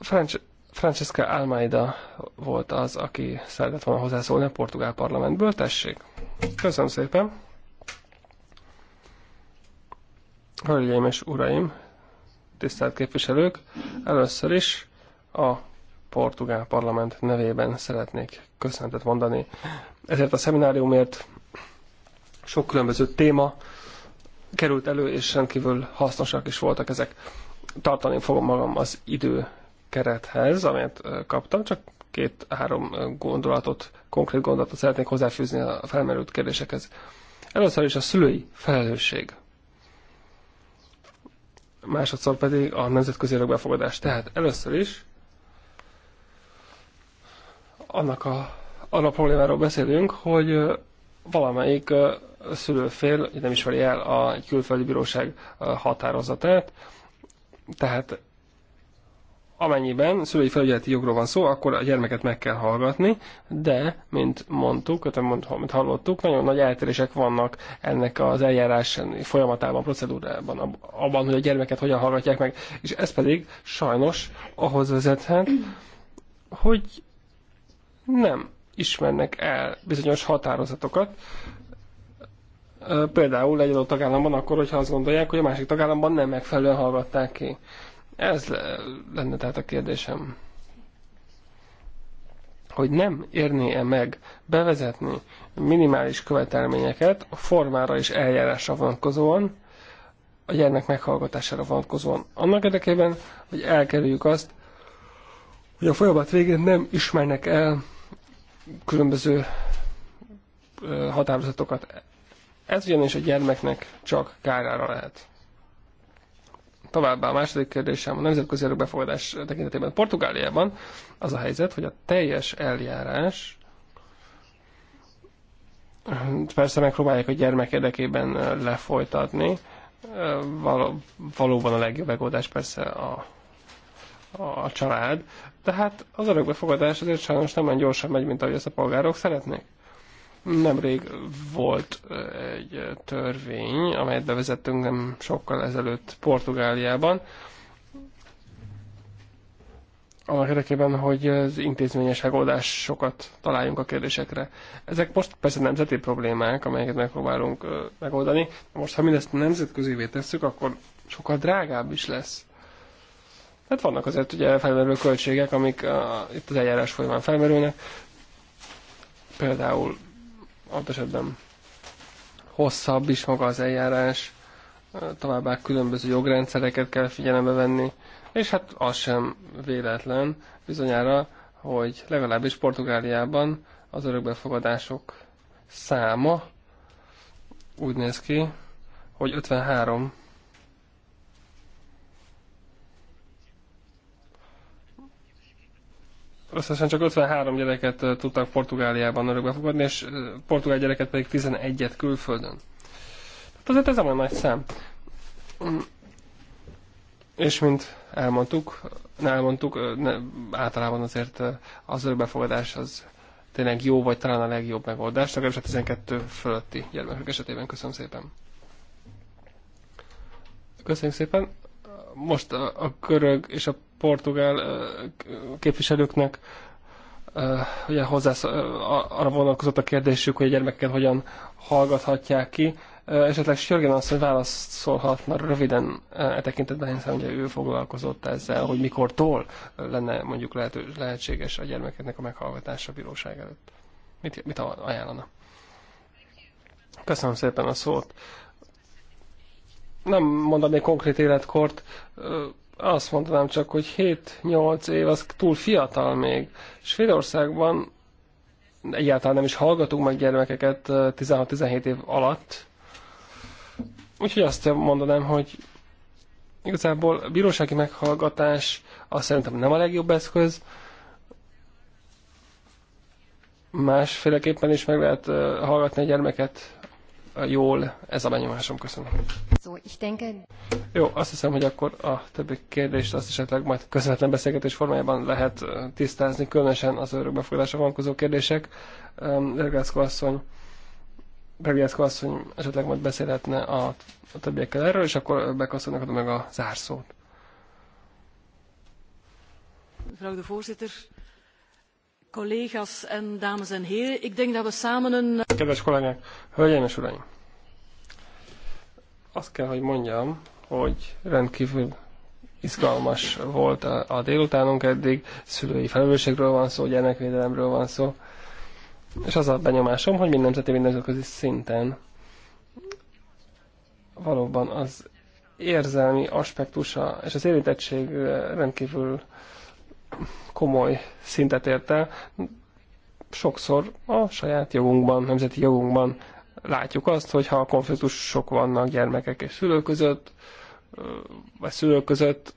Francs, Francesca Almeida volt az, aki szeretett volna hozzászólni a portugál parlamentből. Tessék! Köszönöm szépen! Hölgyeim és uraim, tisztelt képviselők, először is a portugál parlament nevében szeretnék köszönetet mondani. Ezért a szemináriumért sok különböző téma került elő, és rendkívül hasznosak is voltak ezek. Tartani fogom magam az idő kerethez, amelyet kaptam, csak két-három gondolatot, konkrét gondolatot szeretnék hozzáfűzni a felmerült kérdésekhez. Először is a szülői felelősség. Másodszor pedig a nemzetközi örökbefogadás. Tehát először is annak a, annak a problémáról beszélünk, hogy valamelyik szülőfél nem ismeri el a külföldi bíróság határozatát, tehát amennyiben szülői felügyeleti jogról van szó, akkor a gyermeket meg kell hallgatni, de, mint mondtuk, mint hallottuk, nagyon nagy eltérések vannak ennek az eljárás folyamatában, procedúrában, abban, hogy a gyermeket hogyan hallgatják meg, és ez pedig sajnos ahhoz vezethet, hogy nem ismernek el bizonyos határozatokat, például egy adott tagállamban akkor, hogyha azt gondolják, hogy a másik tagállamban nem megfelelően hallgatták ki. Ez lenne tehát a kérdésem. Hogy nem érné-e meg bevezetni minimális követelményeket a formára és eljárásra vonatkozóan, a gyermek meghallgatására vonatkozóan. Annak érdekében, hogy elkerüljük azt, hogy a folyamat végén nem ismernek el különböző határozatokat. Ez ugyanis a gyermeknek csak kárára lehet. Továbbá a második kérdésem a nemzetközi örökbefogadás tekintetében Portugáliában az a helyzet, hogy a teljes eljárás persze megpróbálják a gyermek érdekében lefolytatni, Val- valóban a legjobb megoldás persze a, a család, de hát az örökbefogadás azért sajnos nem olyan gyorsan megy, mint ahogy ezt a polgárok szeretnék. Nemrég volt egy törvény, amelyet bevezettünk nem sokkal ezelőtt Portugáliában, annak érdekében, hogy az intézményes megoldásokat találjunk a kérdésekre. Ezek most persze nemzeti problémák, amelyeket megpróbálunk megoldani. Most, ha mindezt nemzetközévé tesszük, akkor sokkal drágább is lesz. Hát vannak azért ugye felmerülő költségek, amik a, itt az eljárás folyamán felmerülnek. Például ott esetben hosszabb is maga az eljárás, továbbá különböző jogrendszereket kell figyelembe venni, és hát az sem véletlen bizonyára, hogy legalábbis Portugáliában az örökbefogadások száma úgy néz ki, hogy 53 összesen csak 53 gyereket tudtak Portugáliában fogadni és portugál gyereket pedig 11-et külföldön. Tehát azért ez a nagy szám. Mm. És mint elmondtuk, ne elmondtuk, ne, általában azért az örökbefogadás az tényleg jó, vagy talán a legjobb megoldás, legalábbis a 12 fölötti gyermekek esetében. Köszönöm szépen. Köszönjük szépen. Most a, a körög és a portugál képviselőknek ugye hozzász, arra vonalkozott a kérdésük, hogy a gyermekeket hogyan hallgathatják ki. Esetleg Sörgen azt, hogy válaszolhatna röviden e tekintetben, hiszen ugye ő foglalkozott ezzel, hogy mikortól lenne mondjuk lehető, lehetséges a gyermekeknek a meghallgatása a bíróság előtt. Mit, mit ajánlana? Köszönöm szépen a szót. Nem mondanék konkrét életkort, azt mondanám csak, hogy 7-8 év az túl fiatal még. Svédországban egyáltalán nem is hallgatunk meg gyermekeket 16-17 év alatt. Úgyhogy azt mondanám, hogy igazából a bírósági meghallgatás azt szerintem nem a legjobb eszköz. Másféleképpen is meg lehet hallgatni a gyermeket jól. Ez a benyomásom, köszönöm. So, ich denke... Jó, azt hiszem, hogy akkor a többi kérdést azt esetleg majd közvetlen beszélgetés formájában lehet tisztázni, különösen az örökbefogadásra vonatkozó kérdések. Regászko asszony, Regászko asszony esetleg majd beszélhetne a, a többiekkel erről, és akkor bekasszonynak adom meg a zárszót. Mevrouw de voorzitter, collega's en dames en heren. Ik denk dat we samen een... Eh, Kedves kollégák, hölgyeim és uraim! Azt kell, hogy mondjam, hogy rendkívül izgalmas volt a, a délutánunk eddig, szülői felelősségről van szó, gyermekvédelemről van szó, és az a benyomásom, hogy mind nemzeti, mind nemzetközi szinten valóban az érzelmi aspektusa és az érintettség eh, rendkívül komoly szintet ért el, sokszor a saját jogunkban, nemzeti jogunkban látjuk azt, hogy ha konfliktusok vannak gyermekek és szülők között, vagy szülők között,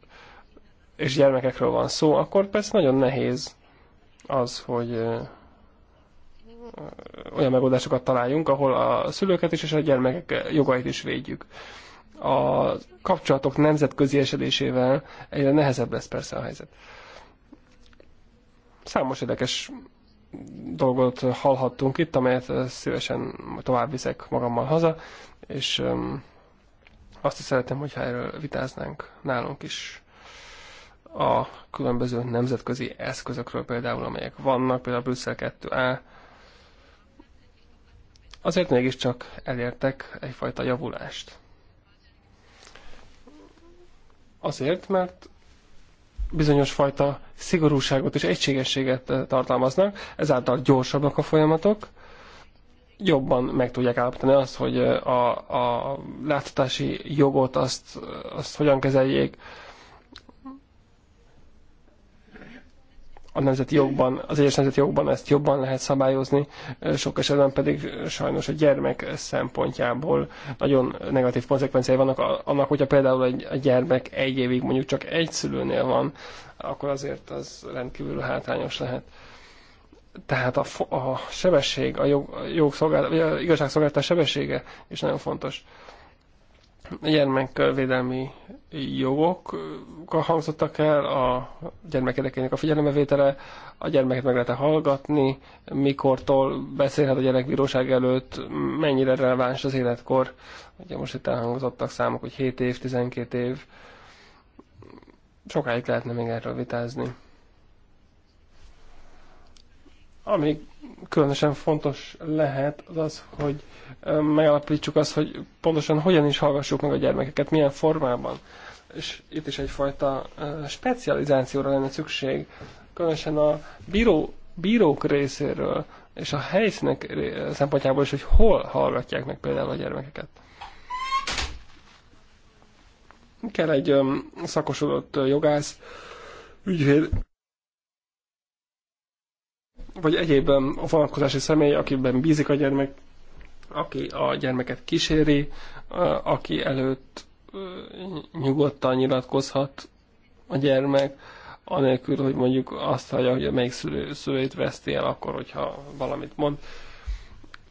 és gyermekekről van szó, akkor persze nagyon nehéz az, hogy olyan megoldásokat találjunk, ahol a szülőket is és a gyermekek jogait is védjük. A kapcsolatok nemzetközi esedésével egyre nehezebb lesz persze a helyzet. Számos érdekes dolgot hallhattunk itt, amelyet szívesen tovább viszek magammal haza, és azt is szeretném, hogyha erről vitáznánk nálunk is a különböző nemzetközi eszközökről például, amelyek vannak, például Brüsszel 2A, azért mégiscsak elértek egyfajta javulást. Azért, mert bizonyos fajta szigorúságot és egységességet eh, tartalmaznak, ezáltal gyorsabbak a folyamatok, jobban meg tudják állapítani azt, hogy eh, a, a láthatási jogot azt, eh, azt hogyan kezeljék, a nemzeti jogban, az egyes nemzeti jogban ezt jobban lehet szabályozni, sok esetben pedig sajnos a gyermek szempontjából nagyon negatív konzekvenciái vannak annak, hogyha például egy, a gyermek egy évig mondjuk csak egy szülőnél van, akkor azért az rendkívül hátrányos lehet. Tehát a, a sebesség, a, jog, a, jogszolgált, a igazságszolgáltatás sebessége is nagyon fontos gyermekvédelmi jogok hangzottak el, a gyermekedekének a figyelembevétele, a gyermeket meg lehet -e hallgatni, mikortól beszélhet a gyerek bíróság előtt, mennyire releváns az életkor. Ugye most itt elhangzottak számok, hogy 7 év, 12 év. Sokáig lehetne még erről vitázni. Amíg különösen fontos lehet, az az, hogy megállapítsuk azt, hogy pontosan hogyan is hallgassuk meg a gyermekeket, milyen formában. És itt is egyfajta specializációra lenne szükség, különösen a bíró, bírók részéről, és a helyszínek szempontjából is, hogy hol hallgatják meg például a gyermekeket. Kell egy szakosodott jogász, ügyvéd, vagy egyéb a vonatkozási személy, akiben bízik a gyermek, aki a gyermeket kíséri, aki előtt nyugodtan nyilatkozhat a gyermek, anélkül, hogy mondjuk azt hallja, hogy melyik szülő, szülőjét veszti el akkor, hogyha valamit mond.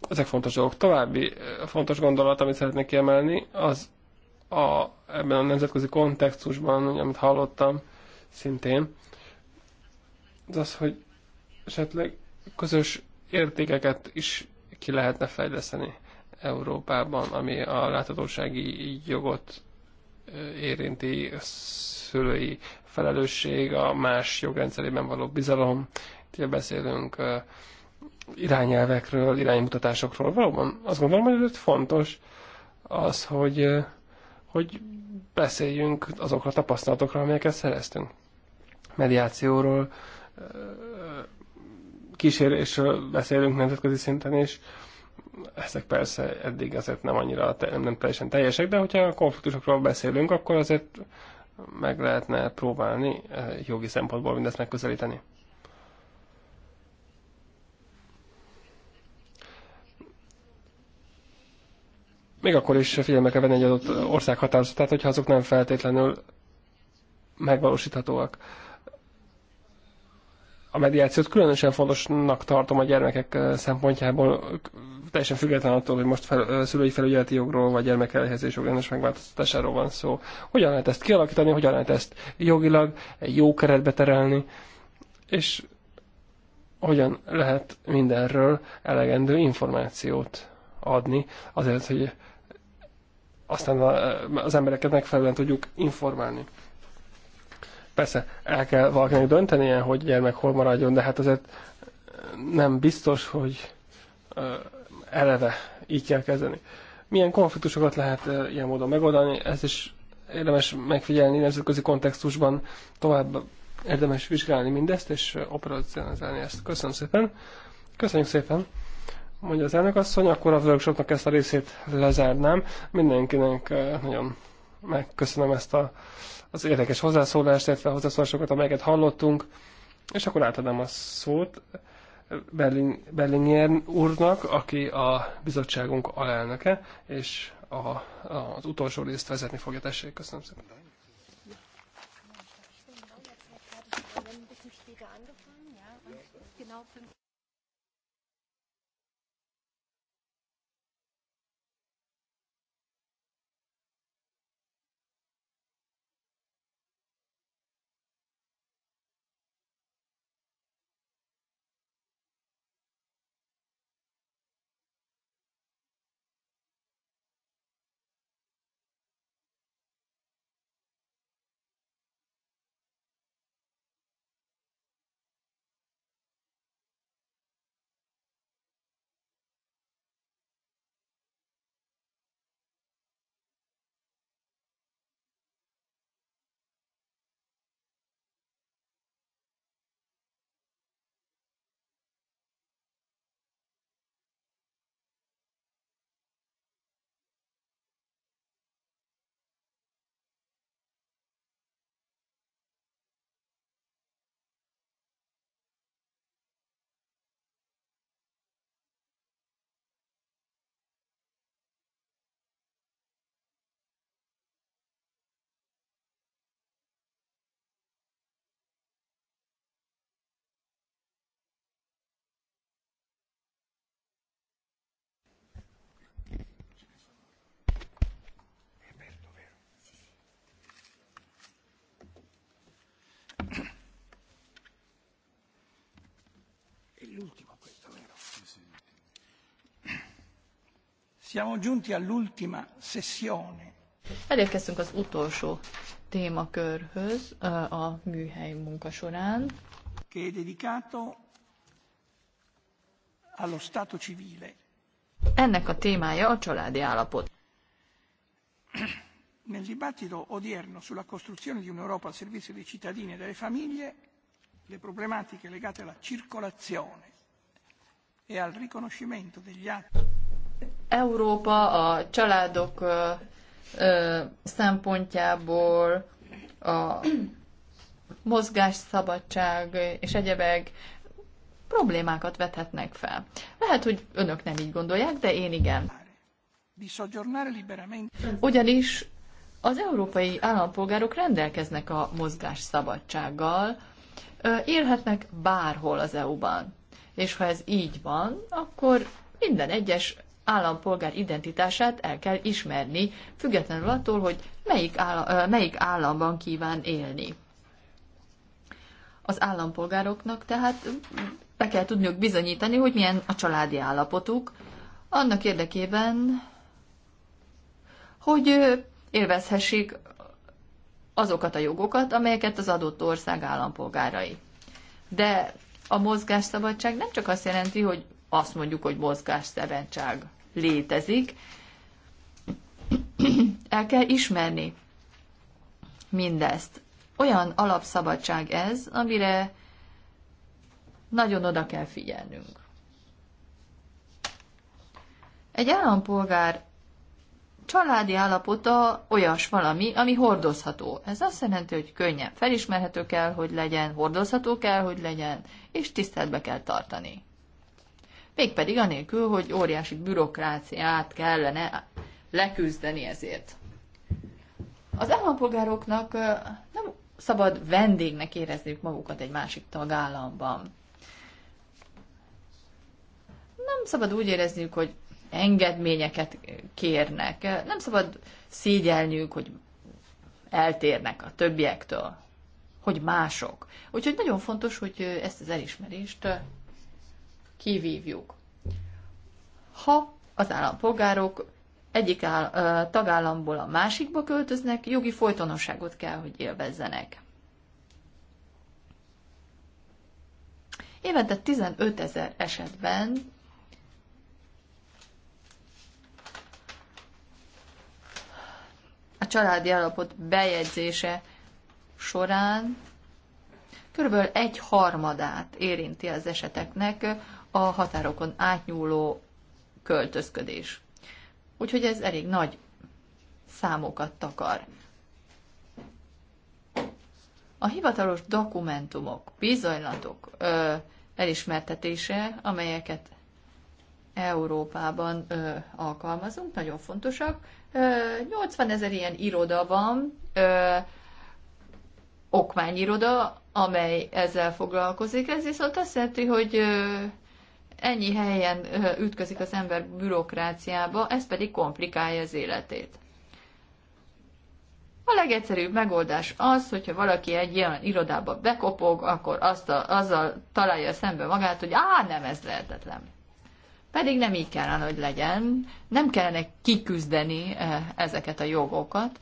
Ezek fontos dolgok. További fontos gondolat, amit szeretnék kiemelni, az a, ebben a nemzetközi kontextusban, amit hallottam szintén, az az, hogy esetleg közös értékeket is ki lehetne fejleszteni Európában, ami a láthatósági jogot érinti szülői felelősség, a más jogrendszerében való bizalom. Itt beszélünk irányelvekről, iránymutatásokról. Valóban azt gondolom, hogy ez fontos az, hogy, hogy beszéljünk azokra a tapasztalatokra, amelyeket szereztünk. Mediációról, kísérésről beszélünk nemzetközi szinten és ezek persze eddig azért nem annyira nem teljesen teljesek, de hogyha a konfliktusokról beszélünk, akkor azért meg lehetne próbálni eh, jogi szempontból mindezt megközelíteni. Még akkor is figyelme kell venni egy adott ország határozatát, hogyha azok nem feltétlenül megvalósíthatóak a mediációt különösen fontosnak tartom a gyermekek szempontjából, teljesen független attól, hogy most fel, szülői felügyeleti jogról, vagy gyermekelhelyezés jogrendes megváltoztatásáról van szó. Hogyan lehet ezt kialakítani, hogyan lehet ezt jogilag egy jó keretbe terelni, és hogyan lehet mindenről elegendő információt adni, azért, hogy aztán az embereket megfelelően tudjuk informálni. Persze el kell valakinek döntenie, hogy gyermek hol maradjon, de hát azért nem biztos, hogy eleve így kell kezdeni. Milyen konfliktusokat lehet ilyen módon megoldani, ez is érdemes megfigyelni nemzetközi kontextusban, tovább érdemes vizsgálni mindezt, és operacionalizálni ezt. Köszönöm szépen! Köszönjük szépen! Mondja az elnök asszony, akkor a workshopnak ezt a részét lezárnám. Mindenkinek nagyon megköszönöm ezt a az érdekes hozzászólást, illetve hozzászólásokat, amelyeket hallottunk, és akkor átadom a szót Berling, Berlingyer úrnak, aki a bizottságunk alelnöke, és a, a, az utolsó részt vezetni fogja. Tessék, köszönöm szépen. l'ultimo questo, vero? Sì, sì. Siamo giunti all'ultima sessione. Elérkeztünk az utolsó témakörhöz eh, a műhely munka során. Che è dedicato allo stato civile. Ennek a témája a családi állapot. Nel dibattito odierno sulla costruzione di un'Europa al servizio dei cittadini e delle famiglie, le problematiche legate alla circolazione e al riconoscimento degli atti. Európa a családok ö, ö, szempontjából a mozgásszabadság és egyebek problémákat vethetnek fel. Lehet, hogy önök nem így gondolják, de én igen. Ugyanis az európai állampolgárok rendelkeznek a mozgás szabadsággal, élhetnek bárhol az EU-ban. És ha ez így van, akkor minden egyes állampolgár identitását el kell ismerni, függetlenül attól, hogy melyik, állam, melyik államban kíván élni. Az állampolgároknak tehát be kell tudniuk bizonyítani, hogy milyen a családi állapotuk, annak érdekében, hogy élvezhessék azokat a jogokat, amelyeket az adott ország állampolgárai. De a mozgásszabadság nem csak azt jelenti, hogy azt mondjuk, hogy mozgásszabadság létezik, el kell ismerni mindezt. Olyan alapszabadság ez, amire nagyon oda kell figyelnünk. Egy állampolgár családi állapota olyas valami, ami hordozható. Ez azt jelenti, hogy könnyen felismerhető kell, hogy legyen, hordozható kell, hogy legyen, és tiszteletbe kell tartani. Mégpedig anélkül, hogy óriási bürokráciát kellene leküzdeni ezért. Az állampolgároknak nem szabad vendégnek érezniük magukat egy másik tagállamban. Nem szabad úgy érezniük, hogy engedményeket kérnek. Nem szabad szégyelniük, hogy eltérnek a többiektől, hogy mások. Úgyhogy nagyon fontos, hogy ezt az elismerést kivívjuk. Ha az állampolgárok egyik áll, tagállamból a másikba költöznek, jogi folytonosságot kell, hogy élvezzenek. Évente 15 ezer esetben a családi alapot bejegyzése során körülbelül egy harmadát érinti az eseteknek a határokon átnyúló költözködés. Úgyhogy ez elég nagy számokat takar. A hivatalos dokumentumok, bizonylatok ö, elismertetése, amelyeket Európában ö, alkalmazunk, nagyon fontosak. Ö, 80 ezer ilyen iroda van, ö, okmányiroda, amely ezzel foglalkozik. Ez viszont azt jelenti, hogy ö, ennyi helyen ö, ütközik az ember bürokráciába, ez pedig komplikálja az életét. A legegyszerűbb megoldás az, hogyha valaki egy ilyen irodába bekopog, akkor azt a, azzal találja szembe magát, hogy á, nem, ez lehetetlen. Pedig nem így kellene, hogy legyen. Nem kellene kiküzdeni eh, ezeket a jogokat.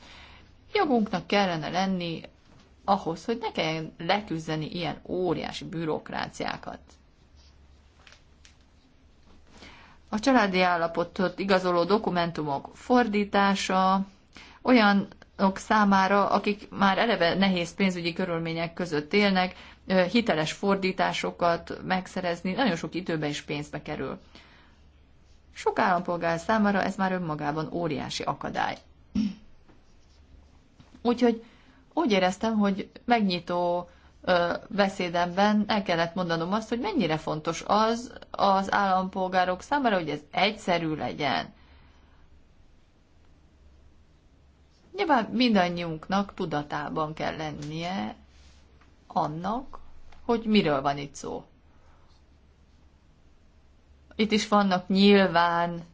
Jogunknak kellene lenni ahhoz, hogy ne kelljen leküzdeni ilyen óriási bürokráciákat. A családi állapotot igazoló dokumentumok fordítása olyanok számára, akik már eleve nehéz pénzügyi körülmények között élnek, eh, hiteles fordításokat megszerezni nagyon sok időbe is pénzbe kerül. Sok állampolgár számára ez már önmagában óriási akadály. Úgyhogy úgy éreztem, hogy megnyitó beszédemben el kellett mondanom azt, hogy mennyire fontos az az állampolgárok számára, hogy ez egyszerű legyen. Nyilván mindannyiunknak tudatában kell lennie annak, hogy miről van itt szó. Itt is vannak nyilván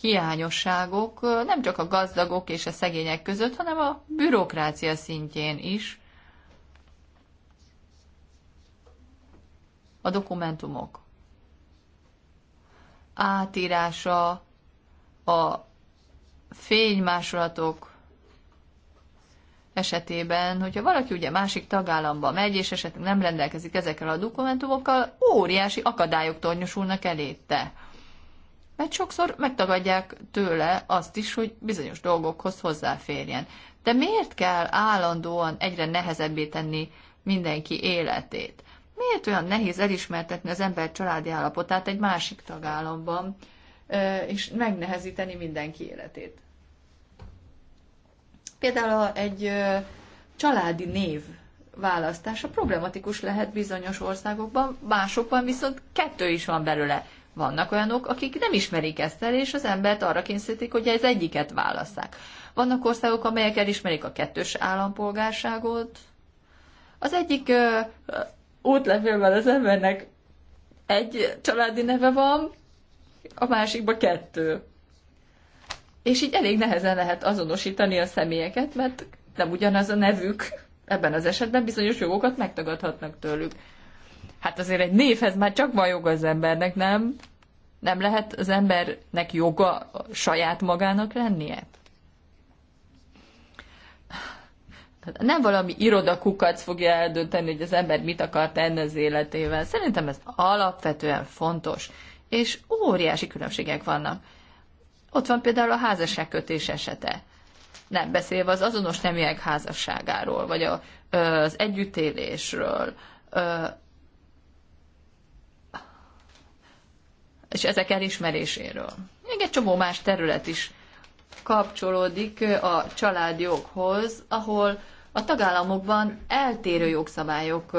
hiányosságok, nem csak a gazdagok és a szegények között, hanem a bürokrácia szintjén is. A dokumentumok átírása, a fénymásolatok esetében, hogyha valaki ugye másik tagállamba megy, és esetleg nem rendelkezik ezekkel a dokumentumokkal, óriási akadályok tornyosulnak elétte. Mert sokszor megtagadják tőle azt is, hogy bizonyos dolgokhoz hozzáférjen. De miért kell állandóan egyre nehezebbé tenni mindenki életét? Miért olyan nehéz elismertetni az ember családi állapotát egy másik tagállamban, és megnehezíteni mindenki életét? Például egy családi név választása problematikus lehet bizonyos országokban, másokban viszont kettő is van belőle. Vannak olyanok, akik nem ismerik ezt el, és az embert arra kényszerítik, hogy ez egyiket válasszák. Vannak országok, amelyek elismerik a kettős állampolgárságot. Az egyik ö, ö, útlevélben az embernek egy családi neve van, a másikban kettő és így elég nehezen lehet azonosítani a személyeket, mert nem ugyanaz a nevük. Ebben az esetben bizonyos jogokat megtagadhatnak tőlük. Hát azért egy névhez már csak van joga az embernek, nem? Nem lehet az embernek joga saját magának lennie? Nem valami irodakukac fogja eldönteni, hogy az ember mit akar tenni az életével. Szerintem ez alapvetően fontos, és óriási különbségek vannak. Ott van például a házasságkötés esete. Nem beszélve az azonos neműek házasságáról, vagy a, az együttélésről. És ezek elismeréséről. Még egy csomó más terület is kapcsolódik a családjoghoz, ahol a tagállamokban eltérő jogszabályok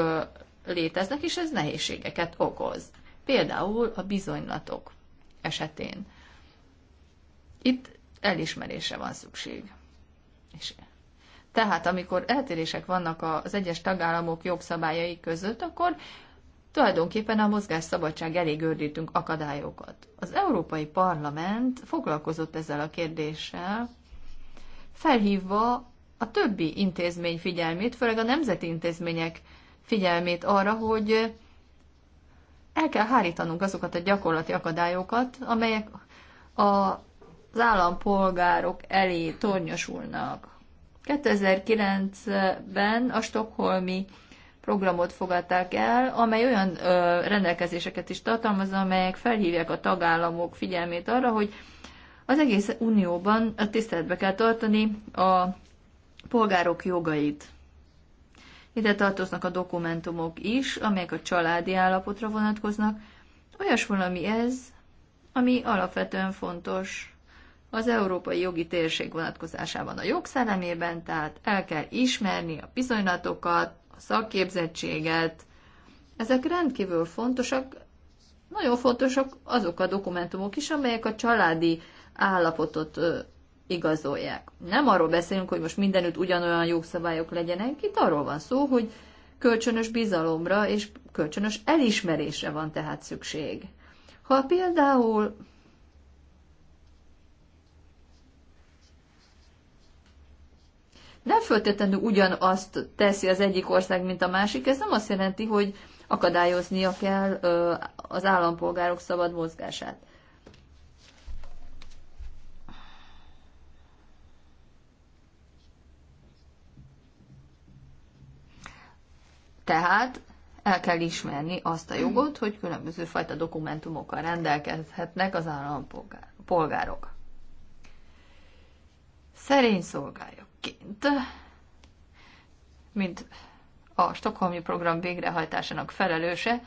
léteznek, és ez nehézségeket okoz. Például a bizonylatok esetén. Itt elismerésre van szükség. És tehát, amikor eltérések vannak az egyes tagállamok jogszabályai között, akkor tulajdonképpen a mozgás szabadság elé gördítünk akadályokat. Az Európai Parlament foglalkozott ezzel a kérdéssel, felhívva a többi intézmény figyelmét, főleg a nemzeti intézmények figyelmét arra, hogy el kell hárítanunk azokat a gyakorlati akadályokat, amelyek a az állampolgárok elé tornyosulnak. 2009-ben a stokholmi programot fogadták el, amely olyan ö, rendelkezéseket is tartalmaz, amelyek felhívják a tagállamok figyelmét arra, hogy az egész unióban a tiszteletbe kell tartani a polgárok jogait. Ide tartoznak a dokumentumok is, amelyek a családi állapotra vonatkoznak. Olyas valami ez, ami alapvetően fontos az európai jogi térség vonatkozásában a jogszellemében, tehát el kell ismerni a bizonylatokat, a szakképzettséget. Ezek rendkívül fontosak, nagyon fontosak azok a dokumentumok is, amelyek a családi állapotot ö, igazolják. Nem arról beszélünk, hogy most mindenütt ugyanolyan jogszabályok legyenek, itt arról van szó, hogy kölcsönös bizalomra és kölcsönös elismerésre van tehát szükség. Ha például nem föltétlenül ugyanazt teszi az egyik ország, mint a másik. Ez nem azt jelenti, hogy akadályoznia kell az állampolgárok szabad mozgását. Tehát el kell ismerni azt a jogot, hogy különböző fajta dokumentumokkal rendelkezhetnek az állampolgárok. Szerény szolgálja. Egyébként, mint a Stockholmi program végrehajtásának felelőse,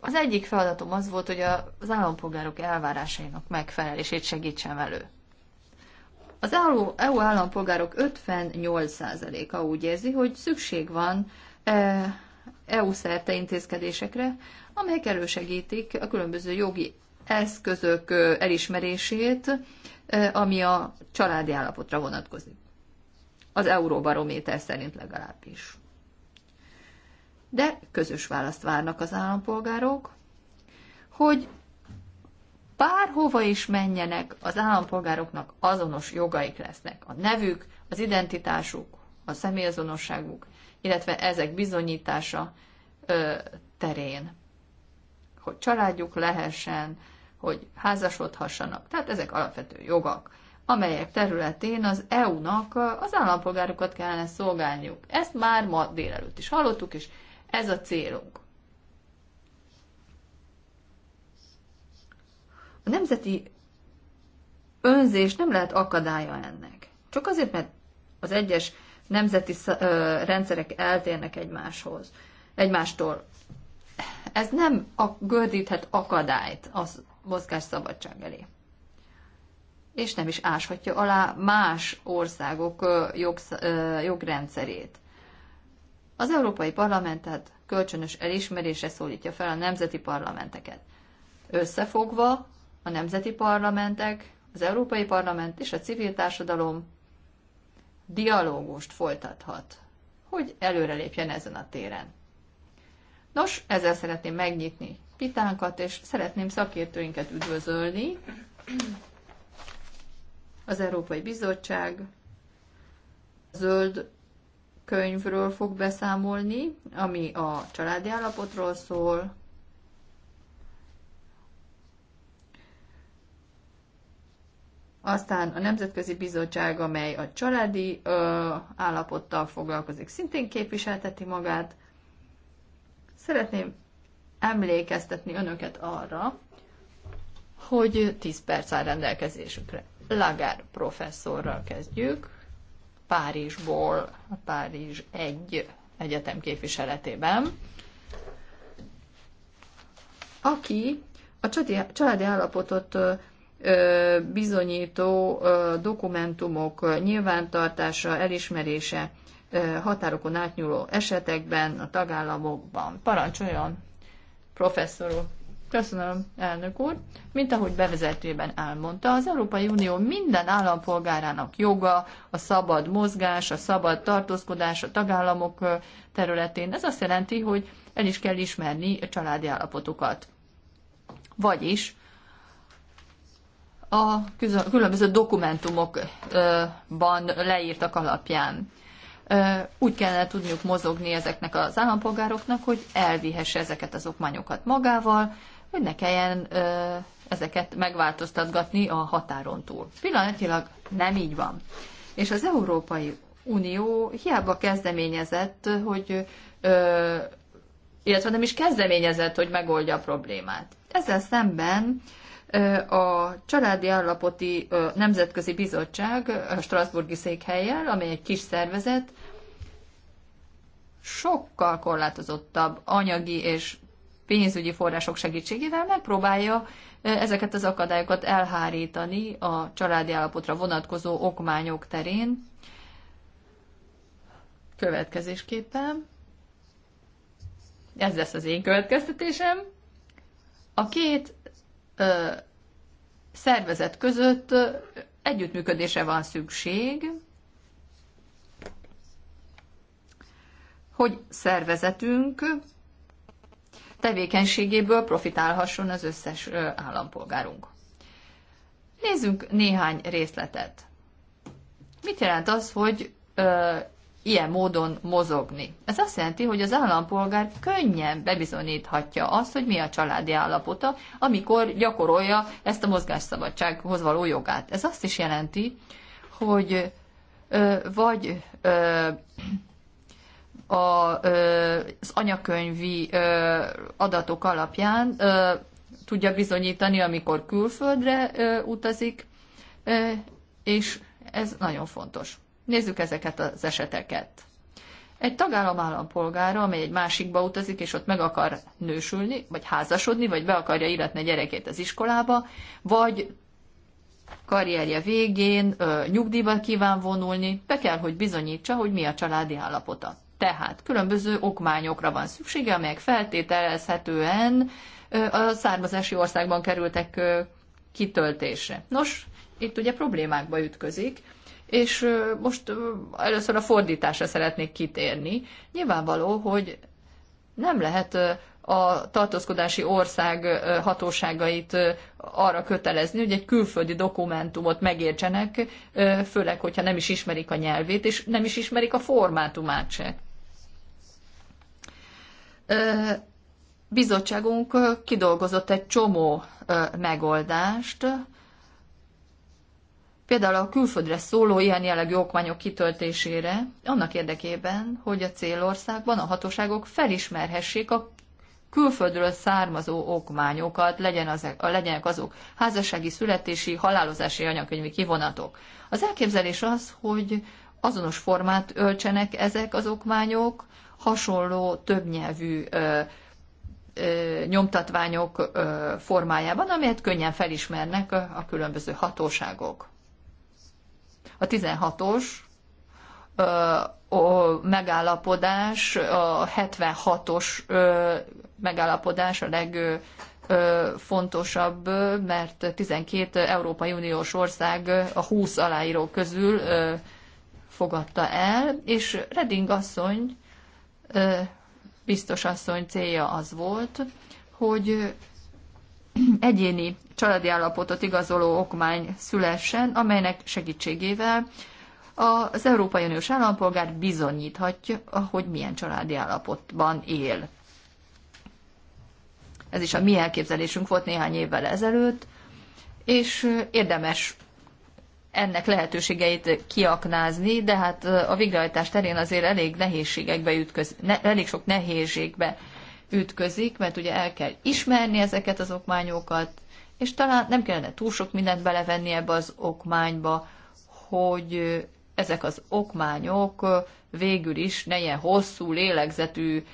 az egyik feladatom az volt, hogy az állampolgárok elvárásainak megfelelését segítsem elő. Az EU állampolgárok 58%-a úgy érzi, hogy szükség van e, EU szerte intézkedésekre, amelyek elősegítik a különböző jogi eszközök elismerését, ami a családi állapotra vonatkozik. Az euróbarométer szerint legalábbis. De közös választ várnak az állampolgárok, hogy bárhova is menjenek, az állampolgároknak azonos jogaik lesznek. A nevük, az identitásuk, a személyazonosságuk, illetve ezek bizonyítása ö, terén. Hogy családjuk lehessen, hogy házasodhassanak. Tehát ezek alapvető jogak, amelyek területén az EU-nak az állampolgárokat kellene szolgálniuk. Ezt már ma délelőtt is hallottuk, és ez a célunk. A nemzeti önzés nem lehet akadálya ennek. Csak azért, mert az egyes nemzeti rendszerek eltérnek egymáshoz, egymástól. Ez nem gördíthet akadályt az mozgásszabadság elé. És nem is áshatja alá más országok jogsz, jogrendszerét. Az Európai Parlament tehát kölcsönös elismerésre szólítja fel a nemzeti parlamenteket. Összefogva a nemzeti parlamentek, az Európai Parlament és a civil társadalom dialógust folytathat, hogy előrelépjen ezen a téren. Nos, ezzel szeretném megnyitni vitánkat, és szeretném szakértőinket üdvözölni. Az Európai Bizottság zöld könyvről fog beszámolni, ami a családi állapotról szól, Aztán a Nemzetközi Bizottság, amely a családi ö, állapottal foglalkozik, szintén képviselteti magát. Szeretném emlékeztetni önöket arra, hogy 10 perc áll rendelkezésükre. Lagár professzorral kezdjük, Párizsból, a Párizs egy egyetem képviseletében, aki a családi állapotot bizonyító dokumentumok nyilvántartása, elismerése határokon átnyúló esetekben, a tagállamokban. Parancsoljon! Professzor úr. Köszönöm, elnök úr. Mint ahogy bevezetőben elmondta, az Európai Unió minden állampolgárának joga, a szabad mozgás, a szabad tartózkodás a tagállamok területén. Ez azt jelenti, hogy el is kell ismerni a családi állapotukat. Vagyis a különböző dokumentumokban leírtak alapján úgy kellene tudniuk mozogni ezeknek az állampolgároknak, hogy elvihesse ezeket az okmányokat magával, hogy ne kelljen ezeket megváltoztatgatni a határon túl. Pillanatilag nem így van. És az Európai Unió hiába kezdeményezett, hogy illetve nem is kezdeményezett, hogy megoldja a problémát. Ezzel szemben a Családi Állapoti Nemzetközi Bizottság a Strasburgi székhelyjel, amely egy kis szervezet, sokkal korlátozottabb anyagi és pénzügyi források segítségével megpróbálja ezeket az akadályokat elhárítani a családi állapotra vonatkozó okmányok terén. Következésképpen, ez lesz az én következtetésem, a két szervezet között együttműködése van szükség, hogy szervezetünk tevékenységéből profitálhasson az összes állampolgárunk. Nézzünk néhány részletet. Mit jelent az, hogy ilyen módon mozogni. Ez azt jelenti, hogy az állampolgár könnyen bebizonyíthatja azt, hogy mi a családi állapota, amikor gyakorolja ezt a mozgásszabadsághoz való jogát. Ez azt is jelenti, hogy ö, vagy ö, a, ö, az anyakönyvi ö, adatok alapján ö, tudja bizonyítani, amikor külföldre ö, utazik, ö, és ez nagyon fontos. Nézzük ezeket az eseteket. Egy tagállam állampolgára, amely egy másikba utazik, és ott meg akar nősülni, vagy házasodni, vagy be akarja illetni a gyerekét az iskolába, vagy karrierje végén ö, nyugdíjba kíván vonulni, be kell, hogy bizonyítsa, hogy mi a családi állapota. Tehát különböző okmányokra van szüksége, amelyek feltételezhetően ö, a származási országban kerültek ö, kitöltésre. Nos, itt ugye problémákba ütközik, és most először a fordításra szeretnék kitérni. Nyilvánvaló, hogy nem lehet a tartózkodási ország hatóságait arra kötelezni, hogy egy külföldi dokumentumot megértsenek, főleg, hogyha nem is ismerik a nyelvét, és nem is ismerik a formátumát se. Bizottságunk kidolgozott egy csomó megoldást, például a külföldre szóló ilyen jellegű okmányok kitöltésére, annak érdekében, hogy a célországban a hatóságok felismerhessék a külföldről származó okmányokat, legyen az, legyenek azok házassági, születési, halálozási anyakönyvi kivonatok. Az elképzelés az, hogy azonos formát öltsenek ezek az okmányok, hasonló többnyelvű ö, ö, nyomtatványok ö, formájában, amelyet könnyen felismernek a, a különböző hatóságok. A 16-os megállapodás, a 76-os megállapodás a leg fontosabb, mert 12 Európai Uniós ország a 20 aláíró közül fogadta el, és Reding asszony, biztos asszony célja az volt, hogy egyéni családi állapotot igazoló okmány szülessen, amelynek segítségével az Európai Uniós állampolgár bizonyíthatja, hogy milyen családi állapotban él. Ez is a mi elképzelésünk volt néhány évvel ezelőtt, és érdemes ennek lehetőségeit kiaknázni, de hát a végrehajtás terén azért elég nehézségekbe ütköz, ne, elég sok nehézségbe ütközik, mert ugye el kell ismerni ezeket az okmányokat, és talán nem kellene túl sok mindent belevenni ebbe az okmányba, hogy ezek az okmányok végül is ne ilyen hosszú, lélegzetű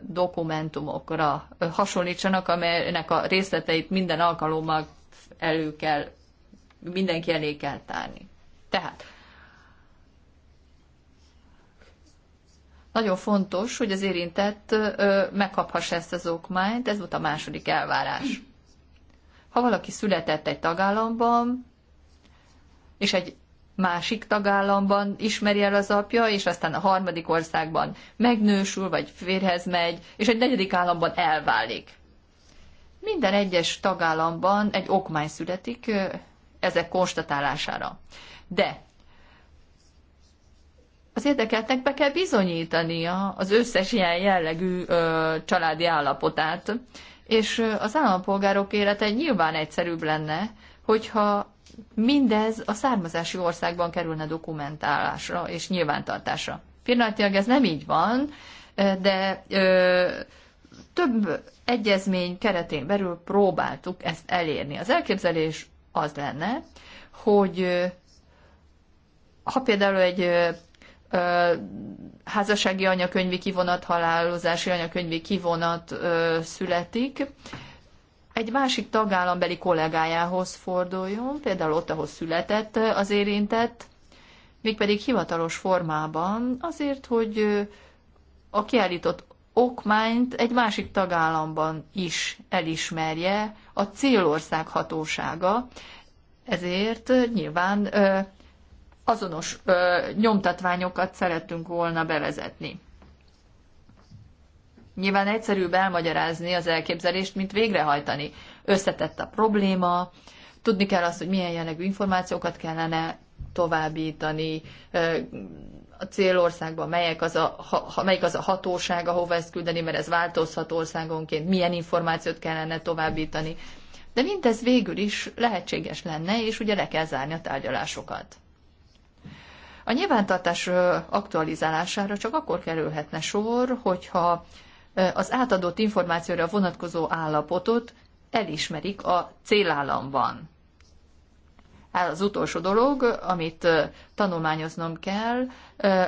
dokumentumokra hasonlítsanak, amelynek a részleteit minden alkalommal elő kell, mindenki elé kell tárni. Tehát Nagyon fontos, hogy az érintett megkaphassa ezt az okmányt, ez volt a második elvárás. Ha valaki született egy tagállamban, és egy másik tagállamban ismeri el az apja, és aztán a harmadik országban megnősül, vagy férhez megy, és egy negyedik államban elválik. Minden egyes tagállamban egy okmány születik ezek konstatálására. De az érdekeltnek be kell bizonyítania az összes ilyen jellegű ö, családi állapotát, és az állampolgárok élete nyilván egyszerűbb lenne, hogyha mindez a származási országban kerülne dokumentálásra és nyilvántartásra. Pillanatilag ez nem így van, de ö, több egyezmény keretén belül próbáltuk ezt elérni. Az elképzelés az lenne, hogy ha például egy házassági anyakönyvi kivonat, halálozási anyakönyvi kivonat születik, egy másik tagállambeli kollégájához forduljon, például ott, ahol született az érintett, mégpedig hivatalos formában, azért, hogy a kiállított okmányt egy másik tagállamban is elismerje a célország hatósága, ezért nyilván azonos ö, nyomtatványokat szerettünk volna bevezetni. Nyilván egyszerűbb elmagyarázni az elképzelést, mint végrehajtani. Összetett a probléma, tudni kell azt, hogy milyen jellegű információkat kellene továbbítani, ö, a célországban melyek az a, ha, melyik az a hatóság, ahova ezt küldeni, mert ez változhat országonként, milyen információt kellene továbbítani. De mindez végül is lehetséges lenne, és ugye le kell zárni a tárgyalásokat. A nyilvántartás aktualizálására csak akkor kerülhetne sor, hogyha az átadott információra vonatkozó állapotot elismerik a célállamban. Az utolsó dolog, amit tanulmányoznom kell,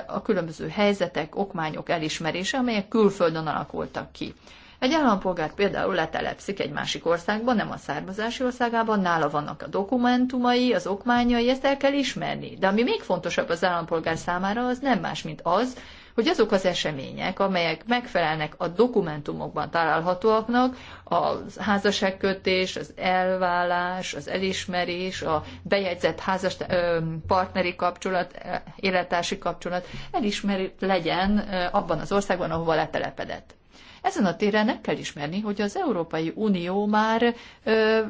a különböző helyzetek, okmányok elismerése, amelyek külföldön alakultak ki. Egy állampolgár például letelepszik egy másik országban, nem a származási országában, nála vannak a dokumentumai, az okmányai, ezt el kell ismerni. De ami még fontosabb az állampolgár számára, az nem más, mint az, hogy azok az események, amelyek megfelelnek a dokumentumokban találhatóaknak, a házasságkötés, az elvállás, az elismerés, a bejegyzett ö, partneri kapcsolat, élettársi kapcsolat elismerő legyen abban az országban, ahova letelepedett. Ezen a téren nem kell ismerni, hogy az Európai Unió már ö,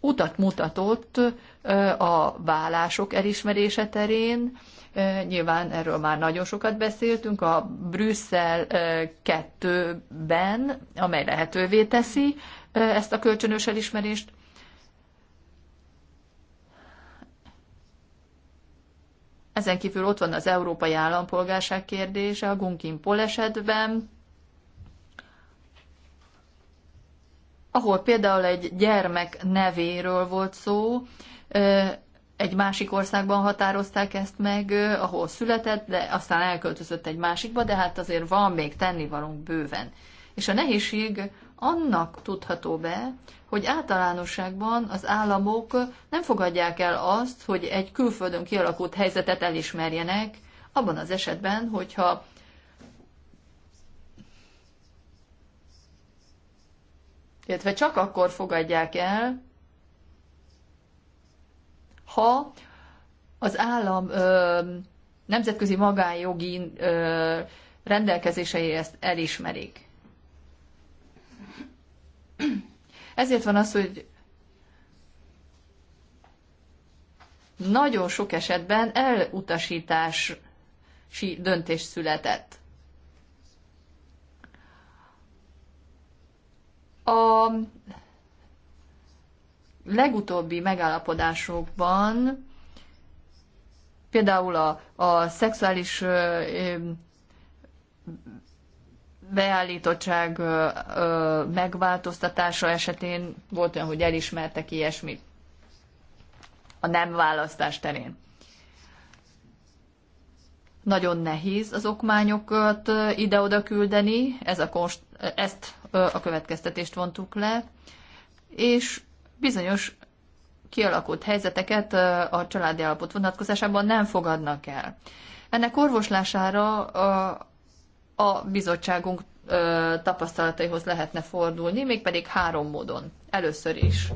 utat mutatott ö, a vállások elismerése terén. Ö, nyilván erről már nagyon sokat beszéltünk a Brüsszel 2-ben, amely lehetővé teszi ö, ezt a kölcsönös elismerést. Ezen kívül ott van az európai állampolgárság kérdése a Gunkin Pol esetben, ahol például egy gyermek nevéről volt szó, egy másik országban határozták ezt meg, ahol született, de aztán elköltözött egy másikba, de hát azért van még tennivalónk bőven. És a nehézség annak tudható be, hogy általánosságban az államok nem fogadják el azt, hogy egy külföldön kialakult helyzetet elismerjenek, abban az esetben, hogyha illetve csak akkor fogadják el, ha az állam ö, nemzetközi magánjogi ö, rendelkezései ezt elismerik. Ezért van az, hogy nagyon sok esetben elutasítási döntés született. A legutóbbi megállapodásokban például a, a szexuális ö, ö, beállítottság ö, ö, megváltoztatása esetén volt olyan, hogy elismertek ilyesmit a nem választás terén. Nagyon nehéz az okmányokat ide-oda küldeni, ez a konst ezt a következtetést vontuk le, és bizonyos kialakult helyzeteket a családi állapot vonatkozásában nem fogadnak el. Ennek orvoslására a, a bizottságunk tapasztalataihoz lehetne fordulni, mégpedig három módon. Először is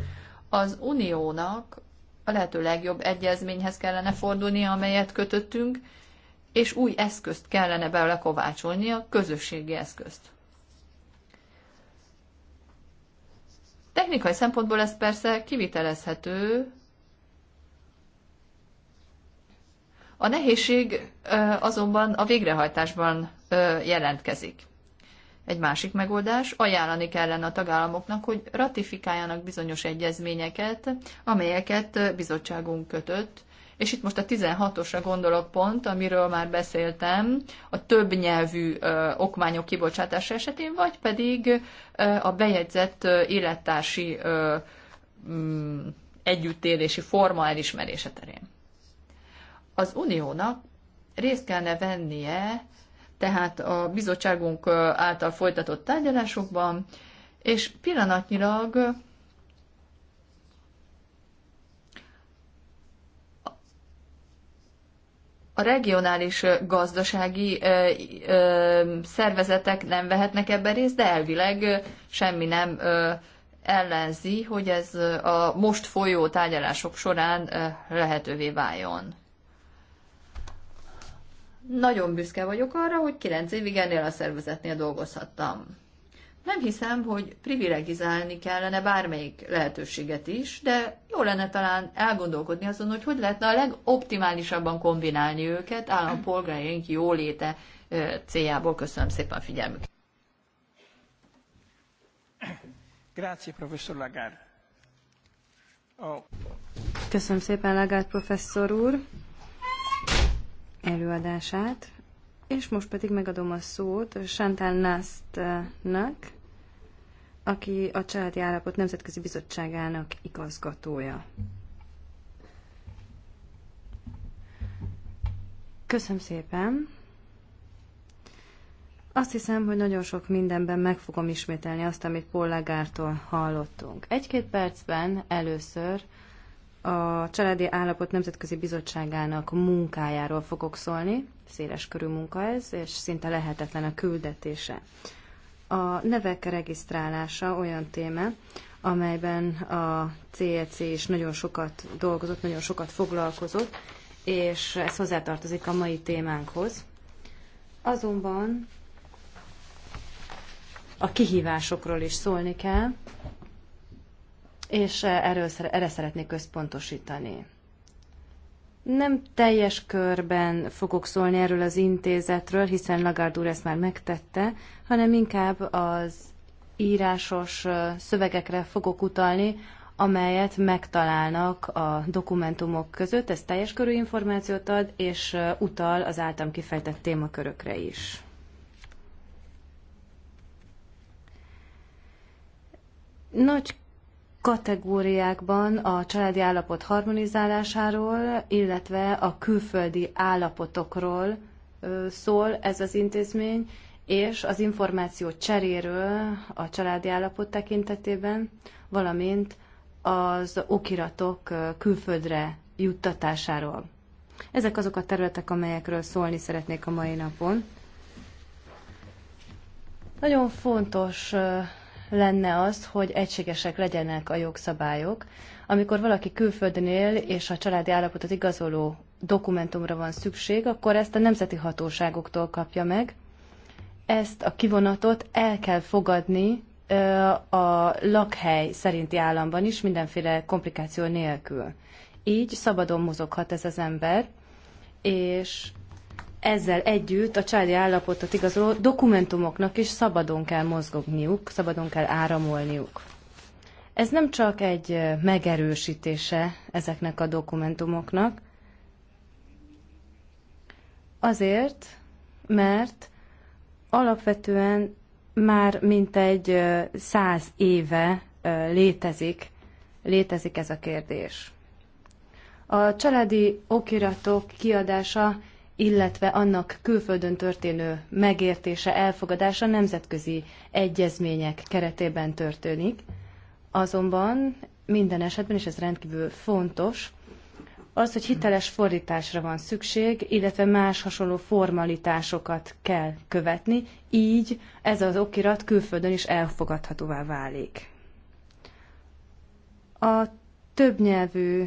az uniónak a lehető legjobb egyezményhez kellene fordulni, amelyet kötöttünk, és új eszközt kellene belőle a közösségi eszközt. Technikai szempontból ez persze kivitelezhető. A nehézség azonban a végrehajtásban jelentkezik. Egy másik megoldás, ajánlani kellene a tagállamoknak, hogy ratifikáljanak bizonyos egyezményeket, amelyeket bizottságunk kötött, és itt most a 16-osra gondolok pont, amiről már beszéltem, a több nyelvű ö, okmányok kibocsátása esetén, vagy pedig ö, a bejegyzett ö, élettársi ö, m, mm, együttélési forma elismerése terén. Az uniónak részt kellene vennie tehát a bizottságunk által folytatott tárgyalásokban, és pillanatnyilag a regionális gazdasági ö, ö, szervezetek nem vehetnek ebben részt, de elvileg semmi nem ö, ellenzi, hogy ez a most folyó tárgyalások során lehetővé váljon. Nagyon büszke vagyok arra, hogy kilenc évig ennél a szervezetnél dolgozhattam. Nem hiszem, hogy privilegizálni kellene bármelyik lehetőséget is, de jó lenne talán elgondolkodni azon, hogy hogy lehetne a legoptimálisabban kombinálni őket állampolgáraink jóléte céljából. Köszönöm szépen a figyelmüket. Grazie, professzor Lagarde. Oh. Köszönöm szépen Lagarde professzor úr előadását. És most pedig megadom a szót Chantal Nast-nak aki a Családi Állapot Nemzetközi Bizottságának igazgatója. Köszönöm szépen! Azt hiszem, hogy nagyon sok mindenben meg fogom ismételni azt, amit Paul Lagártól hallottunk. Egy-két percben először a Családi Állapot Nemzetközi Bizottságának munkájáról fogok szólni. Széles körű munka ez, és szinte lehetetlen a küldetése. A nevek regisztrálása olyan téma, amelyben a CEC e is nagyon sokat dolgozott, nagyon sokat foglalkozott, és ez hozzátartozik a mai témánkhoz. Azonban a kihívásokról is szólni kell, és erről, erre szeretnék központosítani. Nem teljes körben fogok szólni erről az intézetről, hiszen Lagarde úr ezt már megtette, hanem inkább az írásos szövegekre fogok utalni, amelyet megtalálnak a dokumentumok között. Ez teljes körű információt ad, és utal az általam kifejtett témakörökre is. Nagy kategóriákban a családi állapot harmonizálásáról, illetve a külföldi állapotokról szól ez az intézmény, és az információ cseréről a családi állapot tekintetében, valamint az okiratok külföldre juttatásáról. Ezek azok a területek, amelyekről szólni szeretnék a mai napon. Nagyon fontos lenne az, hogy egységesek legyenek a jogszabályok. Amikor valaki külföldön él, és a családi állapotot igazoló dokumentumra van szükség, akkor ezt a nemzeti hatóságoktól kapja meg. Ezt a kivonatot el kell fogadni a lakhely szerinti államban is, mindenféle komplikáció nélkül. Így szabadon mozoghat ez az ember, és ezzel együtt a családi állapotot igazoló dokumentumoknak is szabadon kell mozgogniuk, szabadon kell áramolniuk. Ez nem csak egy megerősítése ezeknek a dokumentumoknak, azért, mert alapvetően már mintegy száz éve létezik, létezik ez a kérdés. A családi okiratok kiadása illetve annak külföldön történő megértése, elfogadása nemzetközi egyezmények keretében történik. Azonban minden esetben, és ez rendkívül fontos, az, hogy hiteles fordításra van szükség, illetve más hasonló formalitásokat kell követni, így ez az okirat külföldön is elfogadhatóvá válik. A többnyelvű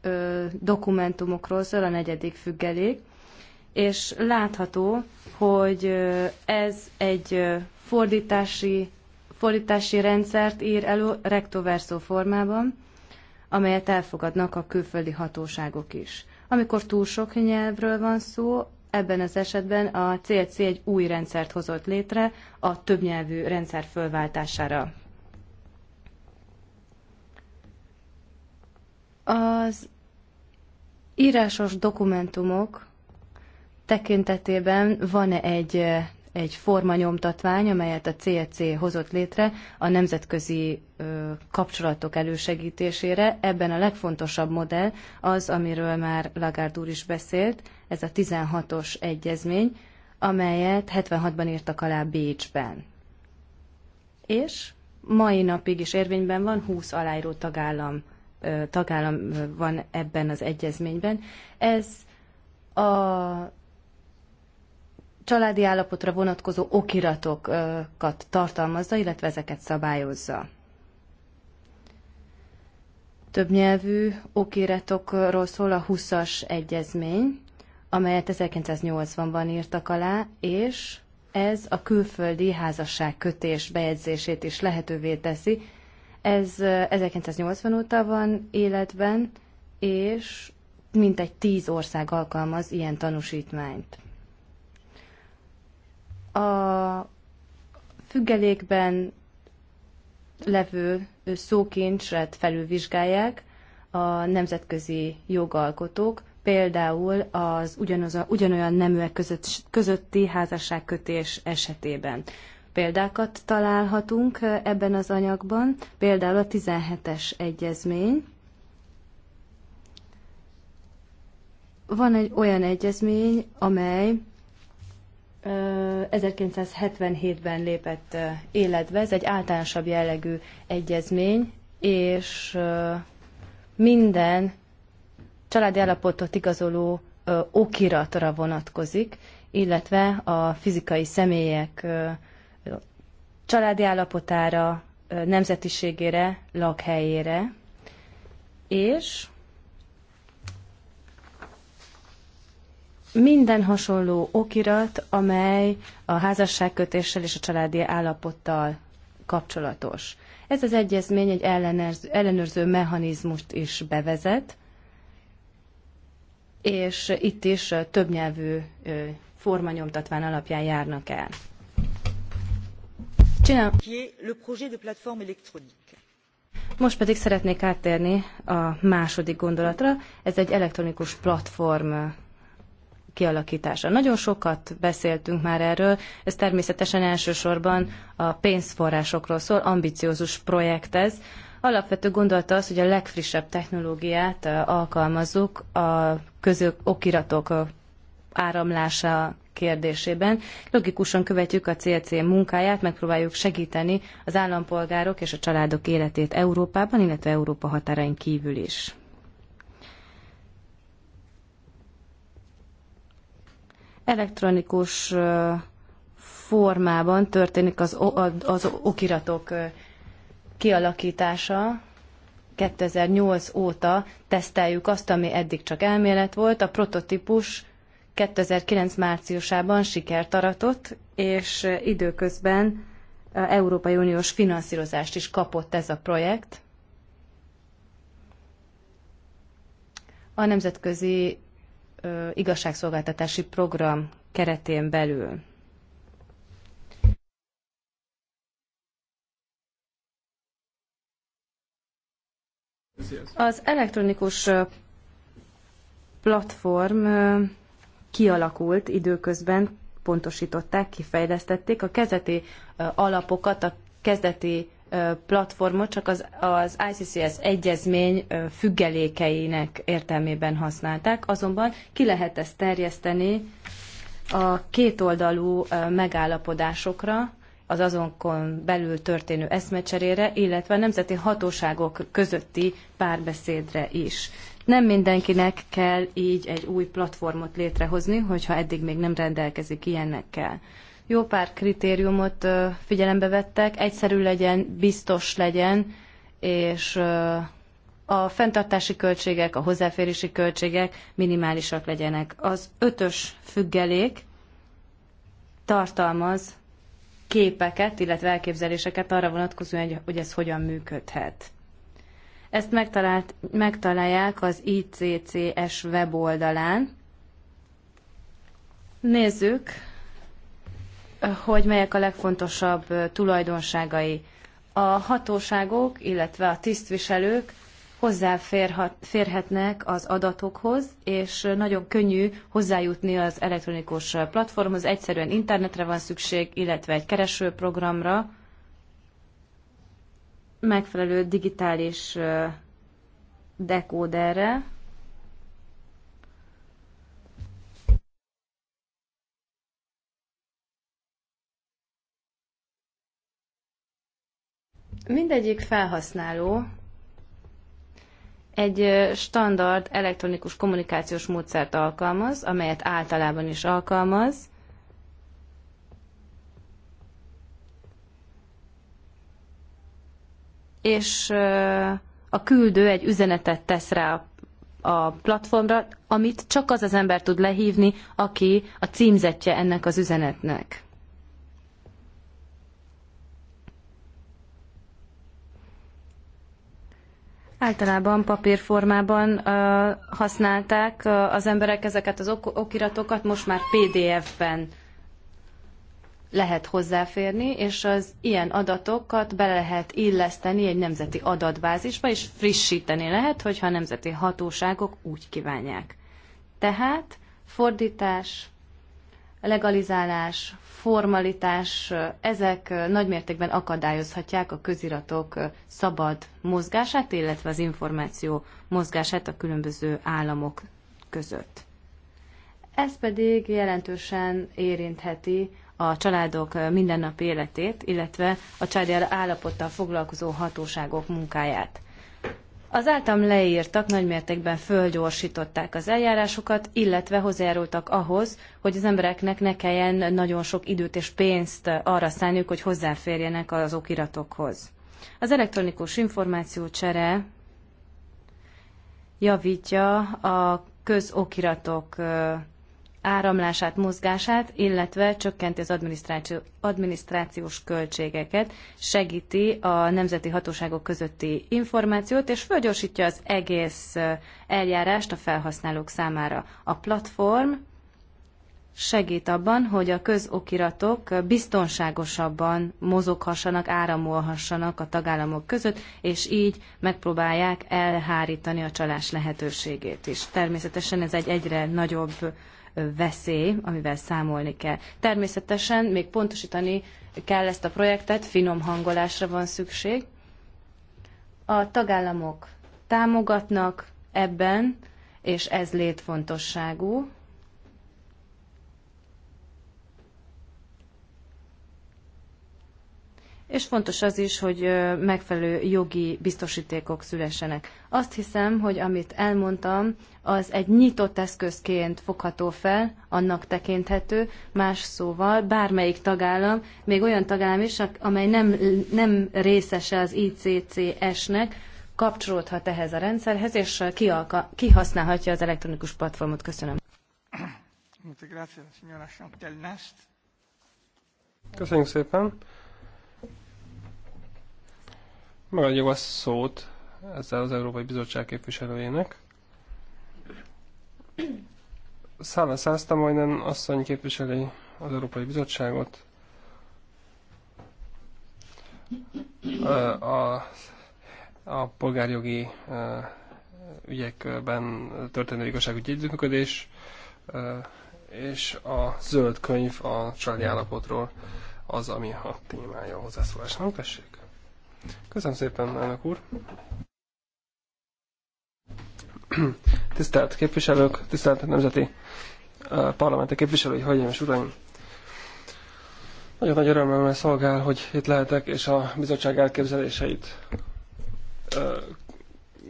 ö, dokumentumokról szól a negyedik függelék, és látható, hogy ez egy fordítási, fordítási rendszert ír elő rektoverso formában, amelyet elfogadnak a külföldi hatóságok is. Amikor túl sok nyelvről van szó, ebben az esetben a CLC egy új rendszert hozott létre a többnyelvű rendszer fölváltására. Az írásos dokumentumok tekintetében van egy, egy formanyomtatvány, amelyet a CEC hozott létre a nemzetközi kapcsolatok elősegítésére. Ebben a legfontosabb modell az, amiről már Lagarde úr is beszélt, ez a 16-os egyezmény, amelyet 76-ban írtak alá Bécsben. És mai napig is érvényben van 20 aláíró tagállam, tagállam van ebben az egyezményben. Ez a családi állapotra vonatkozó okiratokat tartalmazza, illetve ezeket szabályozza. Többnyelvű okiratokról szól a 20-as egyezmény, amelyet 1980-ban írtak alá, és ez a külföldi házasság kötés bejegyzését is lehetővé teszi. Ez 1980 óta van életben, és mintegy tíz ország alkalmaz ilyen tanúsítmányt a függelékben levő szókincset felülvizsgálják a nemzetközi jogalkotók, például az ugyanaz, ugyanolyan neműek között, közötti házasságkötés esetében. Példákat találhatunk ebben az anyagban, például a 17-es egyezmény. Van egy olyan egyezmény, amely 1977-ben lépett életbe, ez egy általánosabb jellegű egyezmény, és minden családi állapotot igazoló okiratra vonatkozik, illetve a fizikai személyek családi állapotára, nemzetiségére, lakhelyére, és minden hasonló okirat, amely a házasságkötéssel és a családi állapottal kapcsolatos. Ez az egyezmény egy ellenőrző, ellenőrző mechanizmust is bevezet, és itt is többnyelvű formanyomtatván alapján járnak el. Most pedig szeretnék áttérni a második gondolatra. Ez egy elektronikus platform kialakítása. Nagyon sokat beszéltünk már erről, ez természetesen elsősorban a pénzforrásokról szól, ambiciózus projekt ez. Alapvető gondolata az, hogy a legfrissebb technológiát alkalmazzuk a közö okiratok áramlása kérdésében. Logikusan követjük a CLC munkáját, megpróbáljuk segíteni az állampolgárok és a családok életét Európában, illetve Európa határain kívül is. Elektronikus formában történik az, az okiratok kialakítása. 2008 óta teszteljük azt, ami eddig csak elmélet volt. A prototípus 2009 márciusában sikert aratott, és időközben Európai Uniós finanszírozást is kapott ez a projekt. A nemzetközi igazságszolgáltatási program keretén belül. Az elektronikus platform kialakult időközben, pontosították, kifejlesztették a kezdeti alapokat, a kezdeti platformot csak az, az ICCS egyezmény függelékeinek értelmében használták, azonban ki lehet ezt terjeszteni a kétoldalú megállapodásokra, az azonkon belül történő eszmecserére, illetve a nemzeti hatóságok közötti párbeszédre is. Nem mindenkinek kell így egy új platformot létrehozni, hogyha eddig még nem rendelkezik kell. Jó pár kritériumot figyelembe vettek, egyszerű legyen, biztos legyen, és a fenntartási költségek, a hozzáférési költségek minimálisak legyenek. Az ötös függelék tartalmaz képeket, illetve elképzeléseket arra vonatkozóan, hogy ez hogyan működhet. Ezt megtalált, megtalálják az ICCS weboldalán. Nézzük, hogy melyek a legfontosabb tulajdonságai. A hatóságok, illetve a tisztviselők hozzáférhetnek az adatokhoz, és nagyon könnyű hozzájutni az elektronikus platformhoz. Egyszerűen internetre van szükség, illetve egy keresőprogramra, megfelelő digitális dekóderre, Mindegyik felhasználó egy standard elektronikus kommunikációs módszert alkalmaz, amelyet általában is alkalmaz. És a küldő egy üzenetet tesz rá a platformra, amit csak az az ember tud lehívni, aki a címzetje ennek az üzenetnek. Általában papírformában használták az emberek ezeket az ok- okiratokat, most már PDF-ben lehet hozzáférni, és az ilyen adatokat bele lehet illeszteni egy nemzeti adatbázisba, és frissíteni lehet, hogyha a nemzeti hatóságok úgy kívánják. Tehát fordítás, legalizálás, formalitás, ezek nagymértékben akadályozhatják a köziratok szabad mozgását, illetve az információ mozgását a különböző államok között. Ez pedig jelentősen érintheti a családok mindennapi életét, illetve a családi állapottal foglalkozó hatóságok munkáját. Az általam leírtak nagymértékben fölgyorsították az eljárásokat, illetve hozzájárultak ahhoz, hogy az embereknek ne kelljen nagyon sok időt és pénzt arra szánniuk, hogy hozzáférjenek az okiratokhoz. Az elektronikus információcsere javítja a közokiratok áramlását, mozgását, illetve csökkenti az adminisztráció, adminisztrációs költségeket, segíti a nemzeti hatóságok közötti információt, és fölgyorsítja az egész eljárást a felhasználók számára. A platform segít abban, hogy a közokiratok biztonságosabban mozoghassanak, áramolhassanak a tagállamok között, és így megpróbálják elhárítani a csalás lehetőségét is. Természetesen ez egy egyre nagyobb veszély, amivel számolni kell. Természetesen még pontosítani kell ezt a projektet, finom hangolásra van szükség. A tagállamok támogatnak ebben, és ez létfontosságú, és fontos az is, hogy megfelelő jogi biztosítékok szülessenek. Azt hiszem, hogy amit elmondtam, az egy nyitott eszközként fogható fel, annak tekinthető, más szóval bármelyik tagállam, még olyan tagállam is, amely nem, nem részese az ICCS-nek, kapcsolódhat ehhez a rendszerhez, és kialka, kihasználhatja az elektronikus platformot. Köszönöm. Köszönjük szépen. Megadjuk a szót ezzel az Európai Bizottság képviselőjének. Szála Szászta majdnem asszony képviseli az Európai Bizottságot. A, a, a polgárjogi ügyekben történő igazságügyi együttműködés és a zöld könyv a családi állapotról az, ami a témája hozzászólásnak. Tessék! Köszönöm szépen, elnök úr. Tisztelt képviselők, tisztelt nemzeti parlamenti képviselői, hölgyeim és uraim! Nagyon nagy örömmel szolgál, hogy itt lehetek, és a bizottság elképzeléseit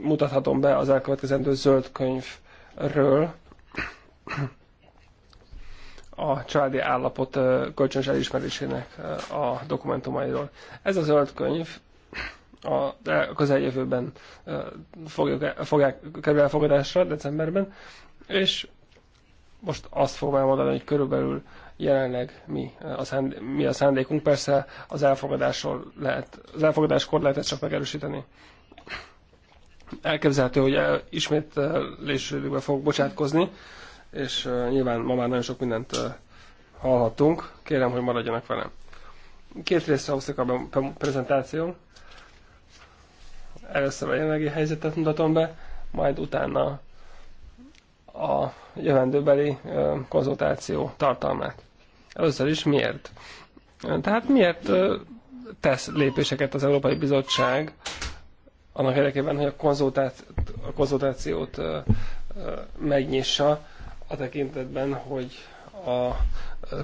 mutathatom be az elkövetkezendő zöld könyvről. a családi állapot kölcsönös elismerésének a dokumentumairól. Ez a zöld könyv a közeljövőben fogjuk, fogják, kerül elfogadásra decemberben, és most azt fogom elmondani, hogy körülbelül jelenleg mi a, szánd, mi a szándékunk. Persze az elfogadásról lehet, az elfogadáskor lehet ezt csak megerősíteni. Elképzelhető, hogy ismétlésülőbe fogok bocsátkozni, és nyilván ma már nagyon sok mindent hallhattunk. Kérem, hogy maradjanak velem. Két részre hoztak a prezentáció. Először a jelenlegi helyzetet mutatom be, majd utána a jövendőbeli konzultáció tartalmát. Először is miért? Tehát miért tesz lépéseket az Európai Bizottság annak érdekében, hogy a, konzultát, a konzultációt megnyissa a tekintetben, hogy a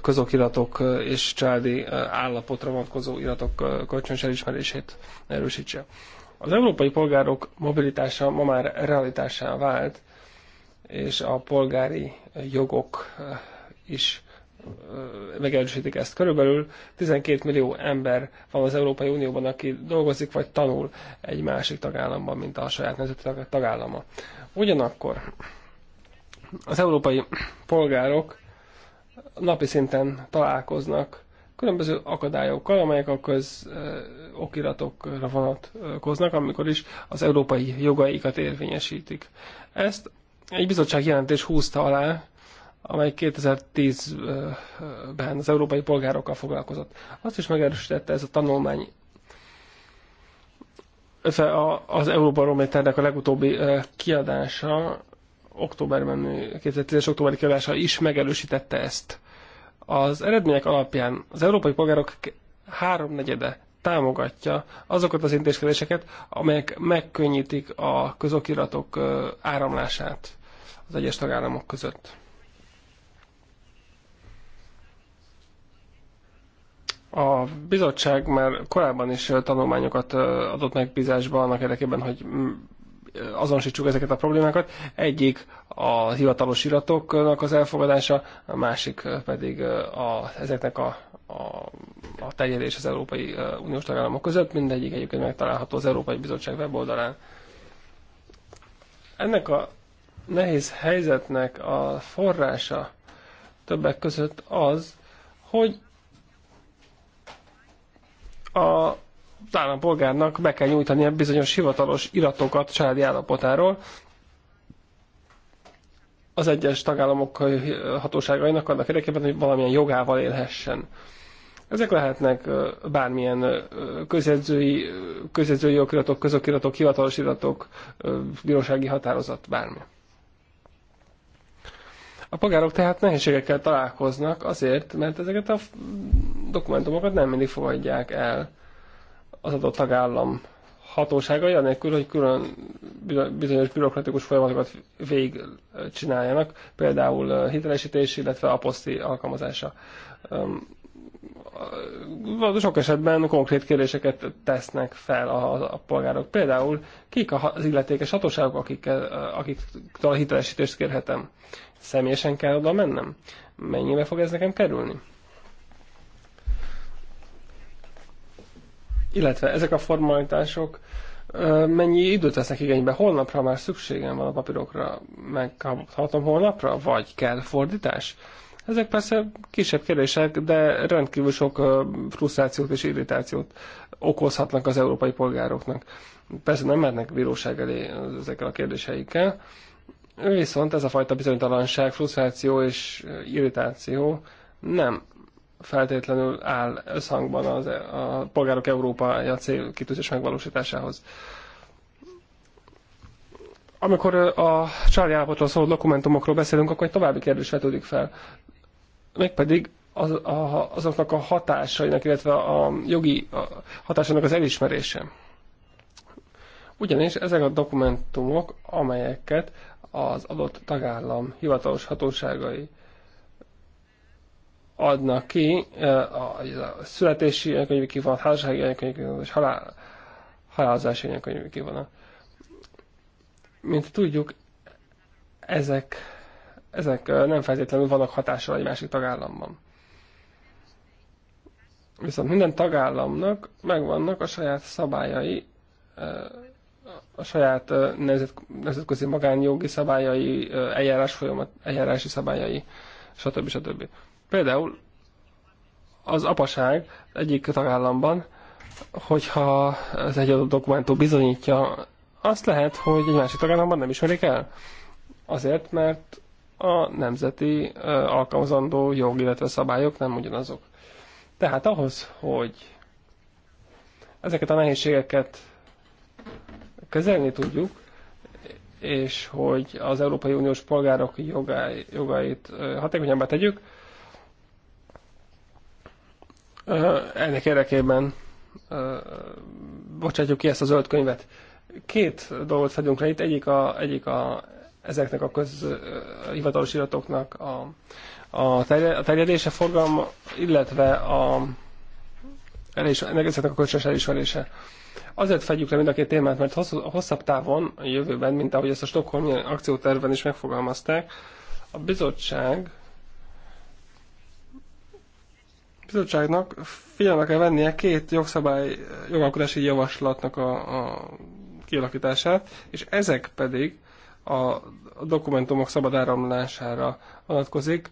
közokiratok és családi állapotra vonatkozó iratok kölcsönös elismerését erősítse. Az európai polgárok mobilitása ma már realitásá vált, és a polgári jogok eh, is eh, megerősítik ezt. Körülbelül 12 millió ember van az Európai Unióban, aki dolgozik vagy tanul egy másik tagállamban, mint a saját nemzeti tagállama. Ugyanakkor az európai polgárok napi szinten találkoznak különböző akadályokkal, amelyek a közokiratokra vonatkoznak, amikor is az európai jogaikat érvényesítik. Ezt egy bizottság jelentés húzta alá, amely 2010-ben az európai polgárokkal foglalkozott. Azt is megerősítette ez a tanulmány az Rométernek a legutóbbi kiadása, októberben, 2010-es októberi kiadása is megerősítette ezt. Az eredmények alapján az európai polgárok háromnegyede támogatja azokat az intézkedéseket, amelyek megkönnyítik a közokiratok áramlását az egyes tagállamok között. A bizottság már korábban is tanulmányokat adott megbízásba annak érdekében, hogy azonosítsuk ezeket a problémákat. Egyik a hivatalos iratoknak az elfogadása, a másik pedig a, ezeknek a, a, a terjedés az Európai Uniós tagállamok között. Mindegyik egyébként megtalálható az Európai Bizottság weboldalán. Ennek a nehéz helyzetnek a forrása többek között az, hogy a állampolgárnak be kell nyújtania bizonyos hivatalos iratokat családi állapotáról, az egyes tagállamok hatóságainak annak érdekében, hogy valamilyen jogával élhessen. Ezek lehetnek bármilyen közjegyzői, közjegyzői okiratok, közokiratok, hivatalos iratok, bírósági határozat, bármi. A polgárok tehát nehézségekkel találkoznak azért, mert ezeket a dokumentumokat nem mindig fogadják el az adott tagállam hatóságai, anélkül, hogy külön bizonyos bürokratikus folyamatokat végig csináljanak, például hitelesítés, illetve aposzti alkalmazása. Sok esetben konkrét kérdéseket tesznek fel a, a polgárok. Például kik az illetékes hatóságok, akik, akiktől a hitelesítést kérhetem? Személyesen kell oda mennem? Mennyibe fog ez nekem kerülni? Illetve ezek a formalitások mennyi időt vesznek igénybe? Holnapra már szükségem van a papírokra, megkaphatom holnapra, vagy kell fordítás? Ezek persze kisebb kérdések, de rendkívül sok frusztrációt és irritációt okozhatnak az európai polgároknak. Persze nem mernek bíróság elé ezekkel a kérdéseikkel, viszont ez a fajta bizonytalanság, frusztráció és irritáció nem feltétlenül áll összhangban az, a polgárok Európája kitűzés megvalósításához. Amikor a csári állapotról szóló dokumentumokról beszélünk, akkor egy további kérdés vetődik fel. Mégpedig az, a, azoknak a hatásainak, illetve a jogi hatásainak az elismerése. Ugyanis ezek a dokumentumok, amelyeket az adott tagállam hivatalos hatóságai adnak ki, a születési anyakönyvi kivonat, házassági anyakönyvi kivonat, és halál, halálozási anyakönyvi kivonat. Mint tudjuk, ezek, ezek nem feltétlenül vannak hatással egy másik tagállamban. Viszont minden tagállamnak megvannak a saját szabályai, a saját nemzet, nemzetközi magánjogi szabályai, eljárás folyamat, eljárási szabályai, stb. stb. stb. Például az apaság egyik tagállamban, hogyha az egy adott dokumentum bizonyítja, azt lehet, hogy egy másik tagállamban nem ismerik el. Azért, mert a nemzeti alkalmazandó jog, illetve szabályok nem ugyanazok. Tehát ahhoz, hogy ezeket a nehézségeket kezelni tudjuk, és hogy az Európai Uniós polgárok jogá, jogait hatékonyabbá tegyük, ennek érdekében bocsátjuk ki ezt a zöld könyvet. Két dolgot fedünk le itt, egyik, a, egyik a, ezeknek a köz, a hivatalos iratoknak a, a, terjed, a terjedése, forgalma, illetve a elis, ezeknek a kölcsönös elismerése. Azért fedjük le mind a két témát, mert hosszú, hosszabb távon, a jövőben, mint ahogy ezt a Stockholmi akcióterven is megfogalmazták, a bizottság bizottságnak figyelme kell vennie két jogszabály jogalkotási javaslatnak a, a kialakítását, és ezek pedig a, a dokumentumok szabad áramlására vonatkozik,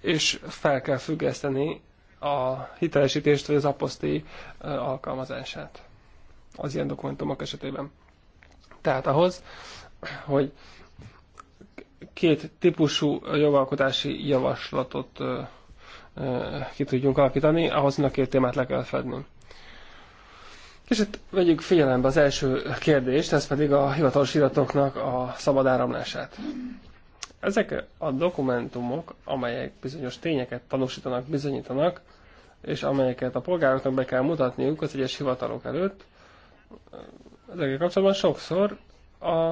és fel kell függeszteni a hitelesítést vagy az aposzti alkalmazását az ilyen dokumentumok esetében. Tehát ahhoz, hogy két típusú jogalkotási javaslatot ki tudjunk alakítani, ahhoz mind a két témát le kell fednünk. itt vegyük figyelembe az első kérdést, ez pedig a hivatalos iratoknak a szabad áramlását. Ezek a dokumentumok, amelyek bizonyos tényeket tanúsítanak, bizonyítanak, és amelyeket a polgároknak be kell mutatniuk az egyes hivatalok előtt, ezekkel kapcsolatban sokszor a, a,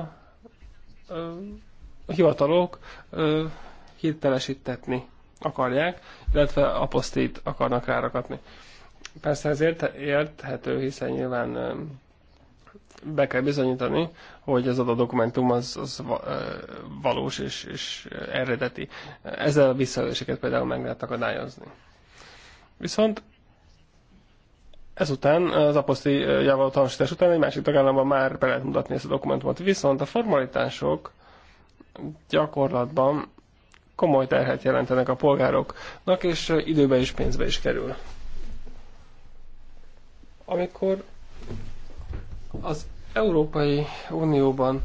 a hivatalok a, hitelesítetni akarják, illetve apostét akarnak rárakatni. Persze ez érthető, hiszen nyilván be kell bizonyítani, hogy az adott dokumentum az, az valós és, és eredeti. Ezzel a visszaéléseket például meg lehet akadályozni. Viszont ezután, az aposztiljával tanúsítás után egy másik tagállamban már be lehet mutatni ezt a dokumentumot. Viszont a formalitások gyakorlatban komoly terhet jelentenek a polgároknak, és időbe és pénzbe is kerül. Amikor az Európai Unióban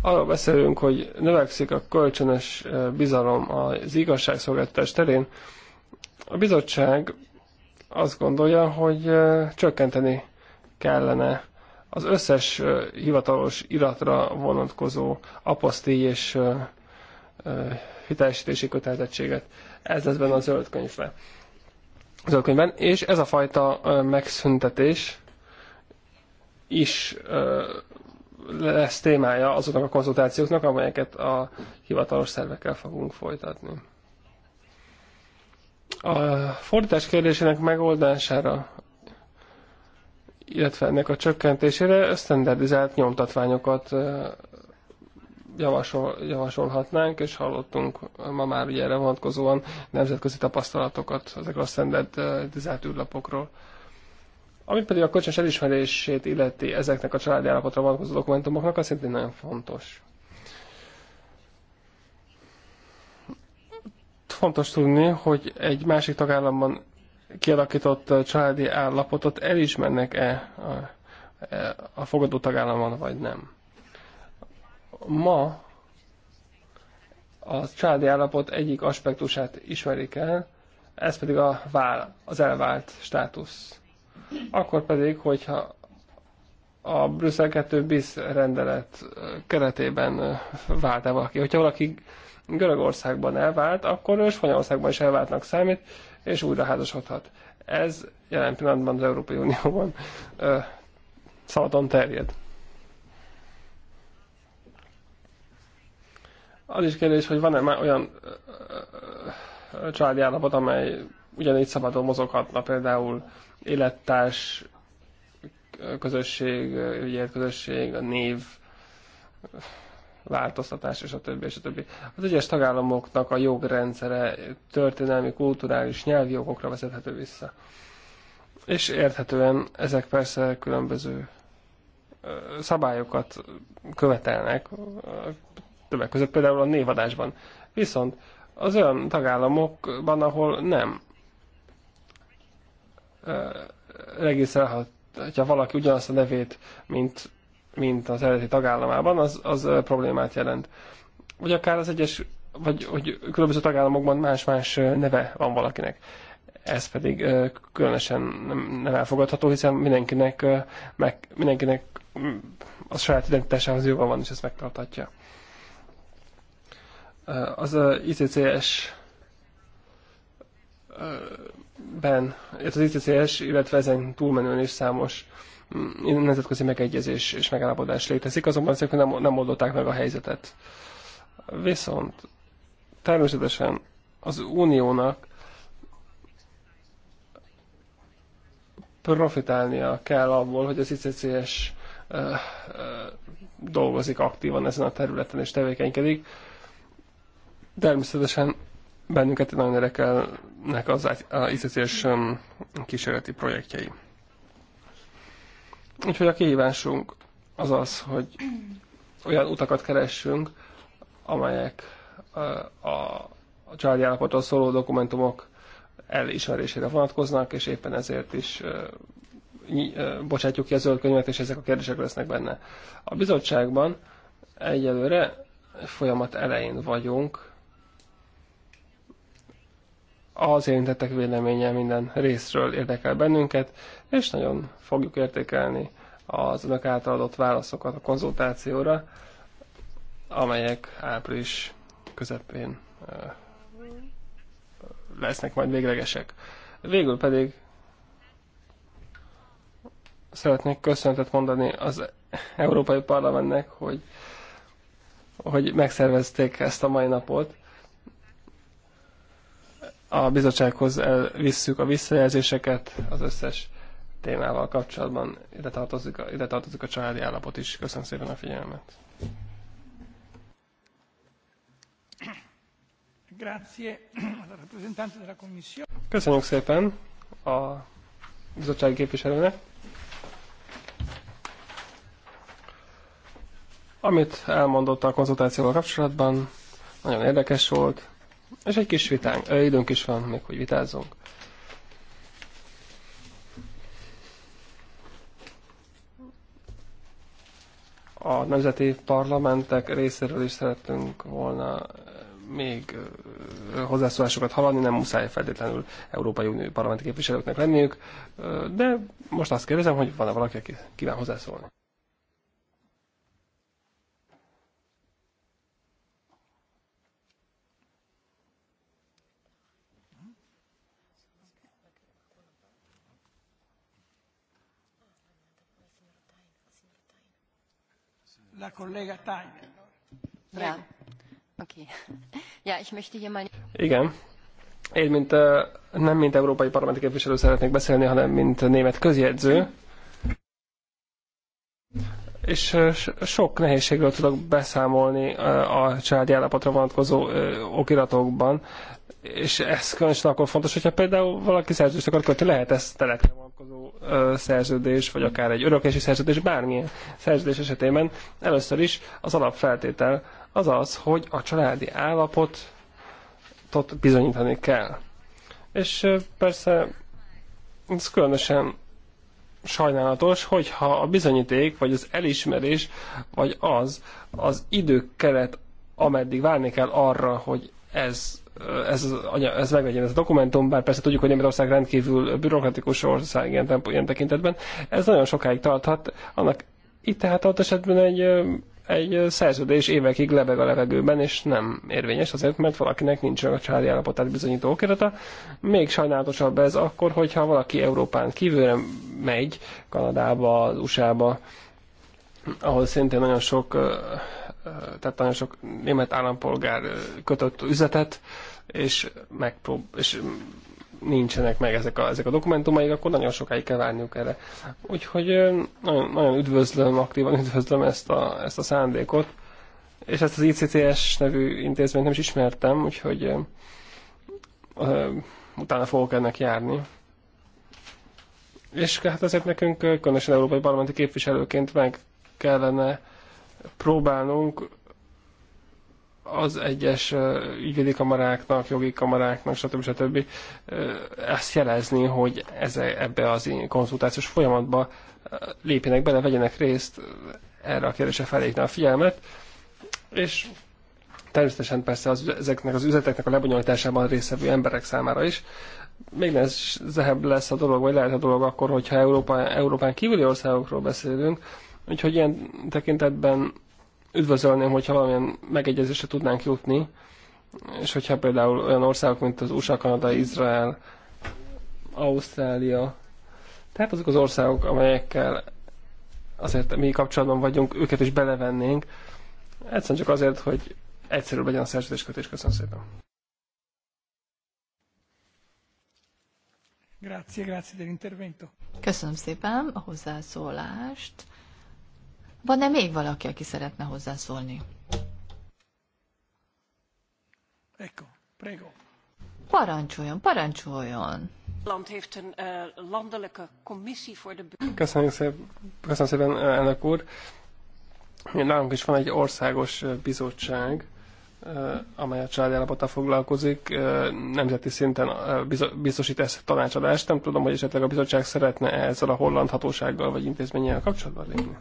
arról beszélünk, hogy növekszik a kölcsönös bizalom az igazságszolgáltatás terén, a bizottság azt gondolja, hogy csökkenteni kellene az összes hivatalos iratra vonatkozó apostíly és hitelesítési kötelezettséget. Ez lesz benne a zöld könyvben. A zöld könyvben. És ez a fajta megszüntetés is lesz témája azoknak a konzultációknak, amelyeket a hivatalos szervekkel fogunk folytatni. A fordítás kérdésének megoldására, illetve ennek a csökkentésére standardizált nyomtatványokat javasol, javasolhatnánk, és hallottunk ma már ugye erre vonatkozóan nemzetközi tapasztalatokat ezekről a standardizált űrlapokról. Ami pedig a kölcsönös elismerését illeti ezeknek a családi állapotra vonatkozó dokumentumoknak, az szintén nagyon fontos. Fontos tudni, hogy egy másik tagállamban kialakított családi állapotot elismernek-e a, e, a fogadó tagállamban, vagy nem. Ma a családi állapot egyik aspektusát ismerik el, ez pedig a vál, az elvált státusz. Akkor pedig, hogyha a Brüsszel 2 BIS rendelet eh, keretében eh, vált-e valaki. Hogyha valaki Görögországban elvált, akkor Spanyolországban is elváltnak számít, és újra házasodhat. Ez jelen pillanatban az Európai Unióban eh, szabadon terjed. Az is kérdés, hogy van-e már olyan családi állapot, amely ugyanígy szabadon mozoghatna, például élettárs közösség, ügyért közösség, a név, változtatás, és a többi, és a többi. Az egyes tagállamoknak a jogrendszere történelmi, kulturális, nyelvi jogokra vezethető vissza. És érthetően ezek persze különböző szabályokat követelnek, többek között például a névadásban. Viszont az olyan tagállamokban, ahol nem regisztrálhatja valaki ugyanazt a nevét, mint, mint az eredeti tagállamában, az, az problémát jelent. Vagy akár az egyes, vagy hogy különböző tagállamokban más-más neve van valakinek. Ez pedig különösen nem elfogadható, hiszen mindenkinek, meg, mindenkinek mm, a saját identitásához jóval van, és ezt megtartatja az a ICCS ben, az ICCS, illetve ezen túlmenően is számos mm, nemzetközi megegyezés és megállapodás létezik, azonban ezek nem, nem oldották meg a helyzetet. Viszont természetesen az uniónak profitálnia kell abból, hogy az ICCS dolgozik aktívan ezen a területen és tevékenykedik, Természetesen bennünket nagyon érdekelnek az ICC-s kísérleti projektjei. Úgyhogy a kihívásunk az az, hogy olyan utakat keressünk, amelyek a, a családi állapotról szóló dokumentumok elismerésére vonatkoznak, és éppen ezért is bocsátjuk ki a zöld könyvet, és ezek a kérdések lesznek benne. A bizottságban egyelőre folyamat elején vagyunk, az érintettek véleménye minden részről érdekel bennünket, és nagyon fogjuk értékelni az önök által adott válaszokat a konzultációra, amelyek április közepén lesznek majd véglegesek. Végül pedig szeretnék köszönetet mondani az Európai Parlamentnek, hogy, hogy megszervezték ezt a mai napot, a bizottsághoz visszük a visszajelzéseket az összes témával kapcsolatban. Ide tartozik, a, ide tartozik a családi állapot is. Köszönöm szépen a figyelmet. Köszönjük szépen a bizottsági képviselőnek. Amit elmondott a konzultációval kapcsolatban, nagyon érdekes volt. És egy kis vitánk, ö, időnk is van még, hogy vitázzunk. A nemzeti parlamentek részéről is szerettünk volna még hozzászólásokat hallani, nem muszáj feltétlenül Európai Unió parlamenti képviselőknek lenniük, de most azt kérdezem, hogy van-e valaki, aki kíván hozzászólni. Ja. Igen. Én mint, nem mint európai parlamenti képviselő szeretnék beszélni, hanem mint német közjegyző. És sok nehézségről tudok beszámolni a családi állapotra vonatkozó okiratokban. És ez különösen akkor fontos, hogyha például valaki szerződést akar kötni, lehet ezt teletre szerződés, vagy akár egy öröklési szerződés, bármilyen szerződés esetében először is az alapfeltétel az az, hogy a családi állapotot bizonyítani kell. És persze ez különösen sajnálatos, hogyha a bizonyíték, vagy az elismerés, vagy az az időkeret, ameddig várni kell arra, hogy ez ez, az, ez meglegyen ez a dokumentum, bár persze tudjuk, hogy Németország rendkívül bürokratikus ország ilyen, tempó, ilyen tekintetben. Ez nagyon sokáig tarthat. Annak itt tehát ott esetben egy, egy szerződés évekig lebeg a levegőben, és nem érvényes azért, mert valakinek nincs a családi állapotát bizonyító okirata. Még sajnálatosabb ez akkor, hogyha valaki Európán kívülre megy, Kanadába, USA-ba, ahol szintén nagyon sok tehát nagyon sok német állampolgár kötött üzletet, és, megprób- és nincsenek meg ezek a, ezek a dokumentumai, akkor nagyon sokáig kell várniuk erre. Úgyhogy nagyon, nagyon üdvözlöm, aktívan üdvözlöm ezt a, ezt a szándékot, és ezt az ICCS nevű intézményt nem is ismertem, úgyhogy ö, ö, utána fogok ennek járni. És hát azért nekünk, különösen európai parlamenti képviselőként meg kellene próbálnunk az egyes ügyvédi kamaráknak, jogi kamaráknak, stb. stb. ezt jelezni, hogy ez, ebbe az konzultációs folyamatba lépjenek bele, vegyenek részt, erre a kérdése felépne a figyelmet, és természetesen persze az, ezeknek az üzleteknek a lebonyolításában részevő emberek számára is. Még lesz zehebb lesz a dolog, vagy lehet a dolog akkor, hogyha Európa, Európán kívüli országokról beszélünk, Úgyhogy ilyen tekintetben üdvözölném, hogyha valamilyen megegyezésre tudnánk jutni, és hogyha például olyan országok, mint az USA, Kanada, Izrael, Ausztrália, tehát azok az országok, amelyekkel azért mi kapcsolatban vagyunk, őket is belevennénk, egyszerűen csak azért, hogy egyszerűbb legyen a szerződéskötés. Köszönöm szépen. Grazie, grazie dell'intervento. Köszönöm szépen a hozzászólást. Van-e még valaki, aki szeretne hozzászólni? Ecco, prego. Parancsoljon, parancsoljon! Land eh, Köszönjük szépen, köszönöm szépen, eh, elnök úr. Nálunk is van egy országos eh, bizottság, amely a családjállapottal foglalkozik, nemzeti szinten biztosít ezt tanácsadást. Nem tudom, hogy esetleg a bizottság szeretne ezzel a holland hatósággal vagy intézménnyel kapcsolatban lépni.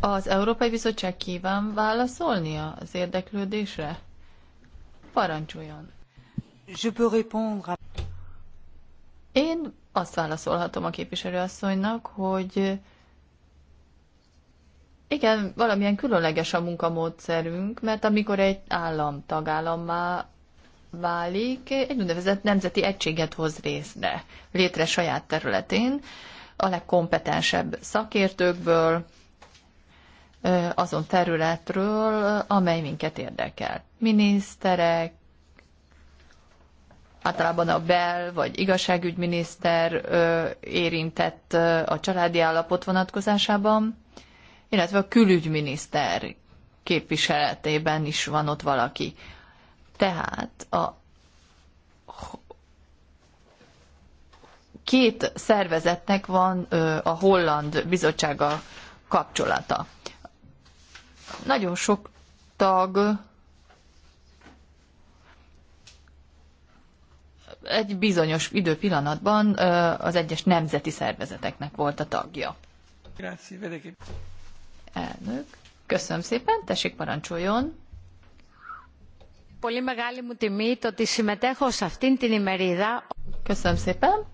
Az Európai Bizottság kíván válaszolnia az érdeklődésre? Parancsoljon. Je peux répondre. Én azt válaszolhatom a képviselőasszonynak, hogy igen, valamilyen különleges a munkamódszerünk, mert amikor egy állam tagállammá válik, egy úgynevezett nemzeti egységet hoz részre, létre saját területén, a legkompetensebb szakértőkből, azon területről, amely minket érdekel. Miniszterek, általában a bel vagy igazságügyminiszter érintett a családi állapot vonatkozásában, illetve a külügyminiszter képviseletében is van ott valaki. Tehát a két szervezetnek van a holland bizottsága kapcsolata. Nagyon sok tag egy bizonyos időpillanatban az egyes nemzeti szervezeteknek volt a tagja. Elnök, köszönöm szépen, tessék parancsoljon. Köszönöm szépen.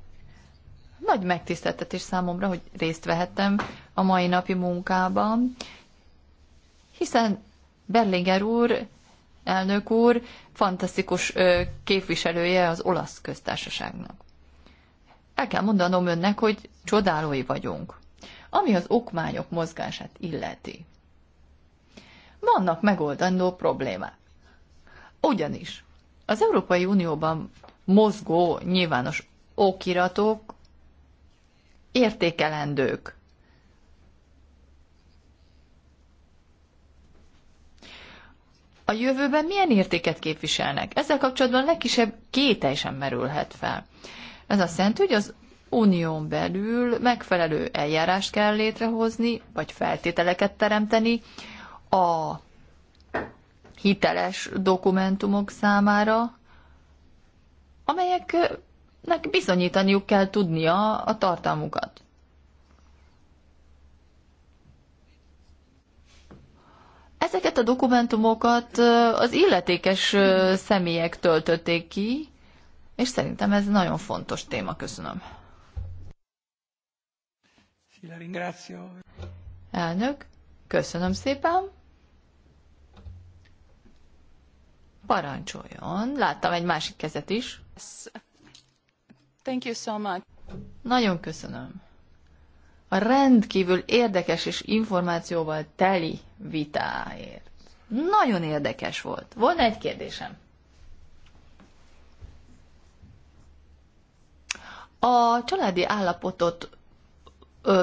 Nagy megtiszteltetés számomra, hogy részt vehettem a mai napi munkában, hiszen Berlinger úr, elnök úr, fantasztikus képviselője az olasz köztársaságnak. El kell mondanom önnek, hogy csodálói vagyunk, ami az okmányok mozgását illeti. Vannak megoldandó problémák. Ugyanis az Európai Unióban mozgó nyilvános okiratok értékelendők. A jövőben milyen értéket képviselnek? Ezzel kapcsolatban legkisebb kétel sem merülhet fel. Ez azt jelenti, hogy az unión belül megfelelő eljárást kell létrehozni, vagy feltételeket teremteni a hiteles dokumentumok számára, amelyek nek bizonyítaniuk kell tudnia a tartalmukat. Ezeket a dokumentumokat az illetékes személyek töltötték ki, és szerintem ez nagyon fontos téma. Köszönöm. Elnök, köszönöm szépen. Parancsoljon. Láttam egy másik kezet is. Thank you so much. Nagyon köszönöm. A rendkívül érdekes és információval teli vitáért. Nagyon érdekes volt. Volna egy kérdésem. A családi állapotot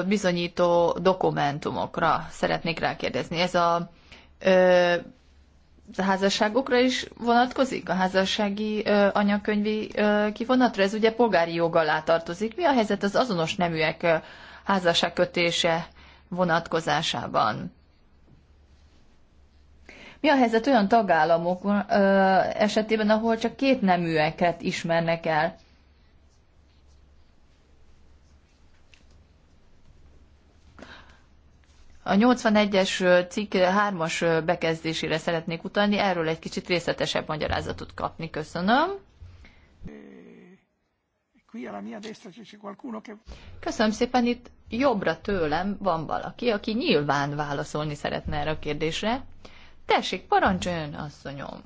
bizonyító dokumentumokra szeretnék rákérdezni. Ez a a házasságokra is vonatkozik? A házassági ö, anyakönyvi ö, kivonatra? Ez ugye polgári jog alá tartozik. Mi a helyzet az azonos neműek ö, házasságkötése vonatkozásában? Mi a helyzet olyan tagállamok ö, esetében, ahol csak két neműeket ismernek el? A 81-es cikk 3-as bekezdésére szeretnék utalni, erről egy kicsit részletesebb magyarázatot kapni. Köszönöm. Köszönöm szépen, itt jobbra tőlem van valaki, aki nyilván válaszolni szeretne erre a kérdésre. Tessék, parancsoljon, asszonyom!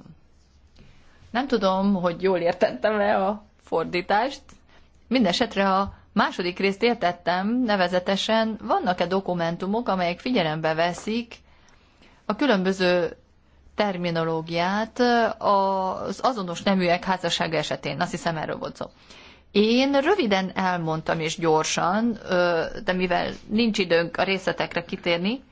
Nem tudom, hogy jól értettem-e a fordítást. Mindenesetre a Második részt értettem, nevezetesen vannak-e dokumentumok, amelyek figyelembe veszik a különböző terminológiát eh, az azonos neműek házassága esetén. Azt hiszem, erről volt szó. Én röviden elmondtam és gyorsan, eh, de mivel nincs időnk a részletekre kitérni,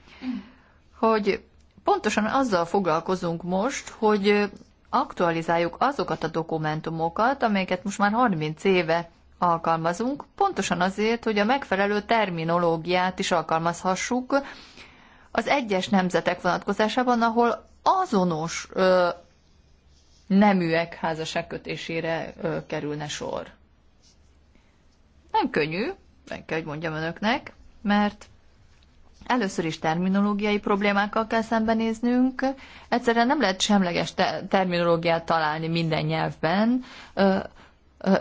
hogy pontosan azzal foglalkozunk most, hogy aktualizáljuk azokat a dokumentumokat, amelyeket most már 30 éve alkalmazunk, pontosan azért, hogy a megfelelő terminológiát is alkalmazhassuk az egyes nemzetek vonatkozásában, ahol azonos ö, neműek házasságkötésére ö, kerülne sor. Nem könnyű, meg kell, hogy mondjam önöknek, mert először is terminológiai problémákkal kell szembenéznünk. Egyszerűen nem lehet semleges te- terminológiát találni minden nyelvben. Ö,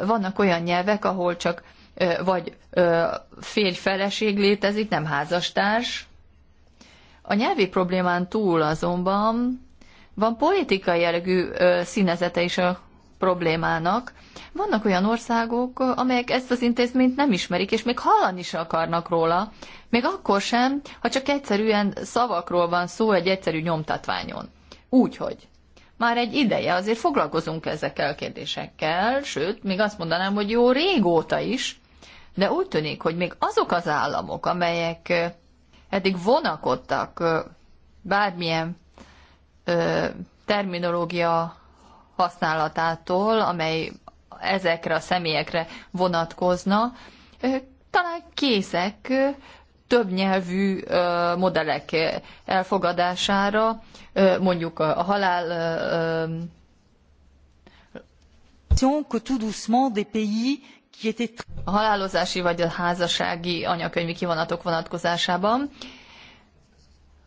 vannak olyan nyelvek, ahol csak vagy férj-feleség létezik, nem házastárs. A nyelvi problémán túl azonban van politikai jellegű színezete is a problémának. Vannak olyan országok, amelyek ezt az intézményt nem ismerik, és még hallani se akarnak róla, még akkor sem, ha csak egyszerűen szavakról van szó egy egyszerű nyomtatványon. Úgyhogy már egy ideje azért foglalkozunk ezekkel a kérdésekkel, sőt, még azt mondanám, hogy jó régóta is, de úgy tűnik, hogy még azok az államok, amelyek eddig vonakodtak bármilyen terminológia használatától, amely ezekre a személyekre vonatkozna, talán készek többnyelvű modellek elfogadására, mondjuk a halál a halálozási vagy a házassági anyakönyvi kivonatok vonatkozásában.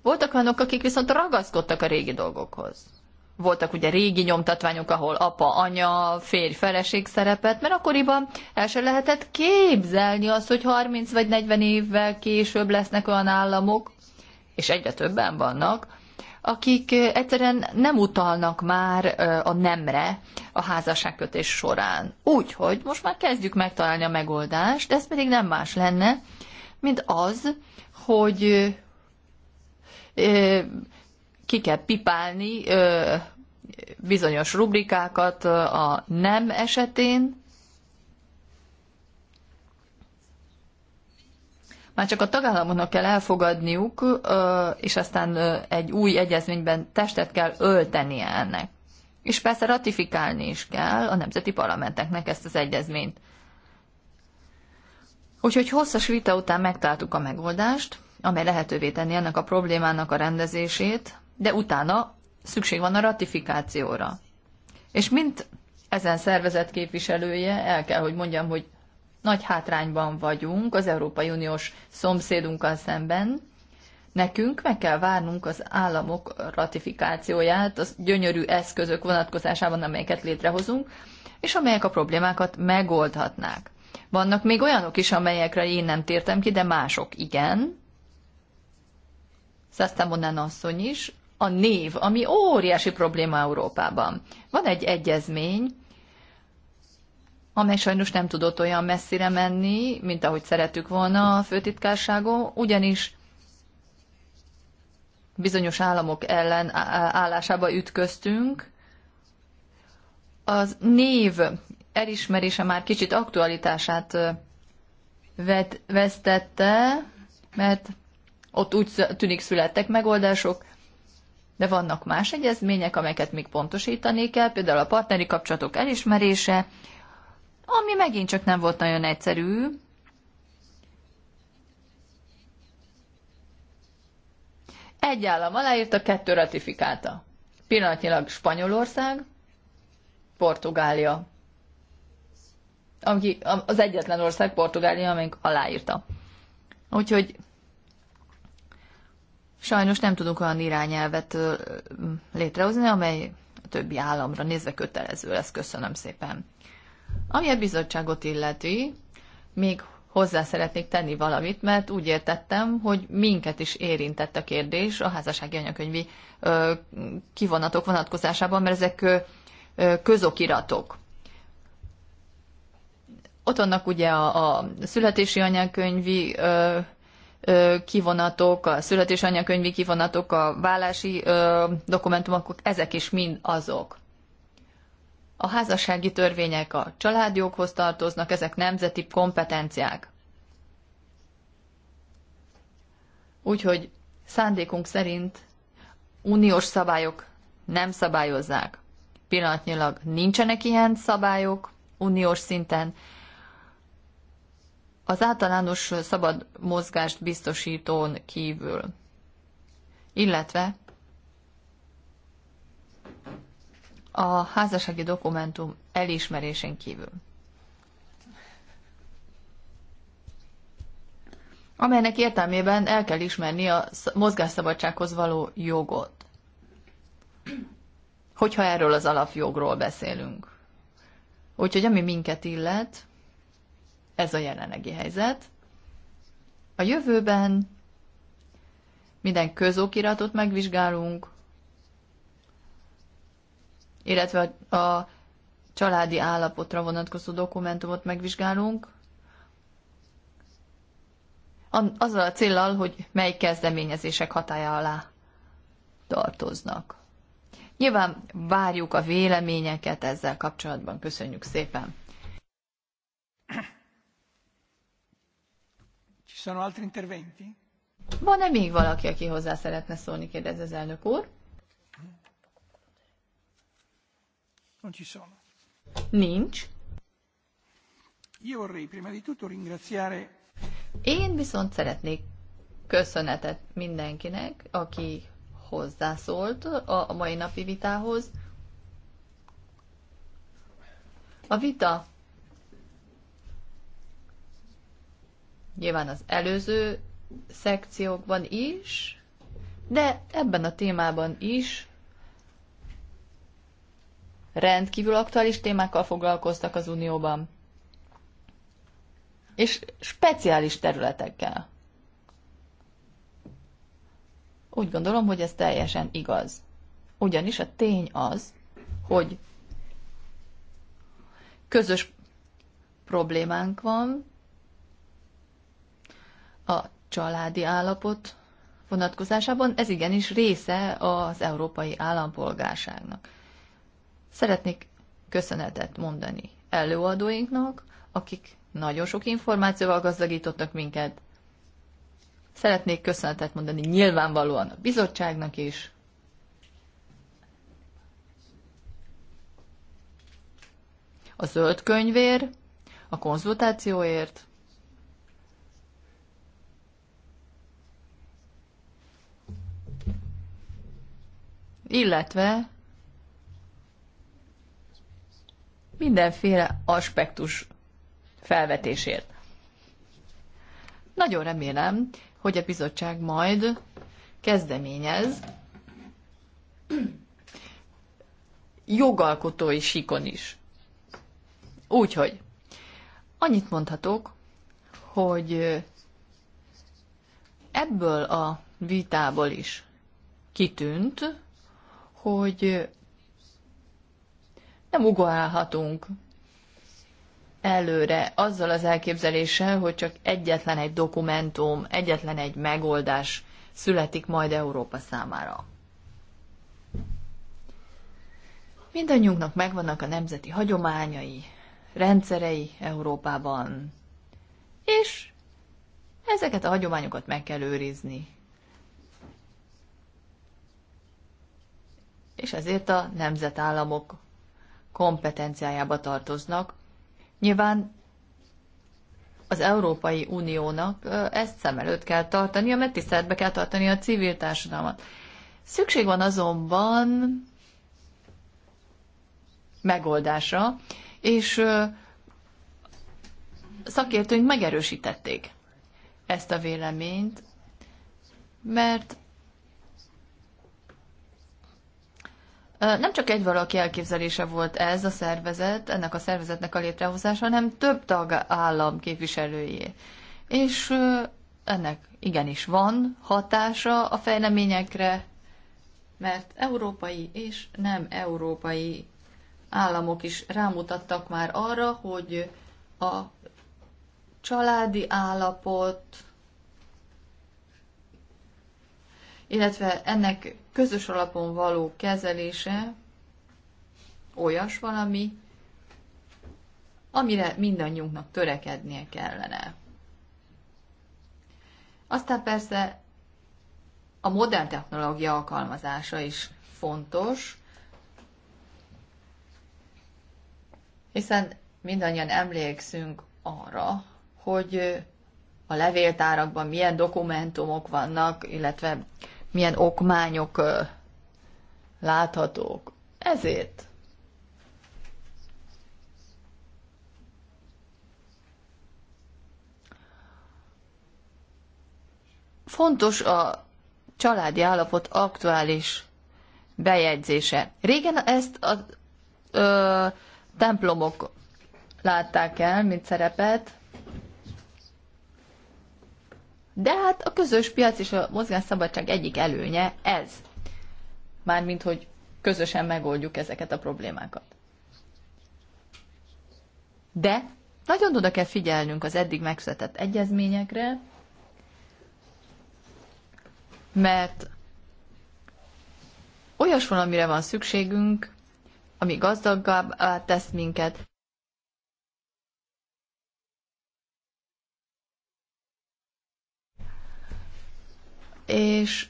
Voltak olyanok, akik viszont ragaszkodtak a régi dolgokhoz voltak ugye régi nyomtatványok, ahol apa, anya, férj, feleség szerepet, mert akkoriban el sem lehetett képzelni azt, hogy 30 vagy 40 évvel később lesznek olyan államok, és egyre többen vannak, akik egyszerűen nem utalnak már a nemre a házasságkötés során. Úgyhogy most már kezdjük megtalálni a megoldást, ez pedig nem más lenne, mint az, hogy ki kell pipálni bizonyos rubrikákat a nem esetén. Már csak a tagállamoknak kell elfogadniuk, és aztán egy új egyezményben testet kell öltenie ennek. És persze ratifikálni is kell a nemzeti parlamenteknek ezt az egyezményt. Úgyhogy hosszas vita után megtaláltuk a megoldást, amely lehetővé tenni ennek a problémának a rendezését, de utána szükség van a ratifikációra. És mint ezen szervezet képviselője, el kell, hogy mondjam, hogy nagy hátrányban vagyunk az Európai Uniós szomszédunkkal szemben. Nekünk meg kell várnunk az államok ratifikációját, az gyönyörű eszközök vonatkozásában, amelyeket létrehozunk, és amelyek a problémákat megoldhatnák. Vannak még olyanok is, amelyekre én nem tértem ki, de mások igen. onnan asszony is a név, ami óriási probléma Európában. Van egy egyezmény, amely sajnos nem tudott olyan messzire menni, mint ahogy szeretük volna a főtitkárságon, ugyanis bizonyos államok ellen állásába ütköztünk. Az név elismerése már kicsit aktualitását vesztette, mert ott úgy tűnik születtek megoldások, de vannak más egyezmények, amelyeket még pontosítani kell, például a partneri kapcsolatok elismerése, ami megint csak nem volt nagyon egyszerű, egy állam aláírta, kettő ratifikálta. Pillanatnyilag Spanyolország, Portugália. Ami az egyetlen ország Portugália, amelyik aláírta. Úgyhogy Sajnos nem tudunk olyan irányelvet létrehozni, amely a többi államra nézve kötelező lesz. Köszönöm szépen. Ami a bizottságot illeti, még hozzá szeretnék tenni valamit, mert úgy értettem, hogy minket is érintett a kérdés a házassági anyakönyvi kivonatok vonatkozásában, mert ezek közokiratok. Ott vannak ugye a, a születési anyakönyvi kivonatok, a születésanyakönyvi kivonatok, a vállási dokumentumok, ezek is mind azok. A házassági törvények a családjoghoz tartoznak, ezek nemzeti kompetenciák. Úgyhogy szándékunk szerint uniós szabályok nem szabályozzák. Pillanatnyilag nincsenek ilyen szabályok uniós szinten, az általános szabad mozgást biztosítón kívül, illetve a házassági dokumentum elismerésén kívül, amelynek értelmében el kell ismerni a mozgásszabadsághoz való jogot, hogyha erről az alapjogról beszélünk. Úgyhogy ami minket illet, ez a jelenlegi helyzet. A jövőben minden közokiratot megvizsgálunk, illetve a családi állapotra vonatkozó dokumentumot megvizsgálunk, azzal a célral, hogy mely kezdeményezések hatája alá tartoznak. Nyilván várjuk a véleményeket ezzel kapcsolatban. Köszönjük szépen! sono altri interventi? Van-e még valaki, aki hozzá szeretne szólni, kérdez az elnök úr? Non ci sono. Nincs. Io vorrei prima di tutto ringraziare... Én viszont szeretnék köszönetet mindenkinek, aki hozzászólt a mai napi vitához. A vita nyilván az előző szekciókban is, de ebben a témában is rendkívül aktuális témákkal foglalkoztak az Unióban. És speciális területekkel. Úgy gondolom, hogy ez teljesen igaz. Ugyanis a tény az, hogy közös problémánk van, a családi állapot vonatkozásában, ez igenis része az európai állampolgárságnak. Szeretnék köszönetet mondani előadóinknak, akik nagyon sok információval gazdagítottak minket. Szeretnék köszönetet mondani nyilvánvalóan a bizottságnak is. A zöld könyvér, a konzultációért, illetve mindenféle aspektus felvetésért. Nagyon remélem, hogy a bizottság majd kezdeményez jogalkotói síkon is. Úgyhogy annyit mondhatok, hogy ebből a vitából is kitűnt, hogy nem ugorálhatunk előre azzal az elképzeléssel, hogy csak egyetlen egy dokumentum, egyetlen egy megoldás születik majd Európa számára. Mindannyiunknak megvannak a nemzeti hagyományai, rendszerei Európában, és ezeket a hagyományokat meg kell őrizni. és ezért a nemzetállamok kompetenciájába tartoznak. Nyilván az Európai Uniónak ezt szem előtt kell tartani, a tiszteletbe kell tartani a civil társadalmat. Szükség van azonban megoldásra, és szakértőink megerősítették ezt a véleményt, mert Nem csak egy valaki elképzelése volt ez a szervezet, ennek a szervezetnek a létrehozása, hanem több tag állam képviselőjé. És ennek igenis van hatása a fejleményekre, mert európai és nem európai államok is rámutattak már arra, hogy a családi állapot, illetve ennek közös alapon való kezelése olyas valami, amire mindannyiunknak törekednie kellene. Aztán persze a modern technológia alkalmazása is fontos, hiszen mindannyian emlékszünk arra, hogy a levéltárakban milyen dokumentumok vannak, illetve milyen okmányok láthatók. Ezért. Fontos a családi állapot aktuális bejegyzése. Régen ezt a ö, templomok látták el, mint szerepet, de hát a közös piac és a mozgásszabadság egyik előnye ez. Mármint, hogy közösen megoldjuk ezeket a problémákat. De nagyon oda kell figyelnünk az eddig megszületett egyezményekre, mert olyas amire van szükségünk, ami gazdaggá tesz minket, és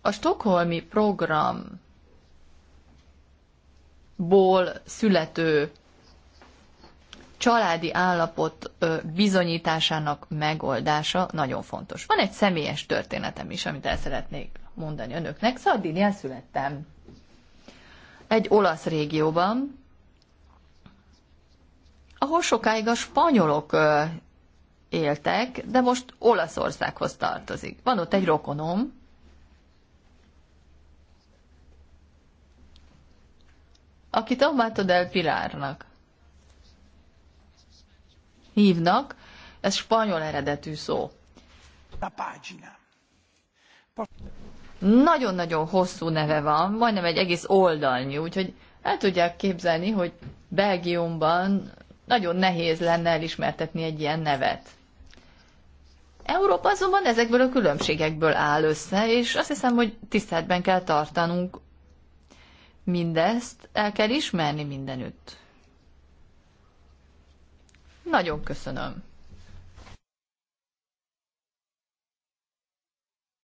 a stokholmi programból születő családi állapot bizonyításának megoldása nagyon fontos. Van egy személyes történetem is, amit el szeretnék mondani önöknek. Szardinián születtem. Egy olasz régióban, ahol sokáig a spanyolok éltek, de most Olaszországhoz tartozik. Van ott egy rokonom, aki Tomato del Pilárnak hívnak, ez spanyol eredetű szó. Nagyon-nagyon hosszú neve van, majdnem egy egész oldalnyi, úgyhogy el tudják képzelni, hogy Belgiumban nagyon nehéz lenne elismertetni egy ilyen nevet. Európa azonban ezekből a különbségekből áll össze, és azt hiszem, hogy tiszteletben kell tartanunk mindezt, el kell ismerni mindenütt. Nagyon köszönöm.